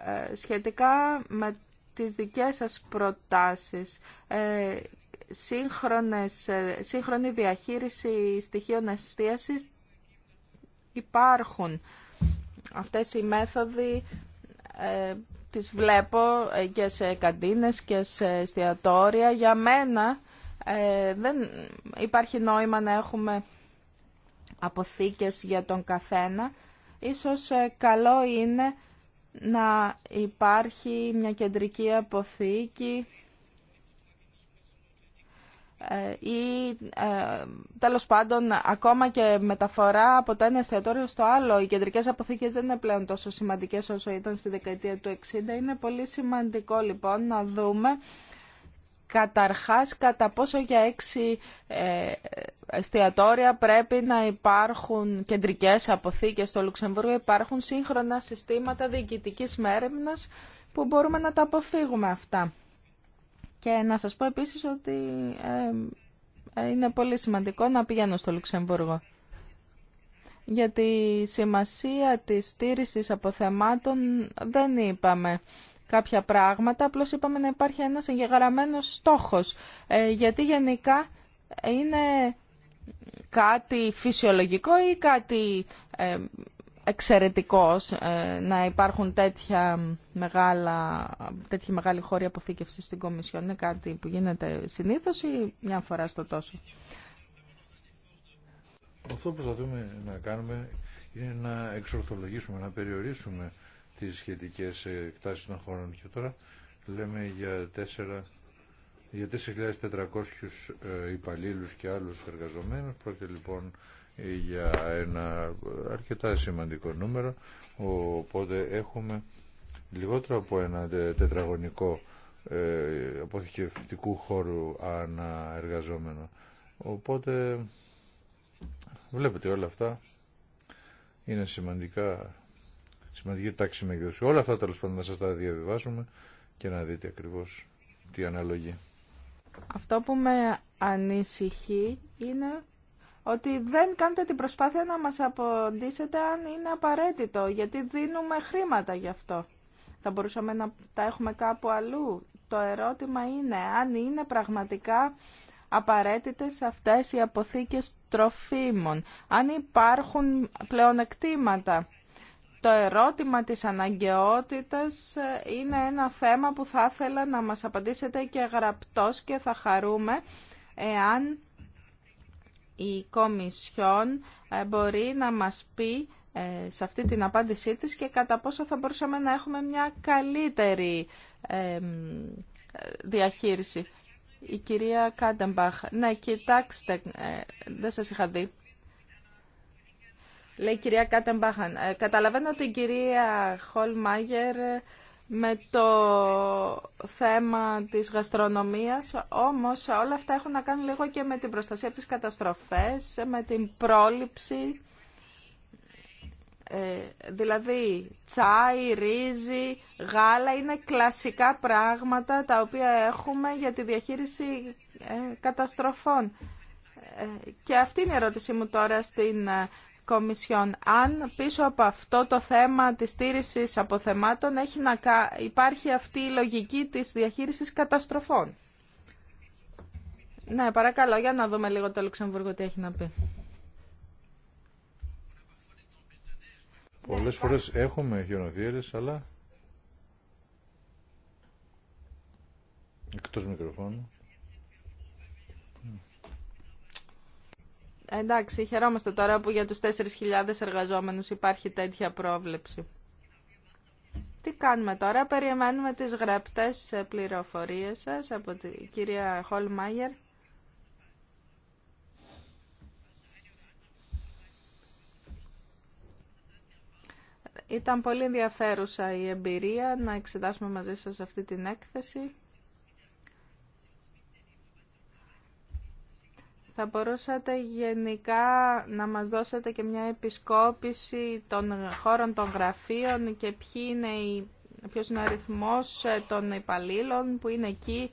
ε, σχετικά με τις δικές σας προτάσεις, ε, σύγχρονες, ε, σύγχρονη διαχείριση στοιχείων εστίασης υπάρχουν. Αυτές οι μέθοδοι ε, τις βλέπω και σε καντίνες και σε εστιατόρια. Για μένα δεν υπάρχει νόημα να έχουμε αποθήκες για τον καθένα. Ίσως καλό είναι να υπάρχει μια κεντρική αποθήκη ε, ή ε, τέλος πάντων ακόμα και μεταφορά από το ένα εστιατόριο στο άλλο. Οι κεντρικές αποθήκες δεν είναι πλέον τόσο σημαντικές όσο ήταν στη δεκαετία του 60. Είναι πολύ σημαντικό λοιπόν να δούμε Καταρχάς, κατά πόσο για έξι ε, εστιατόρια πρέπει να υπάρχουν κεντρικές αποθήκες στο Λουξεμβούργο, υπάρχουν σύγχρονα συστήματα διοικητικής μέρημνας που μπορούμε να τα αποφύγουμε αυτά. Και να σας πω επίσης ότι ε, ε, είναι πολύ σημαντικό να πηγαίνω στο Λουξεμβούργο για τη σημασία της στήρησης αποθεμάτων δεν είπαμε κάποια πράγματα, απλώς είπαμε να υπάρχει ένας εγγεγραμμένος στόχος, ε, γιατί γενικά είναι κάτι φυσιολογικό ή κάτι ε, εξαιρετικός ε, να υπάρχουν τέτοια μεγάλα, τέτοια μεγάλη χώρη αποθήκευση στην Κομισιόν. Είναι κάτι που γίνεται συνήθως ή μια φορά στο τόσο. Αυτό που θα δούμε να κάνουμε είναι να εξορθολογήσουμε, να περιορίσουμε τις σχετικές ε, εκτάσεις των χώρων. Και τώρα λέμε για 4 για 4.400 ε, υπαλλήλους και άλλους εργαζομένους. Πρόκειται λοιπόν ε, για ένα αρκετά σημαντικό νούμερο, οπότε έχουμε λιγότερο από ένα τετραγωνικό αποθηκευτικού χώρου αναεργαζόμενο. Οπότε βλέπετε όλα αυτά είναι σημαντικά σημαντική τάξη μεγέθου. Όλα αυτά τέλο πάντων να σα τα διαβιβάσουμε και να δείτε ακριβώς τι αναλογεί. Αυτό που με ανησυχεί είναι ότι δεν κάνετε την προσπάθεια να μας αποντήσετε αν είναι απαραίτητο, γιατί δίνουμε χρήματα γι' αυτό. Θα μπορούσαμε να τα έχουμε κάπου αλλού. Το ερώτημα είναι αν είναι πραγματικά απαραίτητες αυτές οι αποθήκες τροφίμων, αν υπάρχουν πλεονεκτήματα το ερώτημα της αναγκαιότητας ε, είναι ένα θέμα που θα ήθελα να μας απαντήσετε και γραπτός και θα χαρούμε εάν η Κομισιόν ε, μπορεί να μας πει ε, σε αυτή την απάντησή της και κατά πόσο θα μπορούσαμε να έχουμε μια καλύτερη διαχείριση. Η κυρία Κάντεμπαχ, ναι, κοιτάξτε, δεν σας είχα δει. Λέει η κυρία Κάτεμπάχαν. Ε, καταλαβαίνω την κυρία Χολμάγερ ε, με το θέμα της γαστρονομίας, όμως όλα αυτά έχουν να κάνουν λίγο και με την προστασία από τις καταστροφές, με την πρόληψη, ε, δηλαδή τσάι, ρύζι, γάλα είναι κλασικά πράγματα τα οποία έχουμε για τη διαχείριση καταστροφών. Και αυτή είναι η ερώτησή μου τώρα στην Κομισιόν. Αν πίσω από αυτό το θέμα της στήρησης αποθεμάτων έχει να υπάρχει αυτή η λογική της διαχείρισης καταστροφών. Ναι, παρακαλώ, για να δούμε λίγο το Λουξεμβούργο τι έχει να πει. Πολλές φορές έχουμε χιονοδιέρες, αλλά... Εκτός μικροφώνου. Εντάξει, χαιρόμαστε τώρα που για τους 4.000 εργαζόμενους υπάρχει τέτοια πρόβλεψη. Τι κάνουμε τώρα, περιμένουμε τις γραπτές πληροφορίες σας από την κυρία Χολμάγερ. Ήταν πολύ ενδιαφέρουσα η εμπειρία να εξετάσουμε μαζί σας αυτή την έκθεση. Θα μπορούσατε γενικά να μας δώσετε και μια επισκόπηση των χώρων των γραφείων και ποιοι είναι ποιος είναι ο αριθμός ε, των υπαλλήλων που είναι εκεί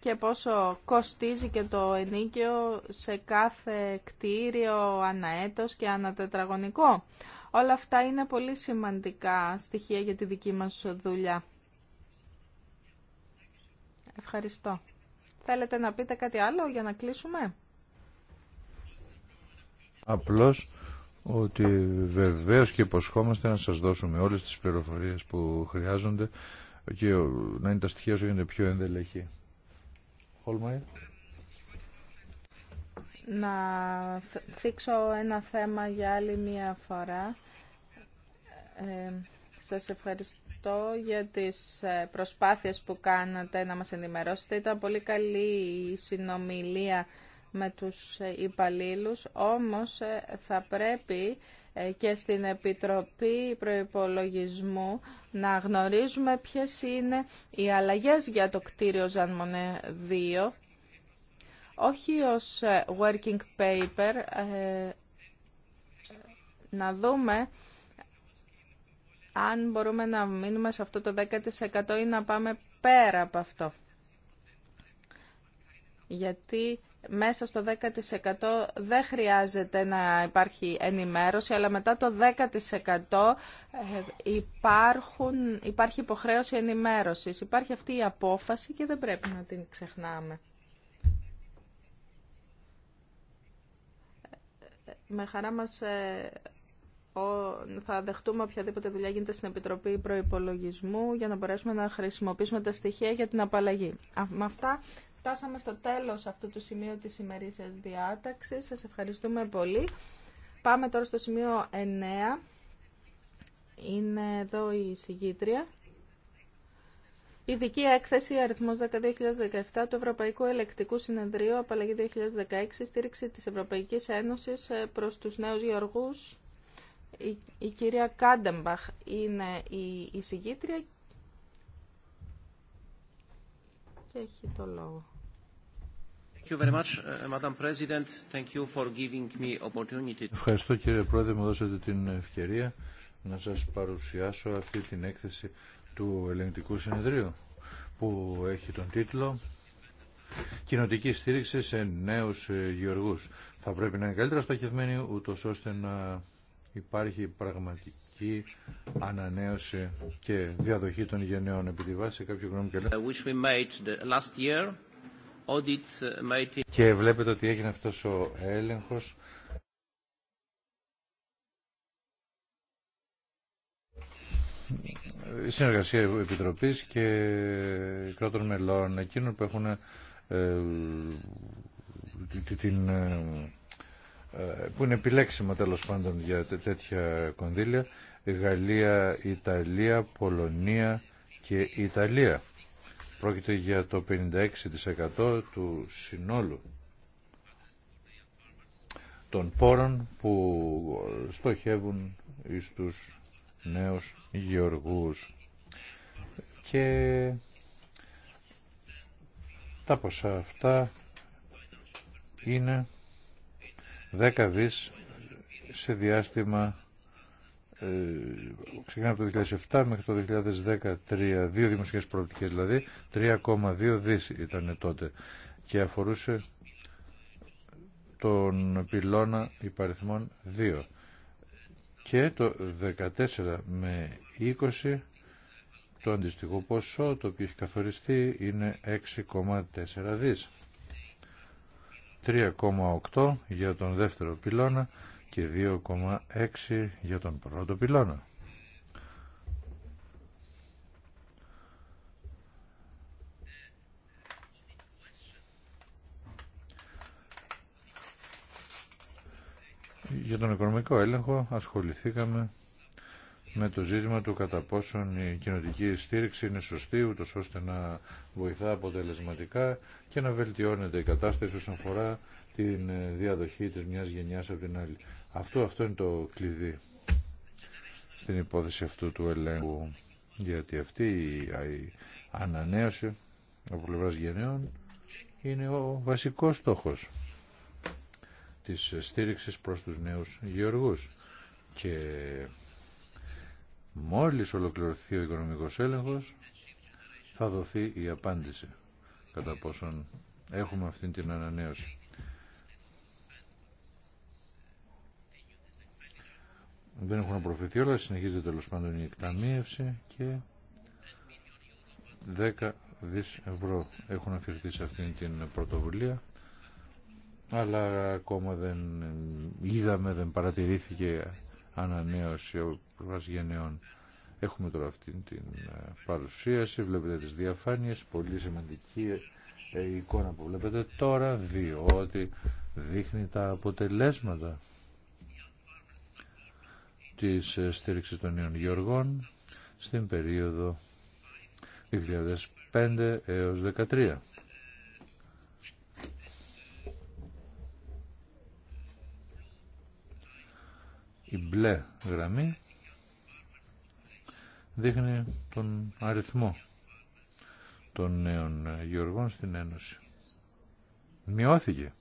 και πόσο κοστίζει και το ενίκιο σε κάθε κτίριο αναέτος και ανατετραγωνικό. Όλα αυτά είναι πολύ σημαντικά στοιχεία για τη δική μας δουλειά. Ευχαριστώ. Θέλετε να πείτε κάτι άλλο για να κλείσουμε. Απλώς ότι βεβαίως και υποσχόμαστε να σας δώσουμε όλες τις πληροφορίες που χρειάζονται και να είναι τα στοιχεία όσο είναι πιο ενδελεχή. Να θίξω ένα θέμα για άλλη μία φορά. Ε, σας ευχαριστώ Ευχαριστώ για τις ε, προσπάθειες που κάνατε να μας ενημερώσετε. Ήταν πολύ καλή η συνομιλία με τους ε, υπαλλήλους, όμως ε, θα πρέπει και στην Επιτροπή Προϋπολογισμού να γνωρίζουμε ποιες είναι οι αλλαγές για το κτίριο Ζανμονέ 2, όχι ως working paper, να δούμε αν μπορούμε να μείνουμε σε αυτό το 10% ή να πάμε πέρα από αυτό. Γιατί μέσα στο 10% δεν χρειάζεται να υπάρχει ενημέρωση, αλλά μετά το 10% ε, υπάρχουν, υπάρχει υποχρέωση ενημέρωσης. Υπάρχει αυτή η απόφαση και δεν πρέπει να την ξεχνάμε. Με χαρά μας ε, θα δεχτούμε οποιαδήποτε δουλειά γίνεται στην Επιτροπή Προϋπολογισμού για να μπορέσουμε να χρησιμοποιήσουμε τα στοιχεία για την απαλλαγή. Με αυτά φτάσαμε στο τέλος αυτού του σημείου της ημερήσιας διάταξης. Σας ευχαριστούμε πολύ. Πάμε τώρα στο σημείο 9. Είναι εδώ η συγκήτρια. ειδικη Ειδική έκθεση αριθμός 10-2017 του Ευρωπαϊκού Ελεκτικού Συνεδρίου Απαλλαγή 2016 στήριξη της Ευρωπαϊκής Ένωσης ε, προς τους νέους γεωργούς η, η κυρία Κάντεμπαχ είναι η εισηγήτρια και έχει το λόγο. Uh, Ευχαριστώ κύριε Πρόεδρε, μου δώσατε την ευκαιρία να σας παρουσιάσω αυτή την έκθεση του ελεγκτικού συνεδρίου που έχει τον τίτλο Κοινοτική στήριξη σε νέους ε, γεωργούς. Θα πρέπει να είναι καλύτερα στοχευμένοι ούτως ώστε να υπάρχει πραγματική ανανέωση και διαδοχή των γενναιών επί τη βάση κάποιου γνώμη και uh, Και βλέπετε ότι έγινε αυτός ο έλεγχος η συνεργασία επιτροπής και κράτων μελών εκείνων που έχουν ε, την ε, ε, που είναι επιλέξιμα τέλο πάντων για τέτοια κονδύλια Γαλλία, Ιταλία, Πολωνία και Ιταλία. Πρόκειται για το 56% του συνόλου των πόρων που στοχεύουν εις τους νέους γεωργούς. Και τα ποσά αυτά είναι 10 δις σε διάστημα ε, ξεκινάμε από το 2007 μέχρι το 2013, δύο δημοσιακές προοπτικές δηλαδή, 3,2 δις ήταν τότε και αφορούσε τον πυλώνα υπαριθμών 2 και το 14 με 20 το αντιστοιχό ποσό το οποίο έχει καθοριστεί είναι 6,4 δις. 3,8 για τον δεύτερο πυλώνα και 2,6 για τον πρώτο πυλώνα. Για τον οικονομικό έλεγχο ασχοληθήκαμε με το ζήτημα του κατά πόσον η κοινωτική στήριξη είναι σωστή, ούτω ώστε να βοηθά αποτελεσματικά και να βελτιώνεται η κατάσταση όσον αφορά την ε, διαδοχή της μιας γενιάς από την άλλη. Αυτό, αυτό είναι το κλειδί στην υπόθεση αυτού του ελέγχου, γιατί αυτή η ανανέωση από πλευράς γενναίων είναι ο βασικός στόχος της στήριξης προς τους νέους γεωργούς. Και Μόλις ολοκληρωθεί ο οικονομικός έλεγχος θα δοθεί η απάντηση κατά πόσον έχουμε αυτή την ανανέωση. Δεν έχουν προφηθεί όλα, συνεχίζεται τέλο πάντων η εκταμείευση και 10 δις ευρώ έχουν αφηρηθεί σε αυτήν την πρωτοβουλία αλλά ακόμα δεν είδαμε, δεν παρατηρήθηκε ανανέωση πλευράς Έχουμε τώρα αυτή την ε, παρουσίαση, βλέπετε τις διαφάνειες, πολύ σημαντική ε, ε, εικόνα που βλέπετε τώρα, διότι δείχνει τα αποτελέσματα της στήριξης των νέων γεωργών στην περίοδο 2005 έως 2013. Η μπλε γραμμή δείχνει τον αριθμό των νέων γεωργών στην Ένωση. Μειώθηκε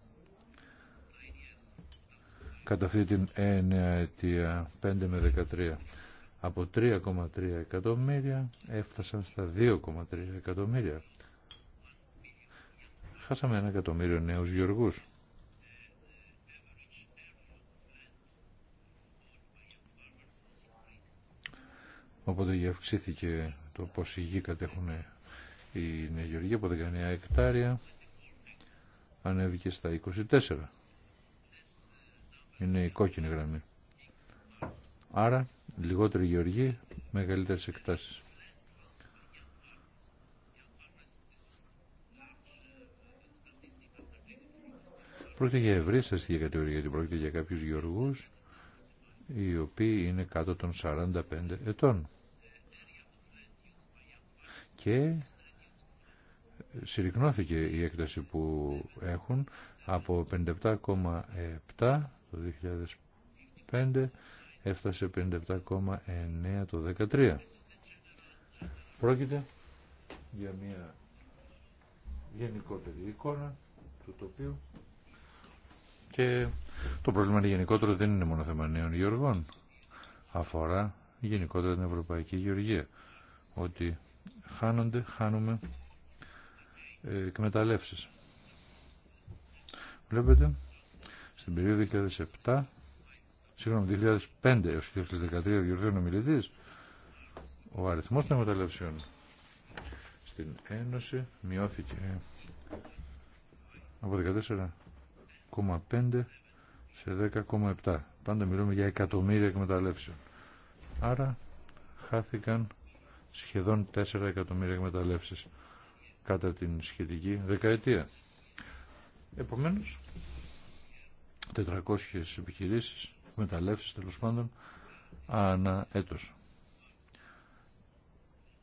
κατά αυτή την έννοια αιτία 5 με 13 από 3,3 εκατομμύρια έφτασαν στα 2,3 εκατομμύρια. Χάσαμε ένα εκατομμύριο νέους γεωργούς. Οπότε αυξήθηκε το πόσο γη κατέχουν οι Νέα Γεωργία από 19 εκτάρια ανέβηκε στα 24. Είναι η κόκκινη γραμμή. Άρα, λιγότερη γεωργή, μεγαλύτερες εκτάσεις. Πρόκειται για ευρύ για κατηγορία, γιατί πρόκειται για κάποιους γεωργούς οι οποίοι είναι κάτω των 45 ετών και συρρυκνώθηκε η έκταση που έχουν από 57,7 το 2005 έφτασε 57,9 το 2013. Πρόκειται για μια γενικότερη εικόνα του τοπίου και το πρόβλημα είναι γενικότερο δεν είναι μόνο θέμα νέων γεωργών αφορά γενικότερα την Ευρωπαϊκή Γεωργία ότι χάνονται, χάνουμε ε, εκμεταλλεύσεις. Βλέπετε, στην περίοδο 2007, σύγχρονα 2005 έως 2013 διορθώνει ο μιλητής, ο αριθμός των εκμεταλλεύσεων στην Ένωση μειώθηκε από 14,5 σε 10,7. Πάντα μιλούμε για εκατομμύρια εκμεταλλεύσεων. Άρα χάθηκαν σχεδόν 4 εκατομμύρια εκμεταλλεύσεις κατά την σχετική δεκαετία. Επομένως, 400 επιχειρήσεις, εκμεταλλεύσεις τέλος πάντων, ανά έτος.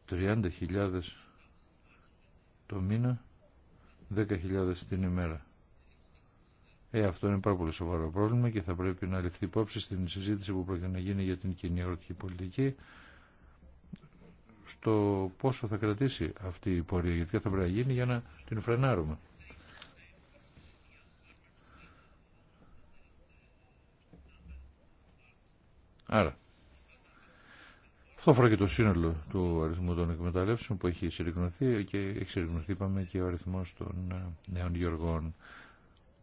30.000 το μήνα, 10.000 την ημέρα. Ε, αυτό είναι πάρα πολύ σοβαρό πρόβλημα και θα πρέπει να ληφθεί υπόψη στην συζήτηση που πρέπει να γίνει για την κοινή ερωτική πολιτική στο πόσο θα κρατήσει αυτή η πορεία, γιατί θα πρέπει να γίνει για να την φρενάρουμε. Άρα, αυτό αφορά και το σύνολο του αριθμού των εκμεταλλεύσεων που έχει συρρυκνωθεί και έχει συρρυκνωθεί, είπαμε, και ο αριθμός των ε, νέων γεωργών.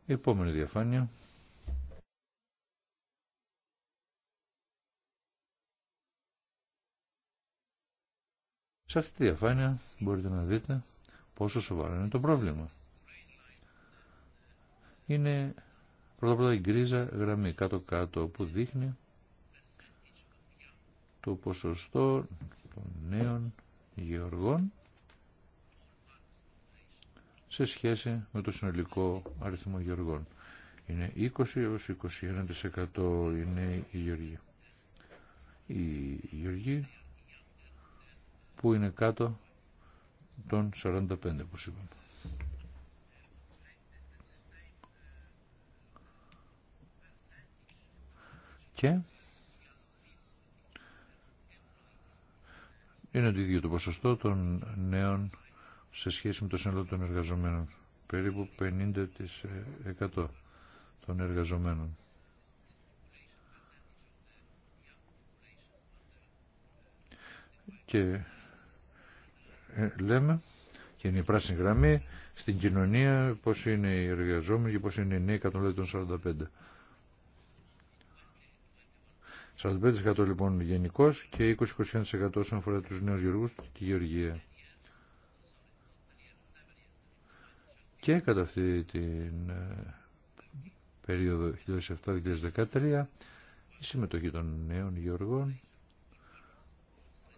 Επόμενη διαφάνεια. Σε αυτή τη διαφάνεια μπορείτε να δείτε πόσο σοβαρό είναι το πρόβλημα. Είναι πρώτα πρώτα η γκρίζα γραμμή κάτω-κάτω που δείχνει το ποσοστό των νέων γεωργών σε σχέση με το συνολικό αριθμό γεωργών. Είναι 20 έως 21% είναι οι γεωργοί. Οι γεωργοί που είναι κάτω των 45 όπως είπαμε. Και είναι το ίδιο το ποσοστό των νέων σε σχέση με το σύνολο των εργαζομένων. Περίπου 50% των εργαζομένων. Και ε, λέμε και είναι η πράσινη γραμμή στην κοινωνία πώς είναι οι εργαζόμενοι και πώς είναι οι νέοι των 45% 45% λοιπόν γενικώ και 20-21% όσον αφορά τους νέους γεωργούς και τη γεωργία. Και κατά αυτή την ε, περίοδο 2007-2013 η συμμετοχή των νέων γεωργών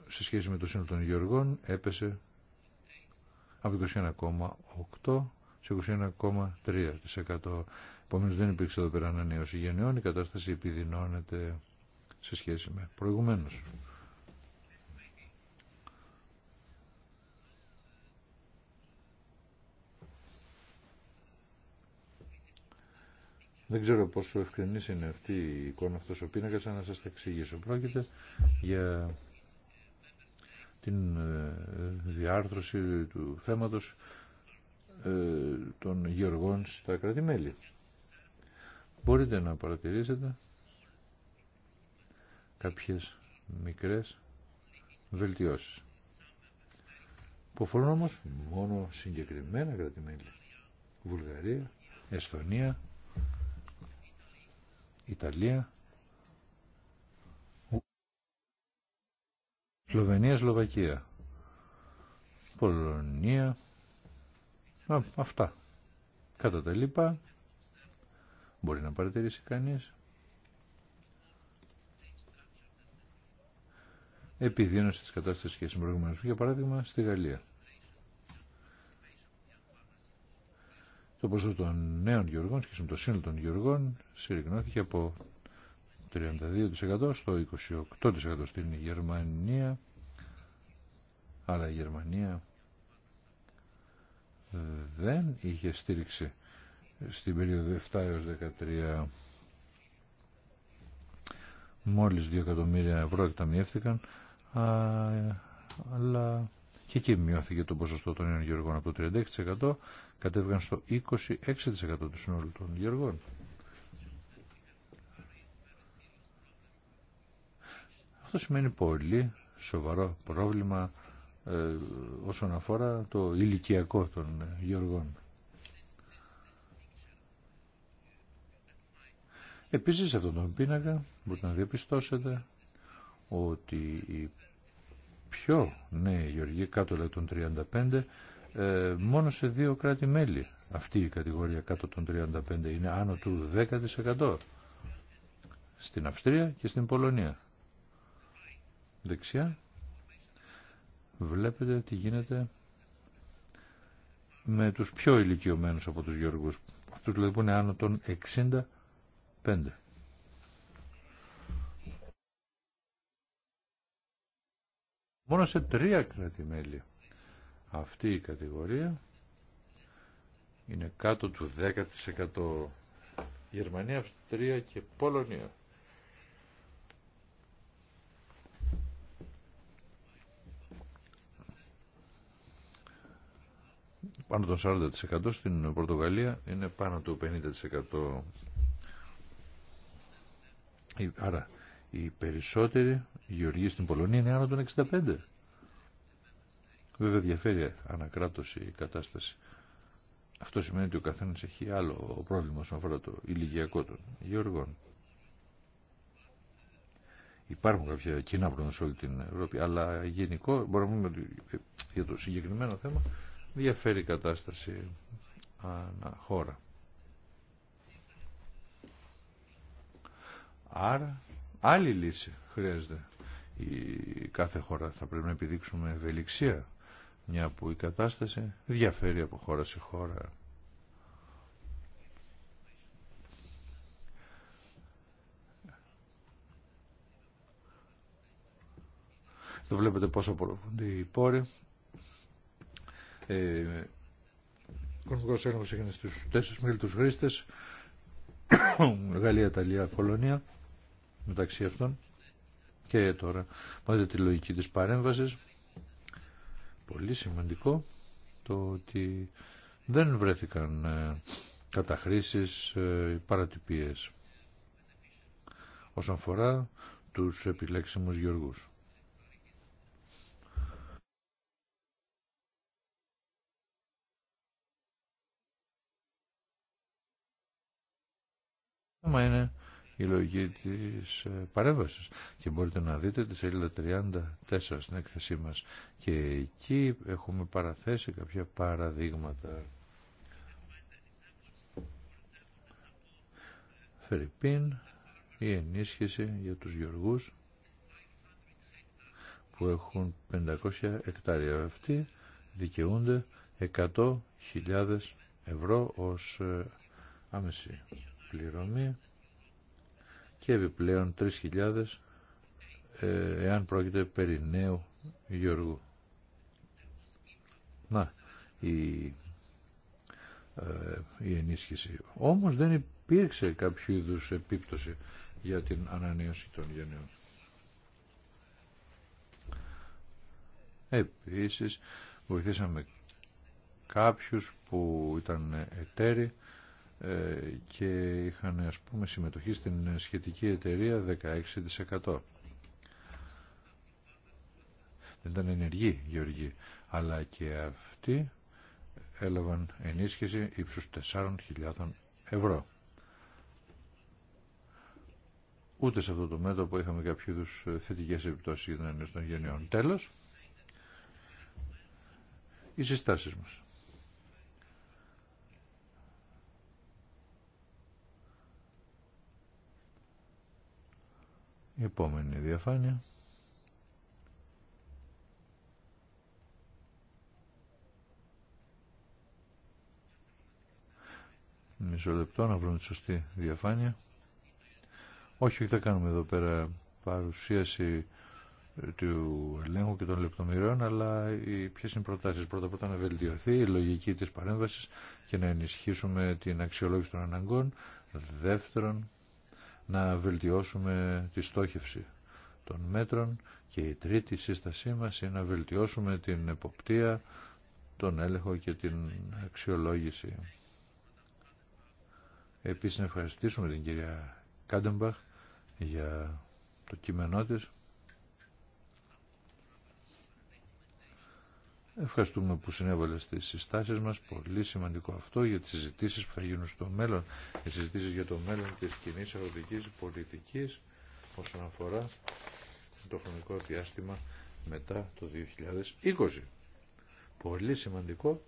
σε σχέση με το σύνολο των γεωργών έπεσε από 21,8% σε 21,3%. Επομένω, δεν υπήρξε εδώ πέρα ανανέωση γενναιών, η κατάσταση επιδεινώνεται σε σχέση με προηγουμένω. Δεν ξέρω πόσο ευκρινής είναι αυτή η εικόνα αυτός ο πίνακας, αν να σας τα εξηγήσω. Πρόκειται για την ε, διάρθρωση του θέματος ε, των γεωργών στα κρατημέλη. Μπορείτε να παρατηρήσετε κάποιες μικρές βελτιώσεις βελτιώσεις. όμως μόνο συγκεκριμένα κρατημέλη. Βουλγαρία, Εστονία, Ιταλία, Σλοβενία, Σλοβακία. Πολωνία. αυτά. Κατά τα λοιπά. Μπορεί να παρατηρήσει κανείς. Επιδείνωση της κατάστασης σχέση με Για παράδειγμα, στη Γαλλία. Το ποσό των νέων γεωργών σχέση με το σύνολο των γεωργών συρρυκνώθηκε από 32% στο 28% στην Γερμανία. Αλλά η Γερμανία ε, δεν είχε στήριξη στην περίοδο 7 έως 13 μόλις 2 εκατομμύρια ευρώ εκταμιεύτηκαν αλλά και εκεί μειώθηκε το ποσοστό των νέων γεωργών από το 36% κατέβηκαν στο 26% του συνόλου των γεωργών. Αυτό σημαίνει πολύ σοβαρό πρόβλημα ε, όσον αφορά το ηλικιακό των γεωργών. Επίσης σε αυτόν τον πίνακα μπορείτε να διαπιστώσετε ότι οι πιο νέοι γεωργοί κάτω των 35 ε, μόνο σε δύο κράτη-μέλη αυτή η κατηγορία κάτω των 35 είναι άνω του 10% στην Αυστρία και στην Πολωνία δεξιά βλέπετε τι γίνεται με τους πιο ηλικιωμένους από τους Γιώργους. Αυτούς λοιπόν είναι άνω των 65. Μόνο σε τρία κρατημέλη αυτή η κατηγορία είναι κάτω του 10% Γερμανία, Αυστρία και Πολωνία. πάνω των 40% στην Πορτογαλία είναι πάνω του 50%. Άρα οι περισσότεροι γεωργοί στην Πολωνία είναι άνω των 65%. Βέβαια διαφέρει ανακράτωση η κατάσταση. Αυτό σημαίνει ότι ο καθένας έχει άλλο πρόβλημα όσον αφορά το ηλικιακό των γεωργών. Υπάρχουν κάποια κοινά προβλήματα όλη την Ευρώπη, αλλά γενικό μπορούμε να πούμε για το συγκεκριμένο θέμα διαφέρει η κατάσταση ανά χώρα. Άρα άλλη λύση χρειάζεται η κάθε χώρα. Θα πρέπει να επιδείξουμε ευελιξία μια που η κατάσταση διαφέρει από χώρα σε χώρα. Εδώ βλέπετε πόσο απορροφούνται οι πόροι ε, Οικονομικός έλεγχος έγινε στους τέσσερις του χρήστες, <coughs> Γαλλία, Ιταλία, Πολωνία, μεταξύ αυτών και τώρα. Μάθετε τη λογική της παρέμβασης. Πολύ σημαντικό το ότι δεν βρέθηκαν ε, καταχρήσεις, ε, παρατυπίες όσον αφορά τους επιλέξιμους γεωργούς. Μα είναι η λογική της ε, παρέμβασης και μπορείτε να δείτε τη σελίδα 34 στην έκθεσή μας και εκεί έχουμε παραθέσει κάποια παραδείγματα. Φερρυπίν, η ενίσχυση για τους γεωργούς που έχουν 500 εκτάρια. Αυτοί δικαιούνται 100.000 ευρώ ως ε, άμεση πληρωμή και επιπλέον 3.000 ε, εάν πρόκειται περί νέου Γιώργου. Να, η, ε, ενίσχυση. Όμως δεν υπήρξε κάποιο είδου επίπτωση για την ανανέωση των γενναιών. Επίσης, βοηθήσαμε κάποιους που ήταν εταίροι ε, και είχαν ας πούμε συμμετοχή στην σχετική εταιρεία 16%. Δεν ήταν ενεργοί γεωργοί, αλλά και αυτοί έλαβαν ενίσχυση ύψους 4.000 ευρώ. Ούτε σε αυτό το μέτωπο είχαμε κάποιο είδου θετικές επιπτώσεις για την των γενιών. Τέλος, οι συστάσεις μας. επόμενη διαφάνεια. Μισό λεπτό να βρούμε τη σωστή διαφάνεια. Όχι, θα κάνουμε εδώ πέρα παρουσίαση ε, του ελέγχου και των λεπτομεριών, αλλά οι, ποιες είναι οι προτάσεις. Πρώτα πρώτα να βελτιωθεί η λογική της παρέμβασης και να ενισχύσουμε την αξιολόγηση των αναγκών. Δεύτερον, να βελτιώσουμε τη στόχευση των μέτρων και η τρίτη σύστασή μας είναι να βελτιώσουμε την εποπτεία, τον έλεγχο και την αξιολόγηση. Επίσης να ευχαριστήσουμε την κυρία Κάντεμπαχ για το κείμενό της. Ευχαριστούμε που συνέβαλε στι συστάσει μα. Πολύ σημαντικό αυτό για τι συζητήσει που θα γίνουν στο μέλλον. Οι συζητήσει για το μέλλον τη κοινή αγροτική πολιτική όσον αφορά το χρονικό διάστημα μετά το 2020. Πολύ σημαντικό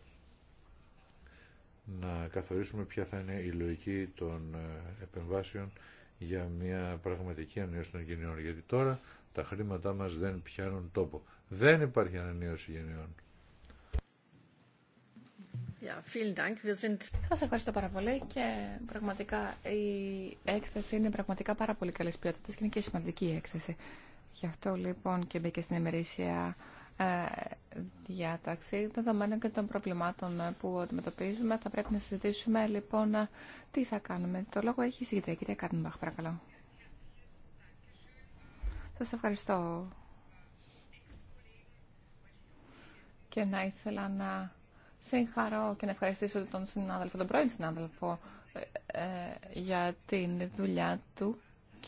να καθορίσουμε ποια θα είναι η λογική των ε, επεμβάσεων για μια πραγματική ανανέωση των γενιών. Γιατί τώρα τα χρήματά μας δεν πιάνουν τόπο. Δεν υπάρχει ανανέωση γενιών. Σας ευχαριστώ πάρα πολύ και πραγματικά η έκθεση είναι πραγματικά πάρα πολύ καλή ποιότητα και είναι και σημαντική η έκθεση. Γι' αυτό λοιπόν και μπήκε στην ημερήσια ε, διάταξη δεδομένων και των προβλημάτων που αντιμετωπίζουμε. Θα πρέπει να συζητήσουμε λοιπόν τι θα κάνουμε. Το λόγο έχει η συγκεκριμένη Κυρία παρακαλώ. Σα ευχαριστώ. Και να ήθελα να συγχαρώ και να ευχαριστήσω τον συνάδελφο, τον πρώην συνάδελφο, ε, ε, για την δουλειά του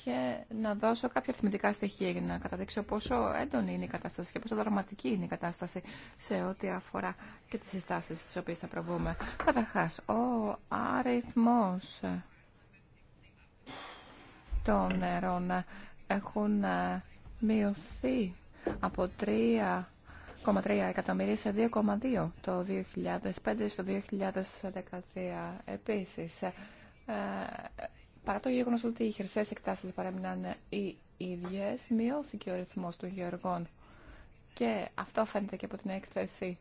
και να δώσω κάποια αριθμητικά στοιχεία για να καταδείξω πόσο έντονη είναι η κατάσταση και πόσο δραματική είναι η κατάσταση σε ό,τι αφορά και τις συστάσεις τις οποίες θα προβούμε. Καταρχάς, ο αριθμός των νερών έχουν ε, μειωθεί από τρία 2,3 εκατομμύρια σε 2,2 το 2005 στο 2013. Επίσης, ε, παρά το γεγονός ότι οι χερσαίες εκτάσεις παρέμειναν οι ίδιες, μειώθηκε ο ρυθμός των γεωργών. Και αυτό φαίνεται και από την έκθεση.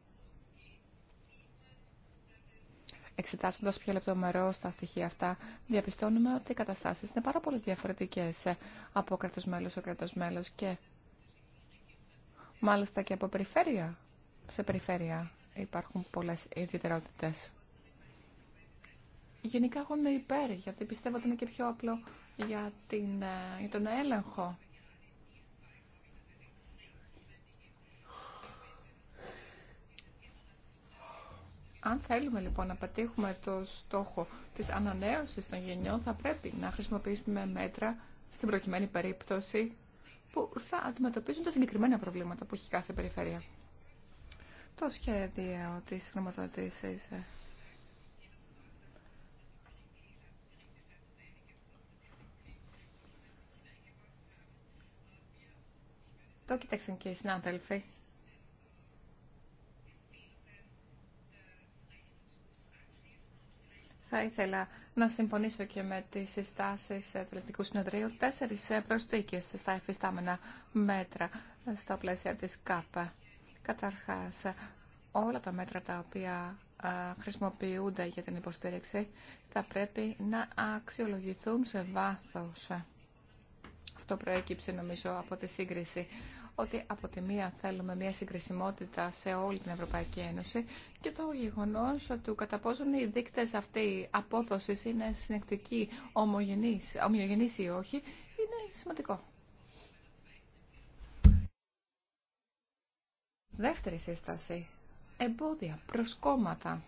Εξετάζοντα πιο λεπτομερό τα στοιχεία αυτά, διαπιστώνουμε ότι οι καταστάσεις είναι πάρα πολύ διαφορετικές από κράτος μέλος σε μέλος και Μάλιστα και από περιφέρεια. Σε περιφέρεια υπάρχουν πολλές ιδιαιτερότητες. Γενικά εγώ είμαι υπέρ, γιατί πιστεύω ότι είναι και πιο απλό για, την, ε, τον έλεγχο. Αν θέλουμε λοιπόν να πετύχουμε το στόχο της ανανέωσης των γενιών, θα πρέπει να χρησιμοποιήσουμε μέτρα στην προκειμένη περίπτωση θα αντιμετωπίζουν τα συγκεκριμένα προβλήματα που έχει κάθε περιφέρεια. Το σχέδιο της χρηματοδοτήσης ε. Το κοιτάξτε και οι συνάδελφοι. Θα ήθελα να συμφωνήσω και με τι συστάσει ε, του Ελληνικού Συνεδρίου. Τέσσερι ε, προσθήκε στα εφιστάμενα μέτρα ε, στα πλαίσια τη ΚΑΠΑ. Καταρχά, όλα τα μέτρα τα οποία χρησιμοποιούνται για την υποστήριξη θα πρέπει να αξιολογηθούν σε βάθος. Αυτό προέκυψε νομίζω από τη σύγκριση ότι από τη μία θέλουμε μια συγκρισιμότητα σε όλη την Ευρωπαϊκή Ένωση και το γεγονός ότι κατά πόσον οι δείκτες αυτή απόδοση είναι συνεκτική ομογενής ή όχι, είναι σημαντικό. Δεύτερη σύσταση. Εμπόδια, προσκόμματα.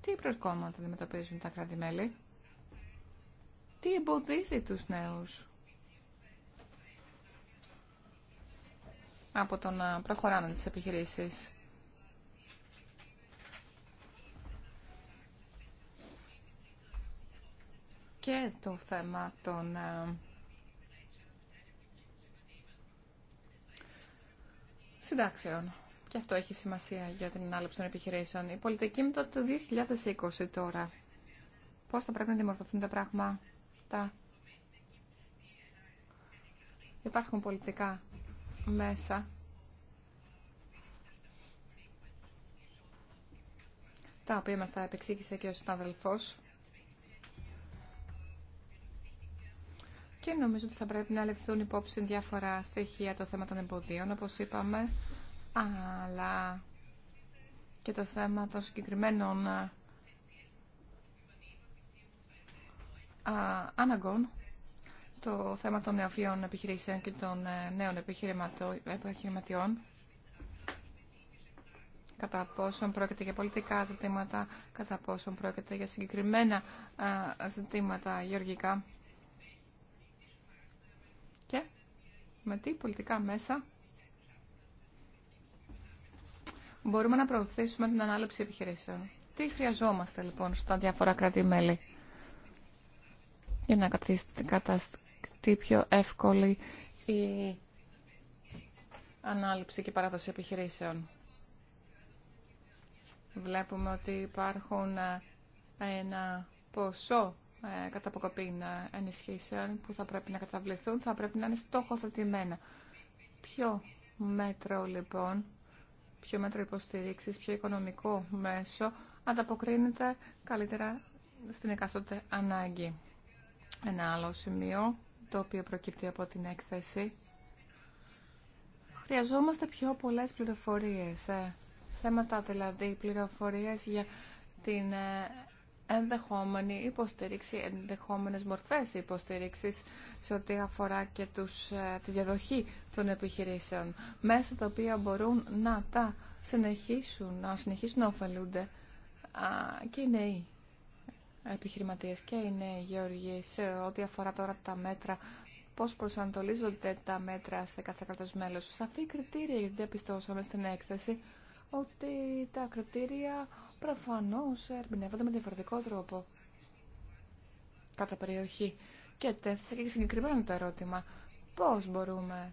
Τι προσκόμματα αντιμετωπίζουν τα κράτη-μέλη. Τι εμποδίζει τους νέους από τον να προχωράνε τις επιχειρήσεις. Και το θέμα των ε, συντάξεων. Και αυτό έχει σημασία για την ανάληψη των επιχειρήσεων. Η πολιτική με το 2020 τώρα. Πώς θα πρέπει να δημορφωθούν τα πράγματα. Υπάρχουν πολιτικά μέσα τα οποία μας τα επεξήγησε και ο συναδελφός και νομίζω ότι θα πρέπει να λεφθούν υπόψη διάφορα στοιχεία το θέμα των εμποδίων όπως είπαμε αλλά και το θέμα των συγκεκριμένων αναγκών το θέμα των νεοφυών επιχειρήσεων και των ε, νέων επιχειρηματιών κατά πόσον πρόκειται για πολιτικά ζητήματα, κατά πόσον πρόκειται για συγκεκριμένα ζητήματα γεωργικά. Και με τι πολιτικά μέσα μπορούμε να προωθήσουμε την ανάληψη επιχειρήσεων. Τι χρειαζόμαστε λοιπόν στα διάφορα κράτη-μέλη για να τι πιο εύκολη η ανάληψη και παράδοση επιχειρήσεων. Βλέπουμε ότι υπάρχουν ε, ένα ποσό ε, κατά ε, ενισχύσεων που θα πρέπει να καταβληθούν, θα πρέπει να είναι στόχοθετημένα. Ποιο μέτρο λοιπόν, ποιο μέτρο υποστηρίξης, ποιο οικονομικό μέσο ανταποκρίνεται καλύτερα στην εκάστοτε ανάγκη. Ένα άλλο σημείο το οποίο προκύπτει από την έκθεση. Χρειαζόμαστε πιο πολλές πληροφορίες, ε. θέματα δηλαδή, πληροφορίες για την ε, ενδεχόμενη υποστήριξη, ενδεχόμενες μορφές υποστήριξης σε ό,τι αφορά και τους, ε, τη διαδοχή των επιχειρήσεων, μέσα τα οποία μπορούν να τα συνεχίσουν, να συνεχίσουν να ωφελούνται και οι νέοι επιχειρηματίες και οι νέοι γεωργοί σε ό,τι αφορά τώρα τα μέτρα, πώς προσανατολίζονται τα μέτρα σε κάθε κράτος μέλος. Σαφή κριτήρια, γιατί διαπιστώσαμε στην έκθεση ότι τα κριτήρια προφανώς ερμηνεύονται με διαφορετικό τρόπο κατά περιοχή. Και τέθησε και συγκεκριμένο το ερώτημα, πώς μπορούμε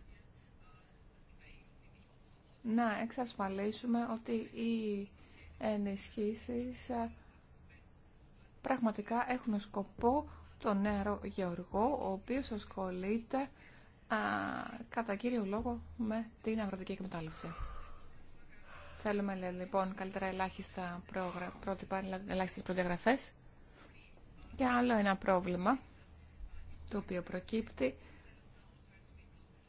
να εξασφαλίσουμε ότι οι ενισχύσεις πραγματικά έχουν σκοπό τον νερό γεωργό, ο οποίος ασχολείται α, κατά κύριο λόγο με την αγροτική εκμετάλλευση. Θέλουμε λοιπόν καλύτερα ελάχιστα πρόγρα, πρότυπα, ελάχιστες προδιαγραφές. Και άλλο ένα πρόβλημα το οποίο προκύπτει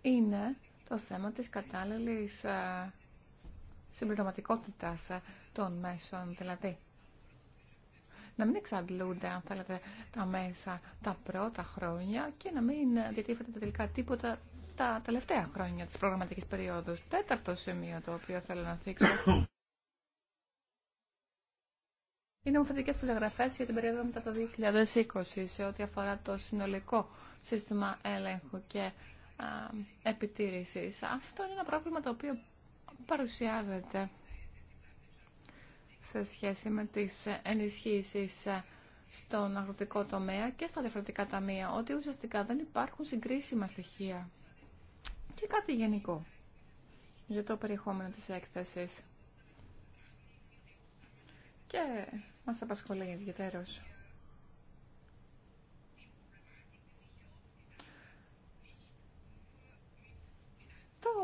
είναι το θέμα της κατάλληλης συμπληρωματικότητας των μέσων. Δηλαδή, να μην εξαντλούνται, αν θέλετε, τα μέσα τα πρώτα χρόνια και να μην διατίθεται τελικά τίποτα τα τελευταία χρόνια της προγραμματικής περίοδου. Τέταρτο σημείο το οποίο θέλω να θίξω. Οι ομοθετικέ προδιαγραφέ για την περίοδο μετά το 2020 σε ό,τι αφορά το συνολικό σύστημα έλεγχου και επιτήρησης. Αυτό είναι ένα πρόβλημα το οποίο παρουσιάζεται σε σχέση με τις ενισχύσεις στον αγροτικό τομέα και στα διαφορετικά ταμεία, ότι ουσιαστικά δεν υπάρχουν συγκρίσιμα στοιχεία και κάτι γενικό για το περιεχόμενο της έκθεσης. Και μας απασχολεί ιδιαίτερως.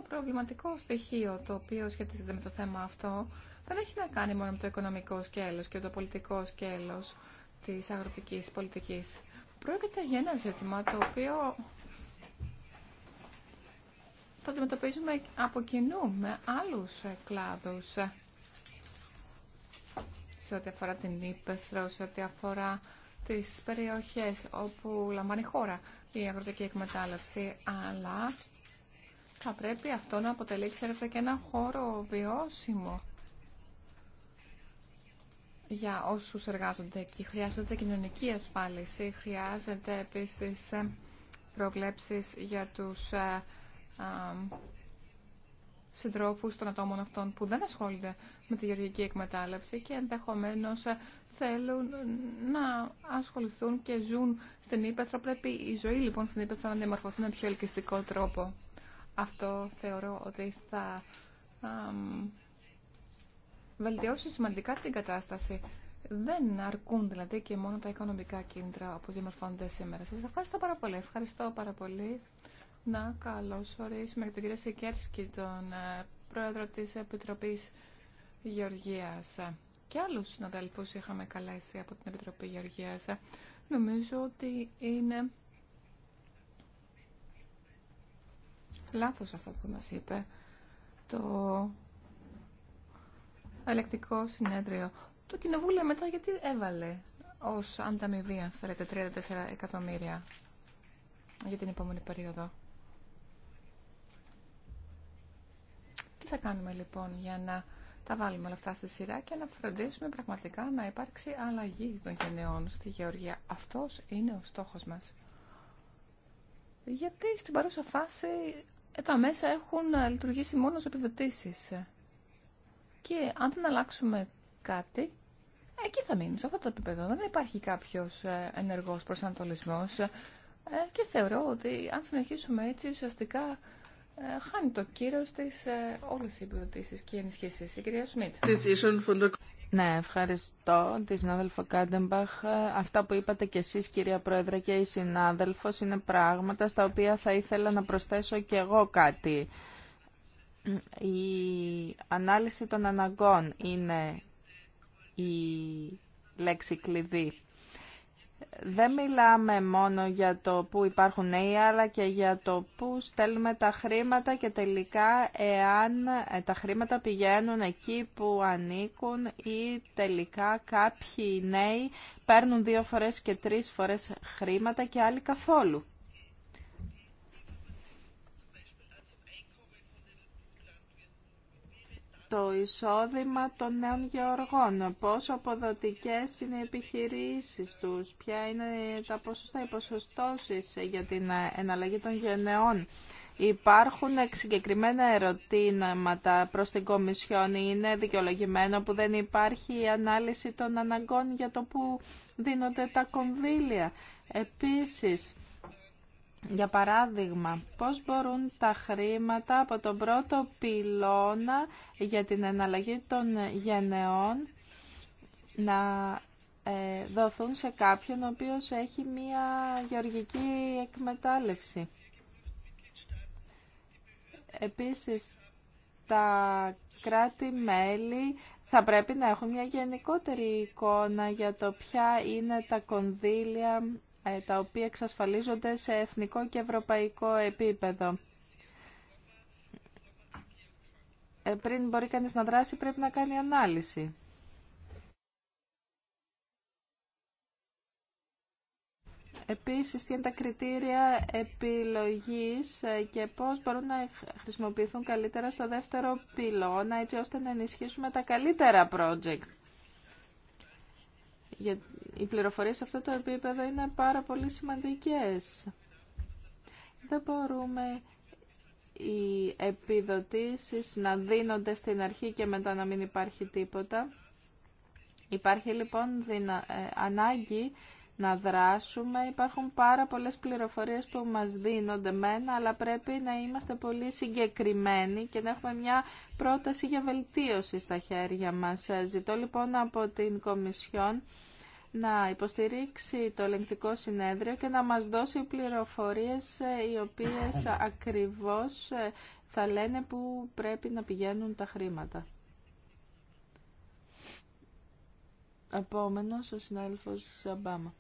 προβληματικό στοιχείο το οποίο σχετίζεται με το θέμα αυτό δεν έχει να κάνει μόνο με το οικονομικό σκέλος και το πολιτικό σκέλος της αγροτικής πολιτικής. Πρόκειται για ένα ζήτημα το οποίο το αντιμετωπίζουμε από κοινού με άλλους κλάδους σε ό,τι αφορά την ύπεθρο, σε ό,τι αφορά τις περιοχές όπου λαμβάνει χώρα η αγροτική εκμετάλλευση, αλλά θα πρέπει αυτό να αποτελεί, ξέρετε, και ένα χώρο βιώσιμο για όσους εργάζονται εκεί. Χρειάζεται κοινωνική ασφάλιση, χρειάζεται επίσης ε, προβλέψεις για τους ε, ε, συντρόφους των ατόμων αυτών που δεν ασχολούνται με τη γεωργική εκμετάλλευση και ενδεχομένως θέλουν να ασχοληθούν και ζουν στην Ήπεθρο. Πρέπει η ζωή λοιπόν στην Ήπεθρο να διαμορφωθεί με πιο ελκυστικό τρόπο. Αυτό θεωρώ ότι θα βελτιώσει σημαντικά την κατάσταση. Δεν αρκούν δηλαδή και μόνο τα οικονομικά κίνητρα όπως διαμορφώνονται σήμερα. Σας ευχαριστώ πάρα πολύ. Ευχαριστώ πάρα πολύ. Να ορίσουμε και τον κύριο Σικέρσκι, τον ε, πρόεδρο της Επιτροπής Γεωργίας. Και άλλους συναδελφούς είχαμε καλέσει από την Επιτροπή Γεωργίας. Νομίζω ότι είναι λάθος αυτό που μας είπε το ελεκτικό συνέδριο. Το κοινοβούλιο μετά γιατί έβαλε ως ανταμοιβή, αν θέλετε, 34 εκατομμύρια για την επόμενη περίοδο. Τι θα κάνουμε λοιπόν για να τα βάλουμε όλα αυτά στη σειρά και να φροντίσουμε πραγματικά να υπάρξει αλλαγή των γενεών στη Γεωργία. Αυτός είναι ο στόχος μας. Γιατί στην παρούσα φάση ε, τα μέσα έχουν ε, λειτουργήσει μόνο σε επιδοτήσεις. Και αν δεν αλλάξουμε κάτι, εκεί θα μείνουν, σε αυτό το επίπεδο. Δεν υπάρχει κάποιος ε, ενεργός προσανατολισμός. Και θεωρώ ότι αν συνεχίσουμε έτσι, ουσιαστικά χάνει το κύρος της όλες οι επιδοτήσεις και οι ενισχύσεις. Η κυρία Σμιτ. Ναι, ευχαριστώ τη συνάδελφο Κάντεμπαχ. Αυτά που είπατε κι εσείς κυρία Πρόεδρε και η συνάδελφος είναι πράγματα στα οποία θα ήθελα να προσθέσω κι εγώ κάτι. Η ανάλυση των αναγκών είναι η λέξη κλειδί δεν μιλάμε μόνο για το που υπάρχουν νέοι, αλλά και για το που στέλνουμε τα χρήματα και τελικά εάν ε, τα χρήματα πηγαίνουν εκεί που ανήκουν ή τελικά κάποιοι νέοι παίρνουν δύο φορές και τρεις φορές χρήματα και άλλοι καθόλου. το εισόδημα των νέων γεωργών, πόσο αποδοτικές είναι οι επιχειρήσεις τους, ποια είναι τα ποσοστά, οι για την ε, εναλλαγή των γενεών. Υπάρχουν συγκεκριμένα ερωτήματα προς την Κομισιόν. Είναι δικαιολογημένο που δεν υπάρχει η ανάλυση των αναγκών για το που δίνονται τα κονδύλια. Επίσης, για παράδειγμα, πώς μπορούν τα χρήματα από τον πρώτο πυλώνα για την εναλλαγή των γενεών να ε, δοθούν σε κάποιον ο οποίος έχει μία γεωργική εκμετάλλευση. Επίσης, τα κράτη-μέλη θα πρέπει να έχουν μια γενικότερη εικόνα για το ποια είναι τα κονδύλια ε, τα οποία εξασφαλίζονται σε εθνικό και ευρωπαϊκό επίπεδο. Ε, πριν μπορεί κανείς να δράσει πρέπει να κάνει ανάλυση. Επίσης, ποια είναι τα κριτήρια επιλογής ε, και πώς μπορούν να χρησιμοποιηθούν καλύτερα στο δεύτερο πυλώνα, έτσι ώστε να ενισχύσουμε τα καλύτερα project. Για... Οι πληροφορίες σε αυτό το επίπεδο είναι πάρα πολύ σημαντικές. Δεν μπορούμε οι επιδοτήσεις να δίνονται στην αρχή και μετά να μην υπάρχει τίποτα. Υπάρχει λοιπόν δυνα... Ε, ανάγκη να δράσουμε. Υπάρχουν πάρα πολλές πληροφορίες που μας δίνονται μένα, αλλά πρέπει να είμαστε πολύ συγκεκριμένοι και να έχουμε μια πρόταση για βελτίωση στα χέρια μας. Ε, ζητώ λοιπόν από την Κομισιόν να υποστηρίξει το ελεγκτικό συνέδριο και να μας δώσει πληροφορίες ε, οι οποίες ακριβώς ε, θα λένε που πρέπει να πηγαίνουν τα χρήματα. Επόμενος, ο συνάδελφος Ζαμπάμα.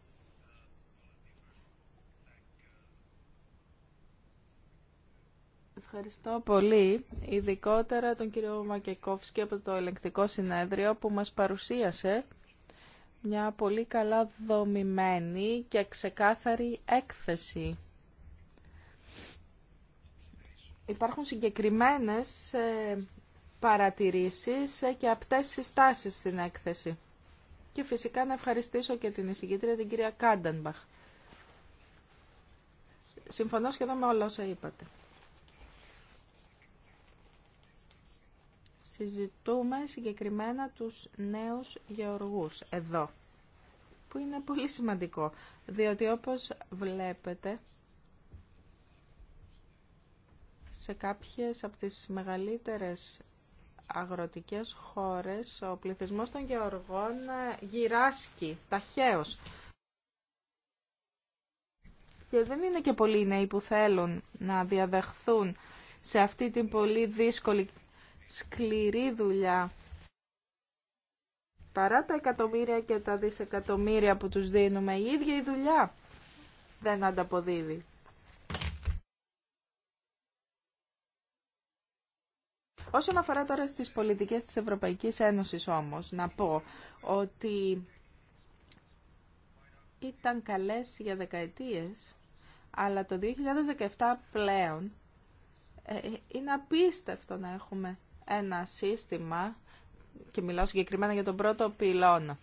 Ευχαριστώ πολύ, ειδικότερα τον κύριο Μακεκόφσκι από το ελεγκτικό συνέδριο που μας παρουσίασε μια πολύ καλά δομημένη και ξεκάθαρη έκθεση. Υπάρχουν συγκεκριμένες ε, παρατηρήσεις και απτές συστάσεις στην έκθεση. Και φυσικά να ευχαριστήσω και την εισηγήτρια την κυρία Κάντανμπαχ. Συμφωνώ σχεδόν με όλα όσα είπατε. συζητούμε συγκεκριμένα τους νέους γεωργούς εδώ, που είναι πολύ σημαντικό, διότι όπως βλέπετε, σε κάποιες από τις μεγαλύτερες αγροτικές χώρες ο πληθυσμός των γεωργών γυράσκει ταχαίως. Και δεν είναι και πολλοί νέοι που θέλουν να διαδεχθούν σε αυτή την πολύ δύσκολη σκληρή δουλειά. Παρά τα εκατομμύρια και τα δισεκατομμύρια που τους δίνουμε, η ίδια η δουλειά δεν ανταποδίδει. Όσον αφορά τώρα στις πολιτικές της Ευρωπαϊκής Ένωσης όμως, να πω ότι ήταν καλές για δεκαετίες, αλλά το 2017 πλέον ε, ε, είναι απίστευτο να έχουμε ένα σύστημα και μιλάω συγκεκριμένα για τον πρώτο πυλώνα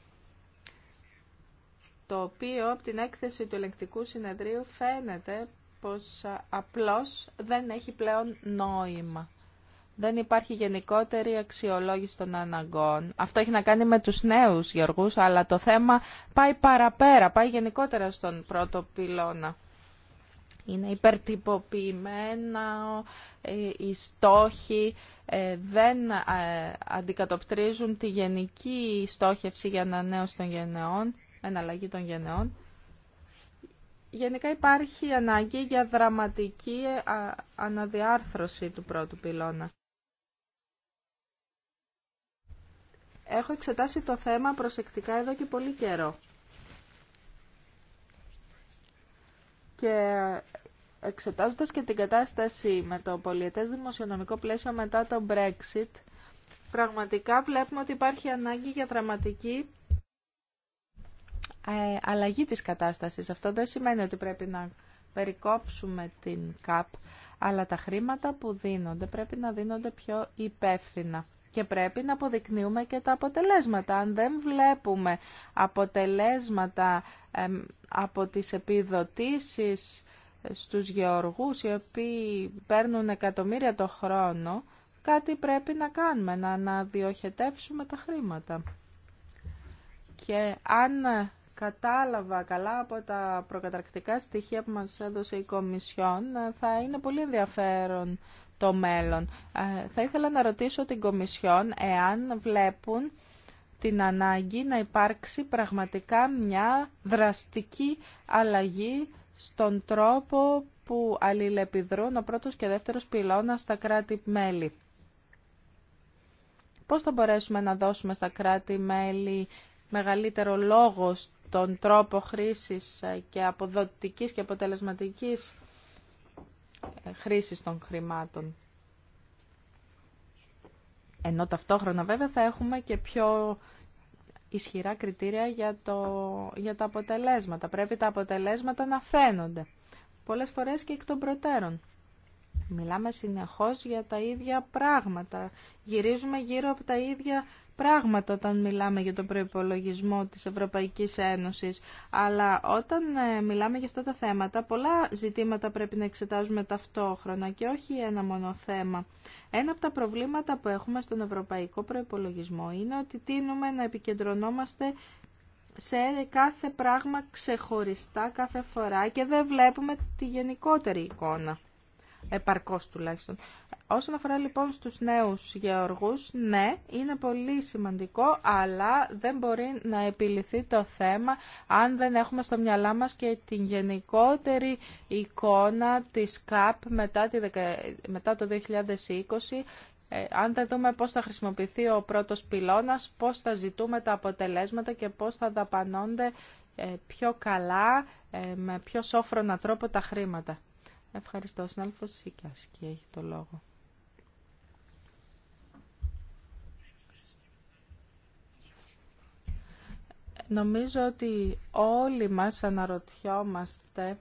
το οποίο από την έκθεση του ελεγκτικού συνεδρίου φαίνεται πως απλώς δεν έχει πλέον νόημα. Δεν υπάρχει γενικότερη αξιολόγηση των αναγκών. Αυτό έχει να κάνει με τους νέους γεωργούς, αλλά το θέμα πάει παραπέρα, πάει γενικότερα στον πρώτο πυλώνα είναι υπερτυποποιημένο, ε, οι στόχοι ε, δεν ε, αντικατοπτρίζουν τη γενική στόχευση για ανανέωση των γενεών, εναλλαγή των γενεών. Γενικά υπάρχει ανάγκη για δραματική αναδιάρθρωση του πρώτου πυλώνα. Έχω εξετάσει το θέμα προσεκτικά εδώ και πολύ καιρό. και εξετάζοντας και την κατάσταση με το πολιετές δημοσιονομικό πλαίσιο μετά το Brexit, πραγματικά βλέπουμε ότι υπάρχει ανάγκη για δραματική ε, αλλαγή της κατάστασης. Αυτό δεν σημαίνει ότι πρέπει να περικόψουμε την ΚΑΠ, αλλά τα χρήματα που δίνονται πρέπει να δίνονται πιο υπεύθυνα και πρέπει να αποδεικνύουμε και τα αποτελέσματα. Αν δεν βλέπουμε αποτελέσματα από τις επιδοτήσεις ε, στους γεωργούς οι οποίοι παίρνουν εκατομμύρια το χρόνο, κάτι πρέπει να κάνουμε, να αναδιοχετεύσουμε τα χρήματα. Και αν κατάλαβα καλά από τα προκαταρκτικά στοιχεία που μας έδωσε η Κομισιόν, ε, θα είναι πολύ ενδιαφέρον το μέλλον. Ε, θα ήθελα να ρωτήσω την Κομισιόν εάν βλέπουν την ανάγκη να υπάρξει πραγματικά μια δραστική αλλαγή στον τρόπο που αλληλεπιδρούν ο πρώτος και δεύτερος πυλώνας στα κράτη-μέλη. Πώς θα μπορέσουμε να δώσουμε στα κράτη-μέλη μεγαλύτερο λόγο στον τρόπο χρήσης και αποδοτικής και αποτελεσματικής χρήσης των χρημάτων. Ενώ ταυτόχρονα βέβαια θα έχουμε και πιο ισχυρά κριτήρια για, το, για τα αποτελέσματα. Πρέπει τα αποτελέσματα να φαίνονται. Πολλές φορές και εκ των προτέρων. Μιλάμε συνεχώς για τα ίδια πράγματα. Γυρίζουμε γύρω από τα ίδια πράγματα όταν μιλάμε για τον προϋπολογισμό της Ευρωπαϊκής Ένωσης. Αλλά όταν ε, μιλάμε για αυτά τα θέματα, πολλά ζητήματα πρέπει να εξετάζουμε ταυτόχρονα και όχι ένα μόνο θέμα. Ένα από τα προβλήματα που έχουμε στον Ευρωπαϊκό Προϋπολογισμό είναι ότι τίνουμε να επικεντρωνόμαστε σε κάθε πράγμα ξεχωριστά κάθε φορά και δεν βλέπουμε τη γενικότερη εικόνα επαρκώς τουλάχιστον. Όσον αφορά λοιπόν στους νέους γεωργούς, ναι, είναι πολύ σημαντικό, αλλά δεν μπορεί να επιληθεί το θέμα αν δεν έχουμε στο μυαλά μας και την γενικότερη εικόνα της ΚΑΠ μετά το 2020 ε, αν δεν δούμε πώς θα χρησιμοποιηθεί ο πρώτος πυλώνας, πώς θα ζητούμε τα αποτελέσματα και πώς θα δαπανώνται ε, πιο καλά, ε, με πιο σόφρονα τρόπο τα χρήματα. Ευχαριστώ, συνάλφο Σίκιας και έχει το λόγο. Νομίζω ότι όλοι μας αναρωτιόμαστε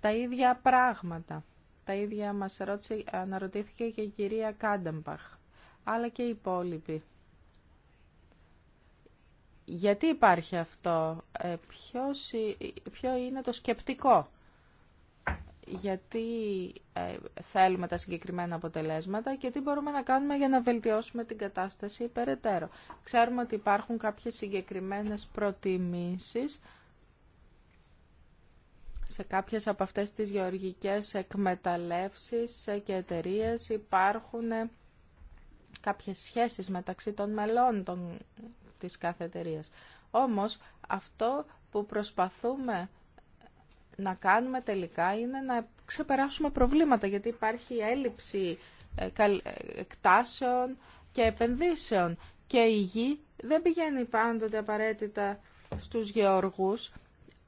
τα ίδια πράγματα. Τα ίδια μας ερώτηση αναρωτήθηκε και η κυρία Κάντεμπαχ, αλλά και οι υπόλοιποι. Γιατί υπάρχει αυτό, ε, ποιος, ε, ποιο είναι το σκεπτικό γιατί ε, θέλουμε τα συγκεκριμένα αποτελέσματα και τι μπορούμε να κάνουμε για να βελτιώσουμε την κατάσταση περαιτέρω. Ξέρουμε ότι υπάρχουν κάποιες συγκεκριμένες προτιμήσεις σε κάποιες από αυτές τις γεωργικές εκμεταλλεύσεις ε, και εταιρείε υπάρχουν ε, κάποιες σχέσεις μεταξύ των μελών των, της κάθε εταιρεία. Όμως αυτό που προσπαθούμε να κάνουμε τελικά είναι να ξεπεράσουμε προβλήματα, γιατί υπάρχει έλλειψη ε, ε, εκτάσεων και επενδύσεων και η γη δεν πηγαίνει πάντοτε απαραίτητα στους γεωργούς.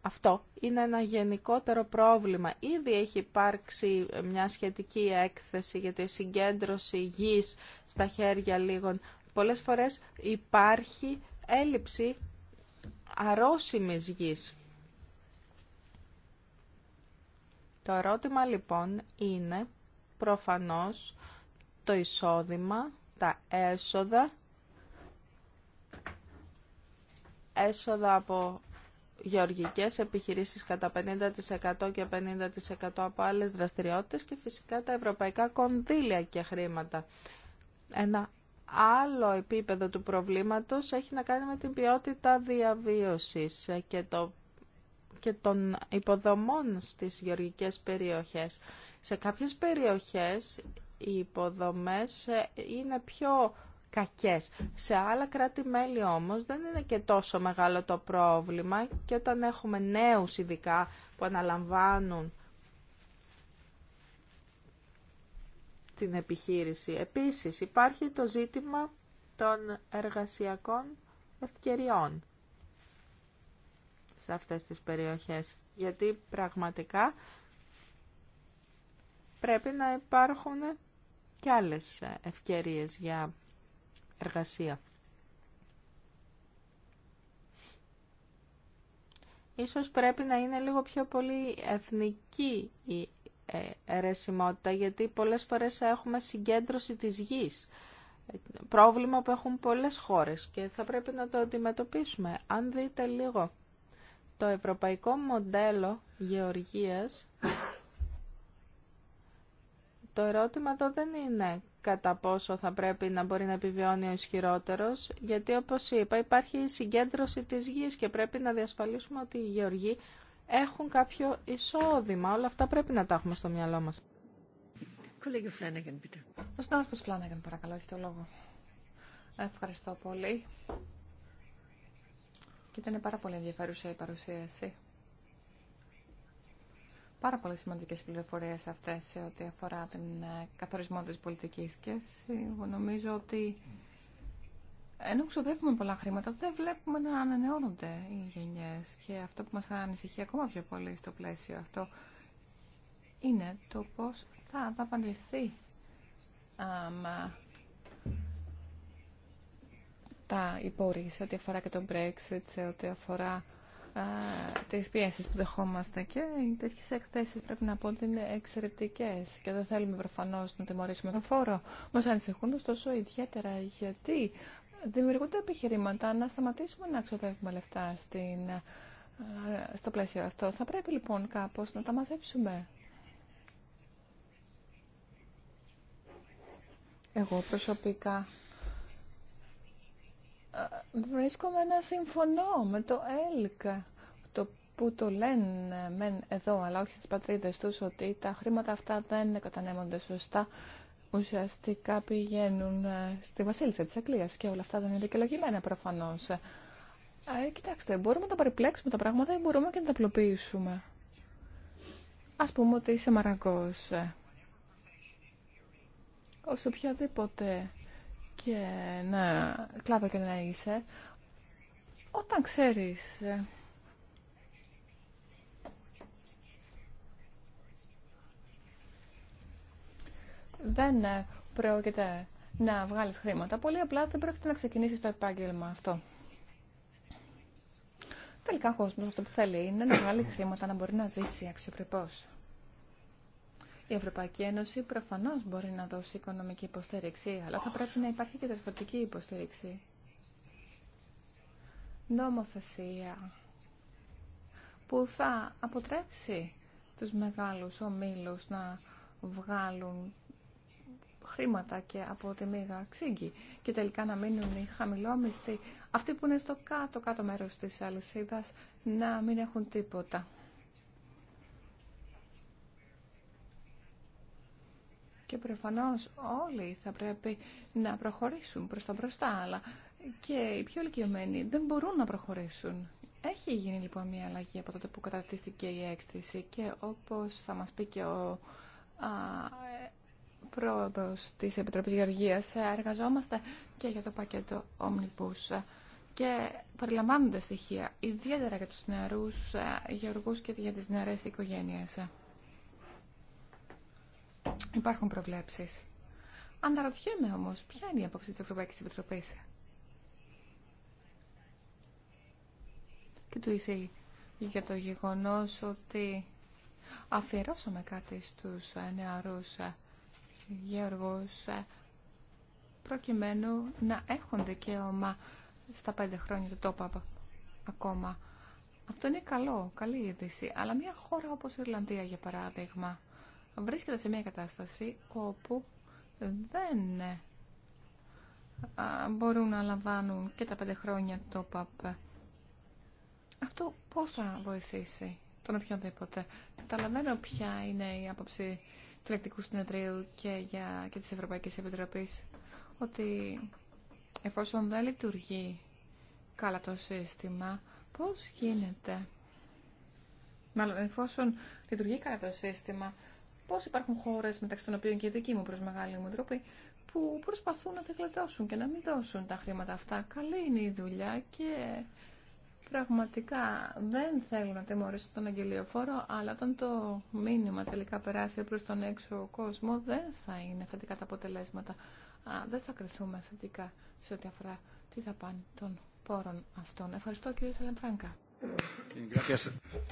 Αυτό είναι ένα γενικότερο πρόβλημα. Ήδη έχει υπάρξει μια σχετική έκθεση για τη συγκέντρωση γης στα χέρια λίγων. Πολλές φορές υπάρχει έλλειψη αρρώσιμης γης. Το ερώτημα λοιπόν είναι προφανώς το εισόδημα, τα έσοδα, έσοδα από γεωργικές επιχειρήσεις κατά 50% και 50% από άλλες δραστηριότητες και φυσικά τα ευρωπαϊκά κονδύλια και χρήματα. Ένα άλλο επίπεδο του προβλήματος έχει να κάνει με την ποιότητα διαβίωσης και το και των υποδομών στις γεωργικές περιοχές. Σε κάποιες περιοχές οι υποδομές ε, είναι πιο κακές. Σε άλλα κράτη-μέλη όμως δεν είναι και τόσο μεγάλο το πρόβλημα και όταν έχουμε νέους ειδικά που αναλαμβάνουν την επιχείρηση. Επίσης υπάρχει το ζήτημα των εργασιακών ευκαιριών σε αυτές τις περιοχές. Γιατί πραγματικά πρέπει να υπάρχουν και άλλες ευκαιρίες για εργασία. Ίσως πρέπει να είναι λίγο πιο πολύ εθνική η ε, αιρεσιμότητα, γιατί πολλές φορές έχουμε συγκέντρωση της γης. Πρόβλημα που έχουν πολλές χώρες και θα πρέπει να το αντιμετωπίσουμε. Αν δείτε λίγο το ευρωπαϊκό μοντέλο γεωργίας, το ερώτημα εδώ δεν είναι κατά πόσο θα πρέπει να μπορεί να επιβιώνει ο ισχυρότερος, γιατί όπως είπα υπάρχει η συγκέντρωση της γης και πρέπει να διασφαλίσουμε ότι οι γεωργοί έχουν κάποιο εισόδημα. Όλα αυτά πρέπει να τα έχουμε στο μυαλό μας. Ο παρακαλώ, Ευχαριστώ πολύ. Και ήταν πάρα πολύ ενδιαφέρουσα η παρουσίαση. Πάρα πολύ σημαντικές πληροφορίες αυτές σε ό,τι αφορά την ε, καθορισμό της πολιτικής και νομίζω ότι ενώ ξοδεύουμε πολλά χρήματα δεν βλέπουμε να ανανεώνονται οι γενιές και αυτό που μας ανησυχεί ακόμα πιο πολύ στο πλαίσιο αυτό είναι το πώς θα δαπανηθεί τα υπόρρυγη σε ό,τι αφορά και τον Brexit, σε ό,τι αφορά α, τις πιέσεις που δεχόμαστε και οι τέτοιες εκθέσεις πρέπει να πω ότι είναι εξαιρετικές και δεν θέλουμε προφανώς να τιμωρήσουμε τον φόρο. Μας ανησυχούν ωστόσο ιδιαίτερα γιατί δημιουργούνται επιχειρήματα να σταματήσουμε να ξοδεύουμε λεφτά στην, στο πλαίσιο αυτό. Θα πρέπει λοιπόν κάπως να τα μαζέψουμε. Εγώ προσωπικά βρίσκομαι να συμφωνώ με το ΕΛΚ το που το λένε μεν εδώ αλλά όχι στις πατρίδες τους ότι τα χρήματα αυτά δεν κατανέμονται σωστά ουσιαστικά πηγαίνουν ε, στη βασίλισσα της Αγγλίας και όλα αυτά δεν είναι δικαιολογημένα προφανώς. Ε, κοιτάξτε, μπορούμε να τα περιπλέξουμε τα πράγματα ή μπορούμε και να τα απλοποιήσουμε. Ας πούμε ότι είσαι μαραγκός. Ως ε, οποιαδήποτε και να κλάβε και να είσαι όταν ξέρεις ε, δεν ε, πρόκειται να βγάλεις χρήματα. Πολύ απλά δεν πρόκειται να ξεκινήσεις το επάγγελμα αυτό. Τελικά ο κόσμος αυτό που θέλει είναι να βγάλει χρήματα, να μπορεί να ζήσει αξιοπρεπώς. Η Ευρωπαϊκή Ένωση προφανώ μπορεί να δώσει οικονομική υποστήριξη, αλλά θα πρέπει να υπάρχει και δεσποτική υποστήριξη. Νόμοθεσία που θα αποτρέψει τους μεγάλους ομίλους να βγάλουν χρήματα και από τη μήγα ξύγκη και τελικά να μείνουν οι χαμηλόμιστοι, αυτοί που είναι στο κάτω-κάτω μέρος της αλυσίδας, να μην έχουν τίποτα. και προφανώς όλοι θα πρέπει να προχωρήσουν προς τα μπροστά, αλλά και οι πιο ηλικιωμένοι δεν μπορούν να προχωρήσουν. Έχει γίνει λοιπόν μια αλλαγή από τότε που καταρτίστηκε η έκθεση και όπως θα μας πει και ο α, πρόεδρος της Επιτροπής Γεωργίας, εργαζόμαστε και για το πακέτο Omnibus και περιλαμβάνονται στοιχεία, ιδιαίτερα για τους νεαρούς ε, γεωργούς και για τις νεαρές οικογένειες. Υπάρχουν προβλέψεις. Αναρωτιέμαι όμω ποια είναι η απόψη τη Ευρωπαϊκή Επιτροπή. και του είσαι για το γεγονό ότι αφιερώσαμε κάτι στου νεαρού γεωργούς προκειμένου να έχουν δικαίωμα στα πέντε χρόνια το τόπο ακόμα. Αυτό είναι καλό, καλή είδηση. Αλλά μια χώρα όπως η Ιρλανδία, για παράδειγμα, βρίσκεται σε μια κατάσταση όπου δεν μπορούν να λαμβάνουν και τα πέντε χρόνια το ΠΑΠ. Αυτό πώς θα βοηθήσει τον οποιονδήποτε. Καταλαβαίνω ποια είναι η άποψη του Ελεκτικού Συνεδρίου και, για, και της Ευρωπαϊκής Επιτροπής ότι εφόσον δεν λειτουργεί καλά το σύστημα, πώς γίνεται. Μάλλον εφόσον λειτουργεί καλά το σύστημα, Πώ υπάρχουν χώρε μεταξύ των οποίων και η δική μου προ μεγάλη μου ντροπή που προσπαθούν να τα κλατώσουν και να μην δώσουν τα χρήματα αυτά. Καλή είναι η δουλειά και πραγματικά δεν θέλω να τιμωρήσω τον αγγελιοφόρο, αλλά όταν το μήνυμα τελικά περάσει προ τον έξω κόσμο δεν θα είναι θετικά τα αποτελέσματα. δεν θα κρυθούμε θετικά σε ό,τι αφορά θα δαπάνη των πόρων αυτών. Ευχαριστώ κύριε Σαλεμφράγκα.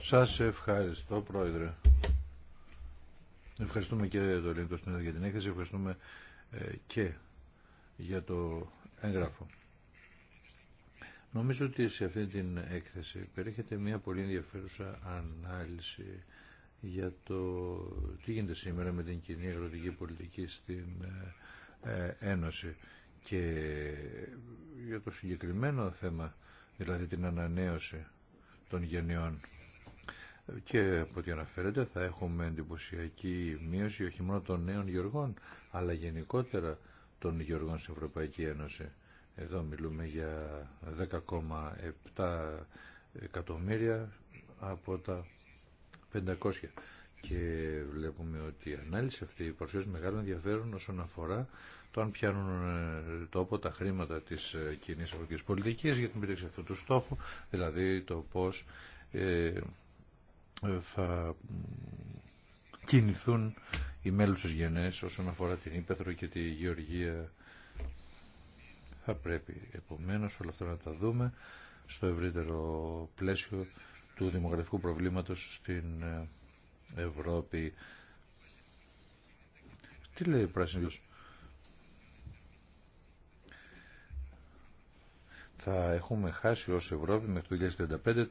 Σας ευχαριστώ πρόεδρε. Ευχαριστούμε και το Ελληνικό Συνέδριο για την έκθεση, ευχαριστούμε ε, και για το έγγραφο. Νομίζω ότι σε αυτή την έκθεση περιέχεται μια πολύ ενδιαφέρουσα ανάλυση για το τι γίνεται σήμερα με την κοινή αγροτική πολιτική στην ε, ε, Ένωση και για το συγκεκριμένο θέμα, δηλαδή την ανανέωση των γενιών και από ό,τι αναφέρεται θα έχουμε εντυπωσιακή μείωση όχι μόνο των νέων γεωργών αλλά γενικότερα των γεωργών στην Ευρωπαϊκή Ένωση. Εδώ μιλούμε για 10,7 εκατομμύρια από τα 500 και βλέπουμε ότι η ανάλυση αυτή παρουσιάζει μεγάλο ενδιαφέρον όσον αφορά το αν πιάνουν ε, τόπο τα χρήματα της ε, κοινή αγροτικής πολιτικής για την πίτευξη αυτού του στόχου, δηλαδή το πώς ε, θα κινηθούν οι μέλουσες γενναίες όσον αφορά την Ήπεθρο και τη Γεωργία. Θα πρέπει επομένως όλα αυτά να τα δούμε στο ευρύτερο πλαίσιο του δημογραφικού προβλήματος στην ε, Ευρώπη. Τι λέει ο Πράσινη Θα έχουμε χάσει ως Ευρώπη μέχρι το 2035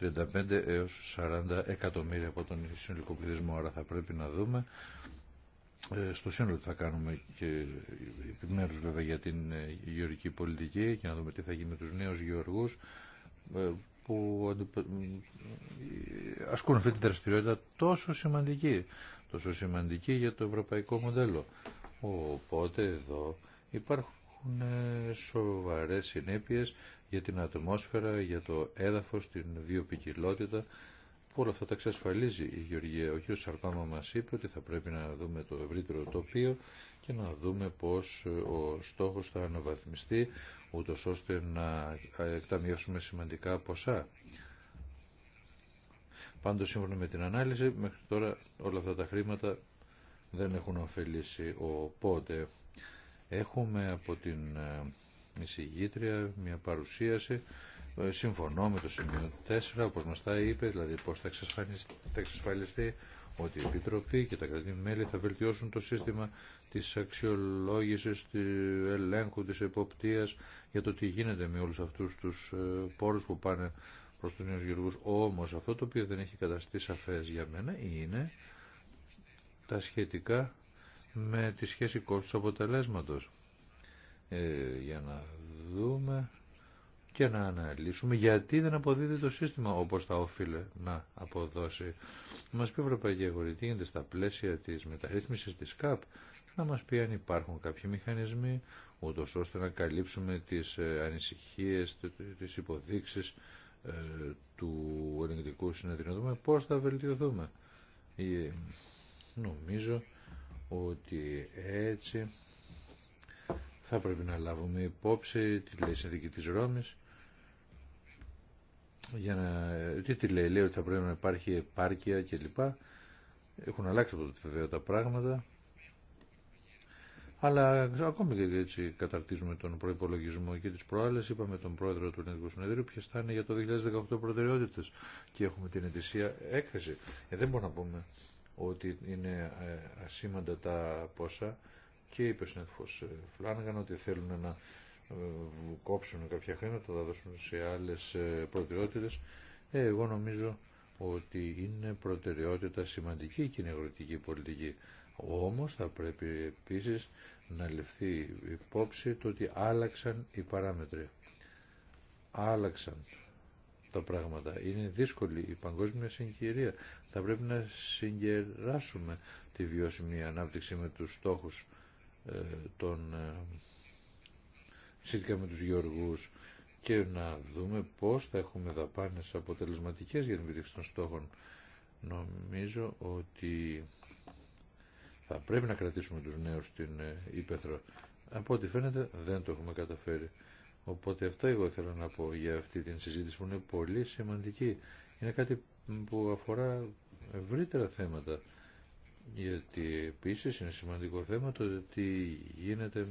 35 έως 40 εκατομμύρια από τον συνολικό πληθυσμό. Άρα θα πρέπει να δούμε ε, στο σύνολο τι θα κάνουμε και επιμέρους βέβαια για την ε, γεωργική πολιτική και να δούμε τι θα γίνει με τους νέους γεωργούς ε, που ασκούν αυτή τη δραστηριότητα τόσο σημαντική, τόσο σημαντική για το ευρωπαϊκό μοντέλο. Οπότε εδώ υπάρχουν σοβαρές συνέπειες για την ατμόσφαιρα, για το έδαφος, την βιοπικιλότητα που όλα αυτά τα εξασφαλίζει η Γεωργία. Ο κ. Σαρπάμα μας είπε ότι θα πρέπει να δούμε το ευρύτερο τοπίο και να δούμε πώς ε, ο στόχος θα αναβαθμιστεί ούτω ώστε να ε, εκταμιώσουμε σημαντικά ποσά. Πάντως σύμφωνα με την ανάλυση μέχρι τώρα όλα αυτά τα χρήματα δεν έχουν ωφελήσει οπότε έχουμε από την ε, εισηγήτρια, μια παρουσίαση. Ε, συμφωνώ με το σημείο 4, όπως μας τα είπε, δηλαδή πώς θα, εξασφαλιστεί ότι η Επιτροπή και τα κρατή-μέλη θα βελτιώσουν το σύστημα της αξιολόγησης, του ελέγχου, της εποπτείας για το τι γίνεται με όλους αυτούς τους ε, πόρους που πάνε προς τους νέους γεωργούς. Όμως αυτό το οποίο δεν έχει καταστεί σαφές για μένα είναι τα σχετικά με τη σχέση κόστους αποτελέσματος. Ε, για να δούμε και να αναλύσουμε γιατί δεν αποδίδει το σύστημα όπως θα όφιλε να αποδώσει. μας πει η Ευρωπαϊκή Αγορή τι γίνεται στα πλαίσια της μεταρρύθμισης της ΚΑΠ να μας πει αν υπάρχουν κάποιοι μηχανισμοί ούτω ώστε να καλύψουμε τις ε, ανησυχίες, τις υποδείξεις ε, του ελληνικού συνεδρίου. Δούμε πώς θα βελτιωθούμε. νομίζω ότι έτσι θα πρέπει να λάβουμε υπόψη τη λέει η συνθήκη της Ρώμης για να, τι, τη λέει, λέει ότι θα πρέπει να υπάρχει επάρκεια κλπ. Έχουν αλλάξει από τότε βέβαια τα πράγματα. Αλλά ακόμη και έτσι καταρτίζουμε τον προπολογισμό και τις προάλλες είπαμε τον πρόεδρο του Ελληνικού Συνεδρίου ποιες θα είναι για το 2018 προτεραιότητες και έχουμε την ετησία έκθεση. Ε, δεν μπορούμε να πούμε ότι είναι ε, ασήμαντα τα πόσα και είπε ο ε, ότι θέλουν να ε, κόψουν κάποια χρήματα, θα δώσουν σε άλλες ε, προτεραιότητες. Ε, εγώ νομίζω ότι είναι προτεραιότητα σημαντική και είναι πολιτική. Όμως θα πρέπει επίσης να ληφθεί υπόψη το ότι άλλαξαν οι παράμετροι. Άλλαξαν τα πράγματα. Είναι δύσκολη η παγκόσμια συγκυρία. Θα πρέπει να συγκεράσουμε τη βιώσιμη ανάπτυξη με τους στόχους ε, τον ε, σχετικά με τους γεωργούς και να δούμε πώς θα έχουμε δαπάνες αποτελεσματικές για την επιτύχηση των στόχων. Νομίζω ότι θα πρέπει να κρατήσουμε τους νέους στην ε, Ήπεθρο. Από ό,τι φαίνεται δεν το έχουμε καταφέρει. Οπότε αυτά εγώ θέλω να πω για αυτή την συζήτηση που είναι πολύ σημαντική. Είναι κάτι που αφορά ευρύτερα θέματα γιατί επίσης είναι σημαντικό θέμα το τι γίνεται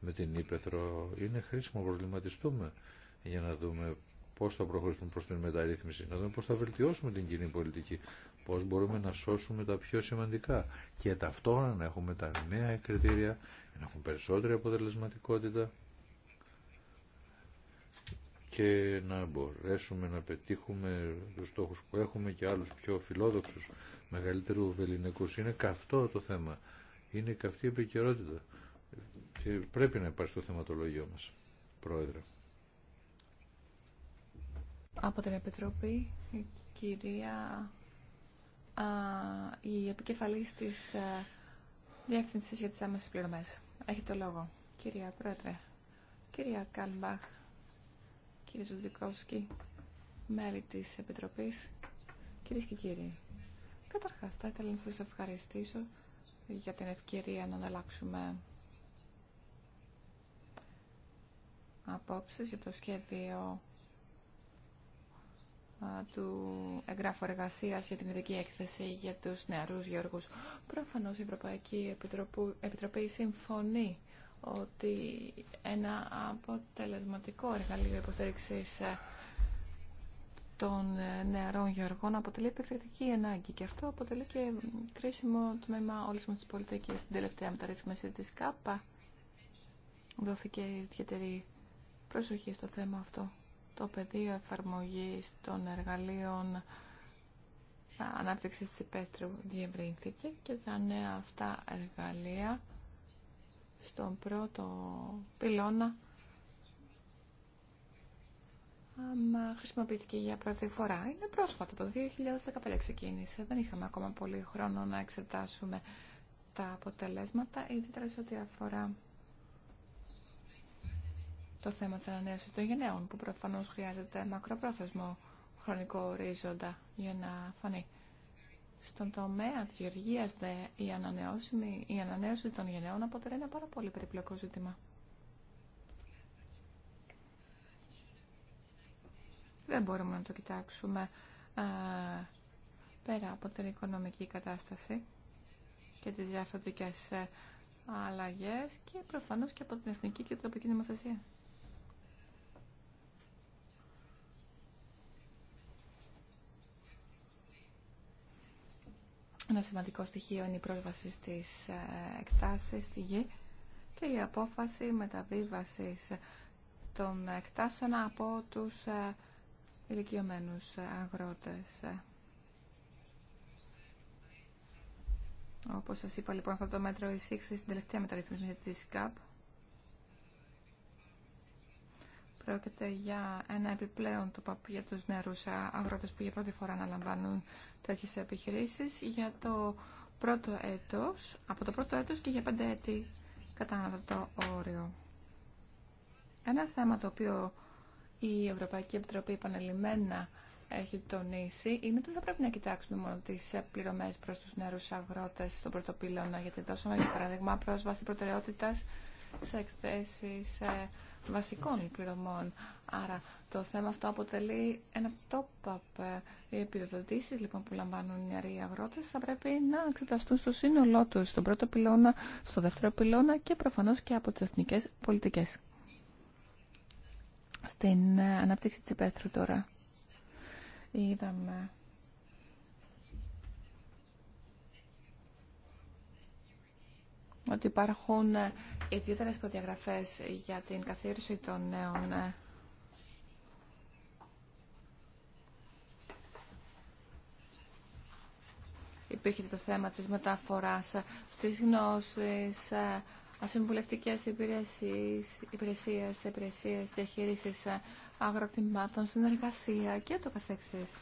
με την Ήπεθρο. Είναι χρήσιμο να προβληματιστούμε για να δούμε πώς θα προχωρήσουμε προς την μεταρρύθμιση, να δούμε πώς θα βελτιώσουμε την κοινή πολιτική, πώς μπορούμε να σώσουμε τα πιο σημαντικά και ταυτόχρονα να έχουμε τα νέα κριτήρια, να έχουμε περισσότερη αποτελεσματικότητα και να μπορέσουμε να πετύχουμε τους στόχους που έχουμε και άλλους πιο φιλόδοξους μεγαλύτερου βεληνικούς. Είναι καυτό το θέμα. Είναι καυτή επικαιρότητα. Και πρέπει να υπάρχει στο θεματολογιό μας, Πρόεδρε. Από την Επιτροπή, η κυρία, α, η επικεφαλής της Διεύθυνσης για τις άμεσες πληρωμές. Έχει το λόγο. Κυρία Πρόεδρε, κυρία Καλμπάχ, κύριε Ζουδικόφσκι, μέλη της Επιτροπής, κυρίες και κύριοι. Καταρχάς, θα ήθελα να σας ευχαριστήσω για την ευκαιρία να αλλάξουμε απόψεις για το σχέδιο του εγγράφου εργασία για την ειδική έκθεση για τους νεαρούς γεωργούς. Προφανώς η Ευρωπαϊκή Επιτροπή συμφωνεί ότι ένα αποτελεσματικό εργαλείο υποστήριξη ε, των ε, νεαρών γεωργών αποτελεί επιφυλακτική ανάγκη και αυτό αποτελεί και κρίσιμο τμήμα όλη μα τη πολιτική. Στην τελευταία μεταρρύθμιση τη ΚΑΠΑ δόθηκε ιδιαίτερη προσοχή στο θέμα αυτό. Το πεδίο εφαρμογή των εργαλείων ε, ανάπτυξη τη υπαίθρου διευρύνθηκε και τα νέα αυτά εργαλεία στον πρώτο πυλώνα άμα χρησιμοποιήθηκε για πρώτη φορά. Είναι πρόσφατο, το 2015 ξεκίνησε. Δεν είχαμε ακόμα πολύ χρόνο να εξετάσουμε τα αποτελέσματα, ιδιαίτερα σε ό,τι αφορά το θέμα της ανανέωσης των γενναίων, που προφανώς χρειάζεται μακροπρόθεσμο χρονικό ορίζοντα για να φανεί. Στον τομέα της γεωργίας δε, η, η ανανέωση των γενναιών αποτελεί ένα πάρα πολύ περιπλοκό ζήτημα. Δεν μπορούμε να το κοιτάξουμε α, ε, πέρα από την οικονομική κατάσταση και τις διαστατικές ε, αλλαγές και προφανώς και από την εθνική και την τοπική νομοθεσία. Ένα σημαντικό στοιχείο είναι η πρόσβαση στις ε, εκτάσεις, στη γη και η απόφαση μεταβίβασης των εκτάσεων από τους ε, ηλικιωμένους ε, αγρότες. Όπως σας είπα λοιπόν αυτό το μέτρο εισήχθη στην τελευταία μεταρρύθμιση της ΚΑΠ Πρόκειται για ένα επιπλέον το για τους νερούς αγρότες που για πρώτη φορά αναλαμβάνουν τέτοιες επιχειρήσεις για το πρώτο έτος, από το πρώτο έτος και για πέντε έτη κατά το όριο. Ένα θέμα το οποίο η Ευρωπαϊκή Επιτροπή επανελειμμένα έχει τονίσει είναι ότι θα πρέπει να κοιτάξουμε μόνο τι πληρωμέ προ του νερού αγρότε στον πρώτο πυλώνα. Γιατί δώσαμε, για παράδειγμα, πρόσβαση προτεραιότητα σε εκθέσει βασικών πληρωμών. Άρα το θέμα αυτό αποτελεί ένα top-up. Οι επιδοτήσεις λοιπόν που λαμβάνουν οι νεαροί θα πρέπει να εξεταστούν στο σύνολό τους, στον πρώτο πυλώνα, στο δεύτερο πυλώνα και προφανώς και από τις εθνικές πολιτικές. Στην ε, ανάπτυξη της υπαίθρου τώρα είδαμε ότι υπάρχουν ε, ιδιαίτερε προδιαγραφές για την καθήρση των νέων ε. Υπήρχε το θέμα της μεταφοράς ε, στις γνώσεις, ασυμβουλευτικές υπηρεσίες, υπηρεσίες, υπηρεσίες διαχείρισης αγροκτημάτων, συνεργασία και το καθεξής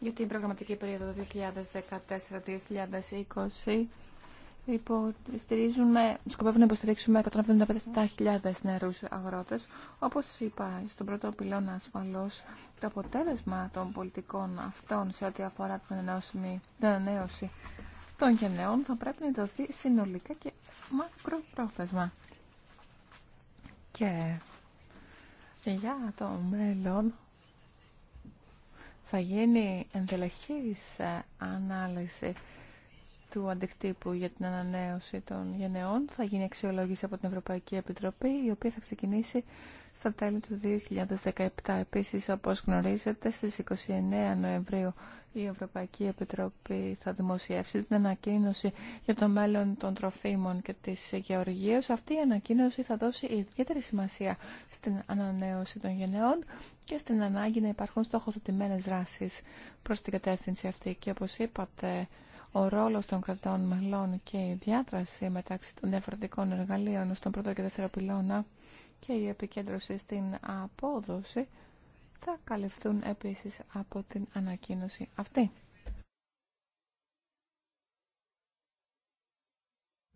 για την προγραμματική περίοδο 2014-2020 υποστηρίζουμε, σκοπεύουν να υποστηρίξουμε 175.000 νεαρούς αγρότες. Όπως είπα στον πρώτο πυλώνα ασφαλώς, το αποτέλεσμα των πολιτικών αυτών σε ό,τι αφορά την ανανέωση, την των γενναιών θα πρέπει να δοθεί συνολικά και μακροπρόθεσμα. Και για το μέλλον θα γίνει ενδελεχής ε, ανάλυση του αντικτύπου για την ανανέωση των γενεών. Θα γίνει αξιολόγηση από την Ευρωπαϊκή Επιτροπή, η οποία θα ξεκινήσει στα τέλη του 2017. Επίσης, όπως γνωρίζετε, στις 29 Νοεμβρίου η Ευρωπαϊκή Επιτροπή θα δημοσιεύσει την ανακοίνωση για το μέλλον των τροφίμων και της γεωργίας. Αυτή η ανακοίνωση θα δώσει ιδιαίτερη σημασία στην ανανέωση των γενεών και στην ανάγκη να υπάρχουν στόχοθετημένες δράσεις προς την κατεύθυνση αυτή. Και όπως είπατε, ο ρόλος των κρατών μελών και η διάδραση μεταξύ των διαφορετικών εργαλείων στον πρώτο και δεύτερο πυλώνα και η επικέντρωση στην απόδοση θα καλυφθούν επίσης από την ανακοίνωση αυτή.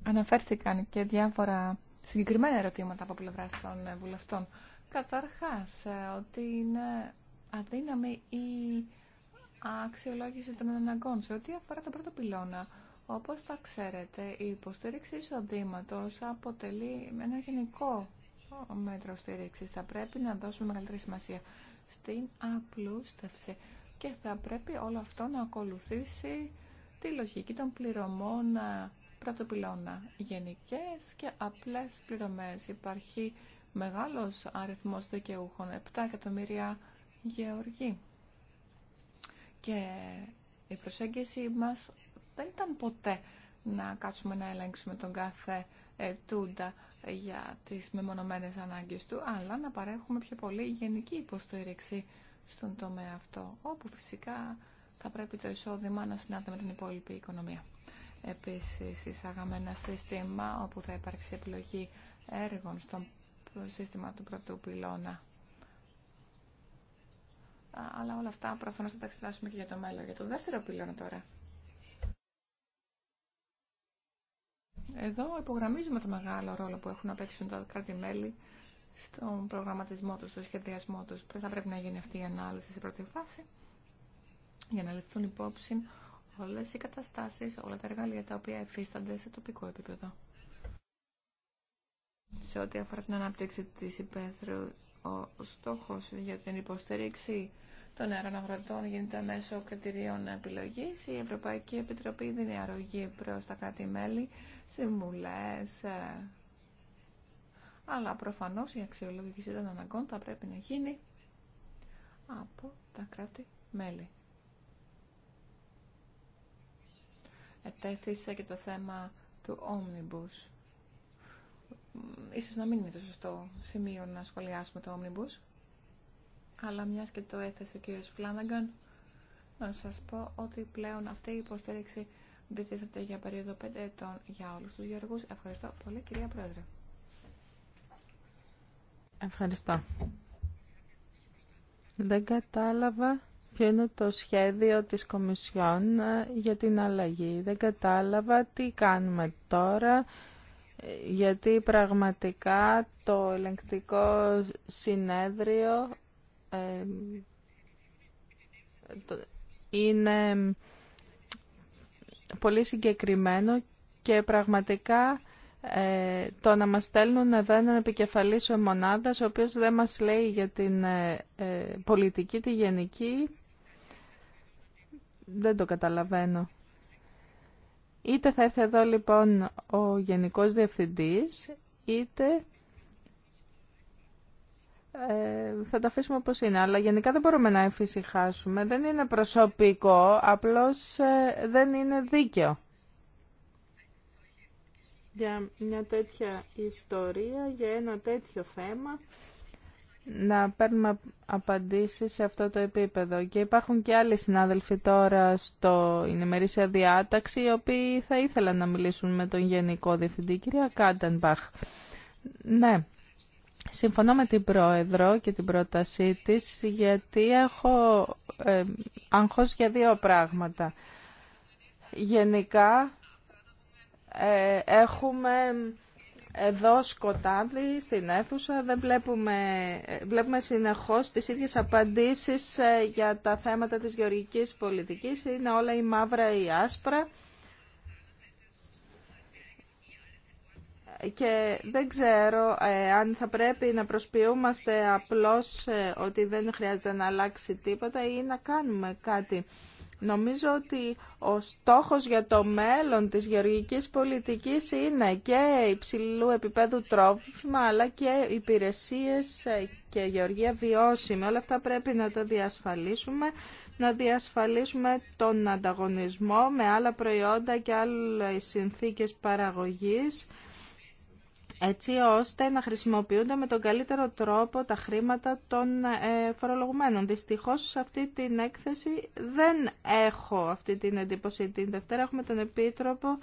Αναφέρθηκαν και διάφορα συγκεκριμένα ερωτήματα από πλευρά των βουλευτών Καταρχάς, ε, ότι είναι αδύναμη η αξιολόγηση των αναγκών σε ό,τι αφορά το πρώτο πυλώνα. Όπως θα ξέρετε, η υποστήριξη εισοδήματος αποτελεί ένα γενικό μέτρο στήριξης. Θα πρέπει να δώσουμε μεγαλύτερη σημασία στην απλούστευση και θα πρέπει όλο αυτό να ακολουθήσει τη λογική των πληρωμών ε, πρώτο πυλώνα. Γενικές και απλές πληρωμές. Υπάρχει μεγάλος αριθμός δικαιούχων, 7 εκατομμύρια γεωργοί. Και η προσέγγιση μας δεν ήταν ποτέ να κάτσουμε να ελέγξουμε τον κάθε ετούντα για τις μεμονωμένες ανάγκες του, αλλά να παρέχουμε πιο πολύ γενική υποστήριξη στον τομέα αυτό, όπου φυσικά θα πρέπει το εισόδημα να συνάδει με την υπόλοιπη οικονομία. Επίσης, εισάγαμε ένα σύστημα όπου θα υπάρξει επιλογή έργων στον το σύστημα του πρώτου πυλώνα. Αλλά όλα αυτά προφανώς θα τα εξετάσουμε και για το μέλλον. Για το δεύτερο πυλώνα τώρα. Εδώ υπογραμμίζουμε το μεγάλο ρόλο που έχουν να παίξουν τα κράτη-μέλη στον προγραμματισμό τους, στο σχεδιασμό τους. Θα πρέπει να γίνει αυτή η ανάλυση σε πρώτη φάση για να ληφθούν υπόψη όλες οι καταστάσεις, όλα τα εργαλεία τα οποία εφίστανται σε τοπικό επίπεδο σε ό,τι αφορά την ανάπτυξη της υπαίθρου, ο στόχος για την υποστήριξη των νεαρών αγροτών γίνεται μέσω κριτηρίων επιλογής. Η Ευρωπαϊκή Επιτροπή δίνει αρρωγή προς τα κράτη-μέλη, συμβουλές, ε, αλλά προφανώς η αξιολογική των αναγκών θα πρέπει να γίνει από τα κράτη-μέλη. Ετέθησε και το θέμα του Omnibus ίσως να μην είναι το σωστό σημείο να σχολιάσουμε το Omnibus, αλλά μιας και το έθεσε ο κύριος Φλάνναγκαν, να σας πω ότι πλέον αυτή η υποστήριξη διτίθεται για περίοδο 5 ετών για όλους τους γεωργούς. Ευχαριστώ πολύ κυρία Πρόεδρε. Ευχαριστώ. Δεν κατάλαβα ποιο είναι το σχέδιο της Κομισιόν ε, για την αλλαγή. Δεν κατάλαβα τι κάνουμε τώρα γιατί πραγματικά το ελεγκτικό συνέδριο ε, είναι πολύ συγκεκριμένο και πραγματικά ε, το να μας στέλνουν εδώ έναν επικεφαλής μονάδας, ο οποίος δεν μας λέει για την ε, πολιτική, τη γενική, δεν το καταλαβαίνω. Είτε θα έρθει εδώ λοιπόν ο Γενικός Διευθυντής, είτε ε, θα τα αφήσουμε όπως είναι. Αλλά γενικά δεν μπορούμε να εμφυσυχάσουμε. Δεν είναι προσωπικό, απλώς ε, δεν είναι δίκαιο. Για μια τέτοια ιστορία, για ένα τέτοιο θέμα, να παίρνουμε απαντήσεις σε αυτό το επίπεδο. Και υπάρχουν και άλλοι συνάδελφοι τώρα στο ημερήσια διάταξη, οι οποίοι θα ήθελαν να μιλήσουν με τον Γενικό Διευθυντή, κυρία Κάντενμπαχ. Ναι, συμφωνώ με την Πρόεδρο και την πρότασή της, γιατί έχω ε, για δύο πράγματα. Γενικά, ε, έχουμε εδώ σκοτάδι στην αίθουσα δεν βλέπουμε, βλέπουμε συνεχώς τις ίδιες απαντήσεις ε, για τα θέματα της γεωργικής πολιτικής. Είναι όλα η μαύρα ή η ασπρα Και δεν ξέρω ε, αν θα πρέπει να προσποιούμαστε απλώς ε, ότι δεν χρειάζεται να αλλάξει τίποτα ή να κάνουμε κάτι. Νομίζω ότι ο στόχος για το μέλλον της γεωργικής πολιτικής είναι και υψηλού επίπεδου τρόφιμα αλλά και υπηρεσίες και γεωργία βιώσιμη. Όλα αυτά πρέπει να τα διασφαλίσουμε, να διασφαλίσουμε τον ανταγωνισμό με άλλα προϊόντα και άλλες συνθήκες παραγωγής έτσι ώστε να χρησιμοποιούνται με τον καλύτερο τρόπο τα χρήματα των ε, φορολογουμένων. Δυστυχώς σε αυτή την έκθεση δεν έχω αυτή την εντύπωση. Την Δευτέρα έχουμε τον Επίτροπο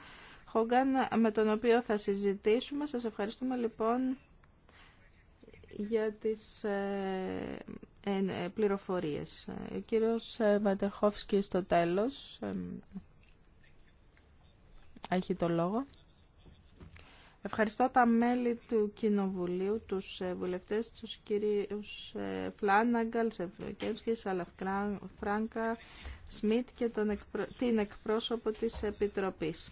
Χογκάν με τον οποίο θα συζητήσουμε. Σας ευχαριστούμε λοιπόν για τις ε, ε, πληροφορίες. Ο κύριος Βατερχόφσκι στο τέλος έχει το λόγο. Ευχαριστώ τα μέλη του Κοινοβουλίου, τους ε, βουλευτές, τους κυρίους ε, Φλάναγκαλ, Σεβκέμψκη, Σαλαφράγκα, Σμιτ και τον την εκπρόσωπο της Επιτροπής.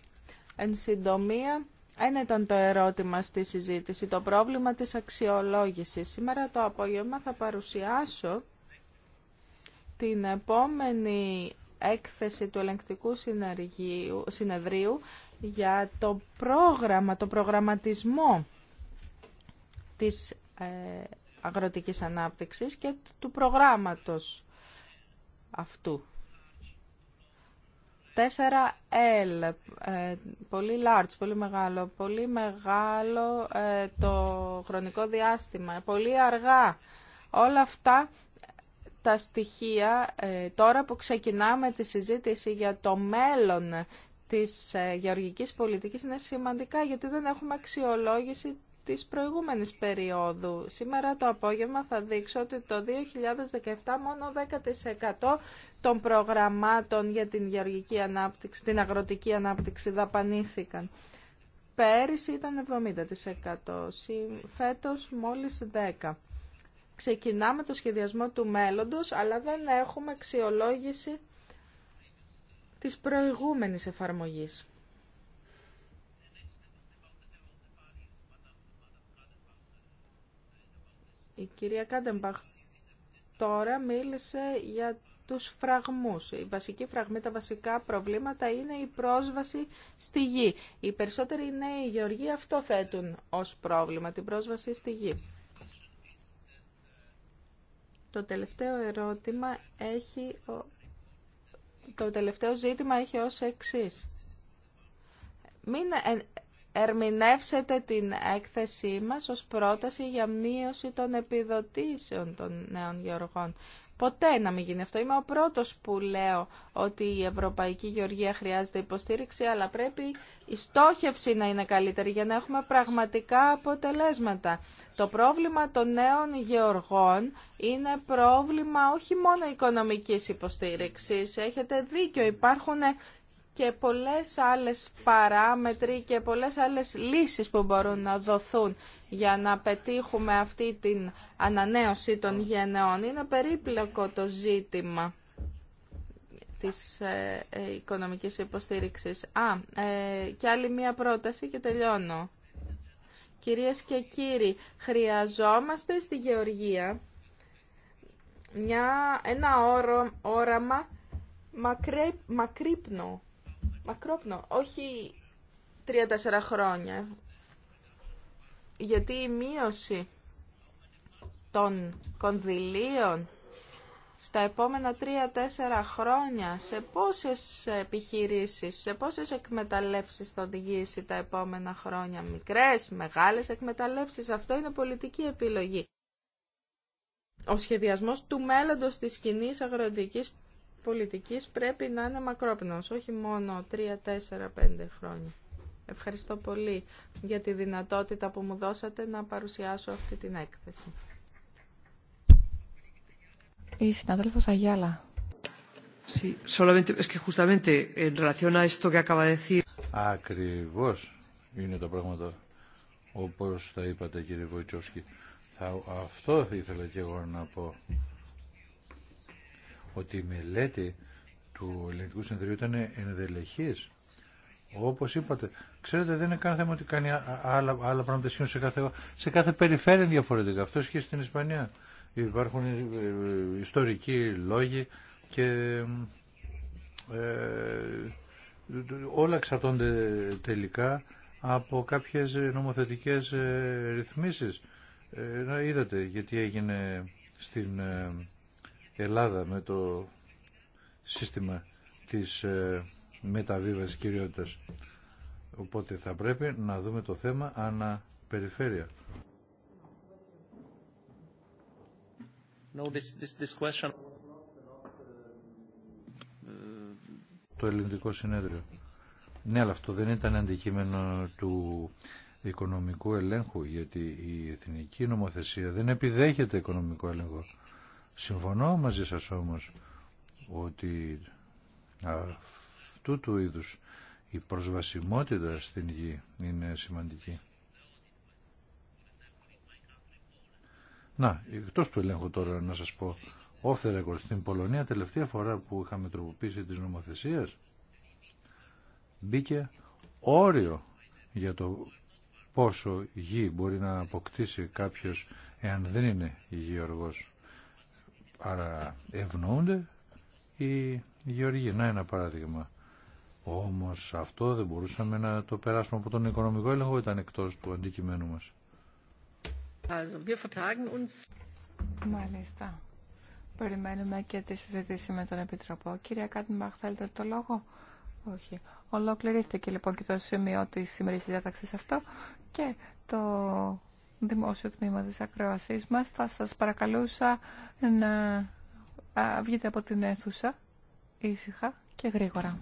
Εν συντομία, ένα ήταν το ερώτημα στη συζήτηση, το πρόβλημα της αξιολόγησης. Σήμερα το απόγευμα θα παρουσιάσω την επόμενη έκθεση του ελεγκτικού συνεδρίου για το πρόγραμμα, το προγραμματισμό της ε, αγροτικής ανάπτυξης και του προγράμματος αυτού. 4L, ε, πολύ large, πολύ μεγάλο, πολύ μεγάλο ε, το χρονικό διάστημα, πολύ αργά. Όλα αυτά τα στοιχεία τώρα που ξεκινάμε τη συζήτηση για το μέλλον της ε, γεωργικής πολιτικής είναι σημαντικά γιατί δεν έχουμε αξιολόγηση της προηγούμενης περίοδου. Σήμερα το απόγευμα θα δείξω ότι το 2017 μόνο 10% των προγραμμάτων για την γεωργική ανάπτυξη, την αγροτική ανάπτυξη δαπανήθηκαν. Πέρυσι ήταν 70%, φέτος μόλις 10%. Ξεκινάμε το σχεδιασμό του μέλλοντος, αλλά δεν έχουμε αξιολόγηση της προηγούμενης εφαρμογής. Η κυρία Κάντεμπαχ τώρα μίλησε για τους φραγμούς. Η βασική φραγμή, τα βασικά προβλήματα είναι η πρόσβαση στη γη. Οι περισσότεροι νέοι γεωργοί αυτό θέτουν ως πρόβλημα, την πρόσβαση στη γη. Το τελευταίο ερώτημα έχει το τελευταίο ζήτημα έχει ως εξή. Μην ερμηνεύσετε την έκθεσή μας ως πρόταση για μείωση των επιδοτήσεων των νέων γεωργών. Ποτέ να μην γίνει αυτό. Είμαι ο πρώτος που λέω ότι η Ευρωπαϊκή Γεωργία χρειάζεται υποστήριξη, αλλά πρέπει η στόχευση να είναι καλύτερη για να έχουμε πραγματικά αποτελέσματα. Το πρόβλημα των νέων γεωργών είναι πρόβλημα όχι μόνο οικονομικής υποστήριξης. Έχετε δίκιο, υπάρχουν και πολλές άλλες παράμετροι και πολλές άλλες λύσεις που μπορούν να δοθούν για να πετύχουμε αυτή την ανανέωση των γενεών. Είναι περίπλοκο το ζήτημα της ε, ε, οικονομικής υποστήριξης. Α, ε, και άλλη μία πρόταση και τελειώνω. Κυρίες και κύριοι, χρειαζόμαστε στη Γεωργία μια, ένα όρο, όραμα μια ενα οραμα μακρύ μακρυπνο μακρόπνο, όχι τρία-τέσσερα χρόνια. Γιατί η μείωση των κονδυλίων στα επόμενα 3-4 χρόνια, σε πόσες επιχειρήσεις, σε πόσες εκμεταλλεύσεις θα οδηγήσει τα επόμενα χρόνια, μικρές, μεγάλες εκμεταλλεύσεις, αυτό είναι πολιτική επιλογή. Ο σχεδιασμός του μέλλοντος της κοινή αγροτικής πολιτικής πρέπει να είναι μακρόπνος, όχι μόνο 3, 4, 5 χρόνια. Ευχαριστώ πολύ για τη δυνατότητα που μου δώσατε να παρουσιάσω αυτή την έκθεση. Η συνάδελφος Αγιάλα. Sí, solamente, es que justamente en relación a esto que acaba de decir... Ακριβώς είναι τα πράγματα όπως τα είπατε κύριε Βοητσόσκη. αυτό ήθελα και εγώ να πω ότι η μελέτη του Ελληνικού συνεδρίου ήταν ενδελεχής. Όπως είπατε, ξέρετε δεν είναι καν θέμα ότι κάνει άλλα, άλλα πράγματα σε κάθε, σε κάθε περιφέρεια διαφορετικά. Αυτό και στην Ισπανία. Υπάρχουν ε, ε, ιστορικοί λόγοι και ε, όλα εξαρτώνται τελικά από κάποιες νομοθετικές ε, ρυθμίσεις. Ε, είδατε γιατί έγινε στην Ελλάδα με το σύστημα της ε, μεταβίβασης κυριότητας. Οπότε θα πρέπει να δούμε το θέμα ανά περιφέρεια. No, this, this, question... Το ελληνικό συνέδριο. Ναι, αλλά αυτό δεν ήταν αντικείμενο του οικονομικού ελέγχου, γιατί η εθνική νομοθεσία δεν επιδέχεται οικονομικό έλεγχο. Συμφωνώ μαζί σας όμως ότι αυτού του είδους η προσβασιμότητα στην γη είναι σημαντική. Να, εκτός του ελέγχου τώρα να σας πω όφερα στην Πολωνία τελευταία φορά που είχαμε τροποποιήσει τις νομοθεσίες μπήκε όριο για το πόσο γη μπορεί να αποκτήσει κάποιος εάν δεν είναι υγιοργός. Άρα ευνοούνται οι γεωργοί. Να ένα παράδειγμα. Όμως αυτό δεν μπορούσαμε να το περάσουμε από τον οικονομικό έλεγχο, ήταν εκτός του αντικειμένου μας. Μάλιστα. Περιμένουμε και τη συζήτηση με τον Επιτροπό. Κυρία Κάτμπαχ, θέλετε το λόγο. Όχι. Ολοκληρώθηκε λοιπόν και το σημείο τη σημερινή διάταξη αυτό και το δημόσιο τμήμα της ακροασής μας. Θα σας παρακαλούσα να βγείτε από την αίθουσα ήσυχα και γρήγορα.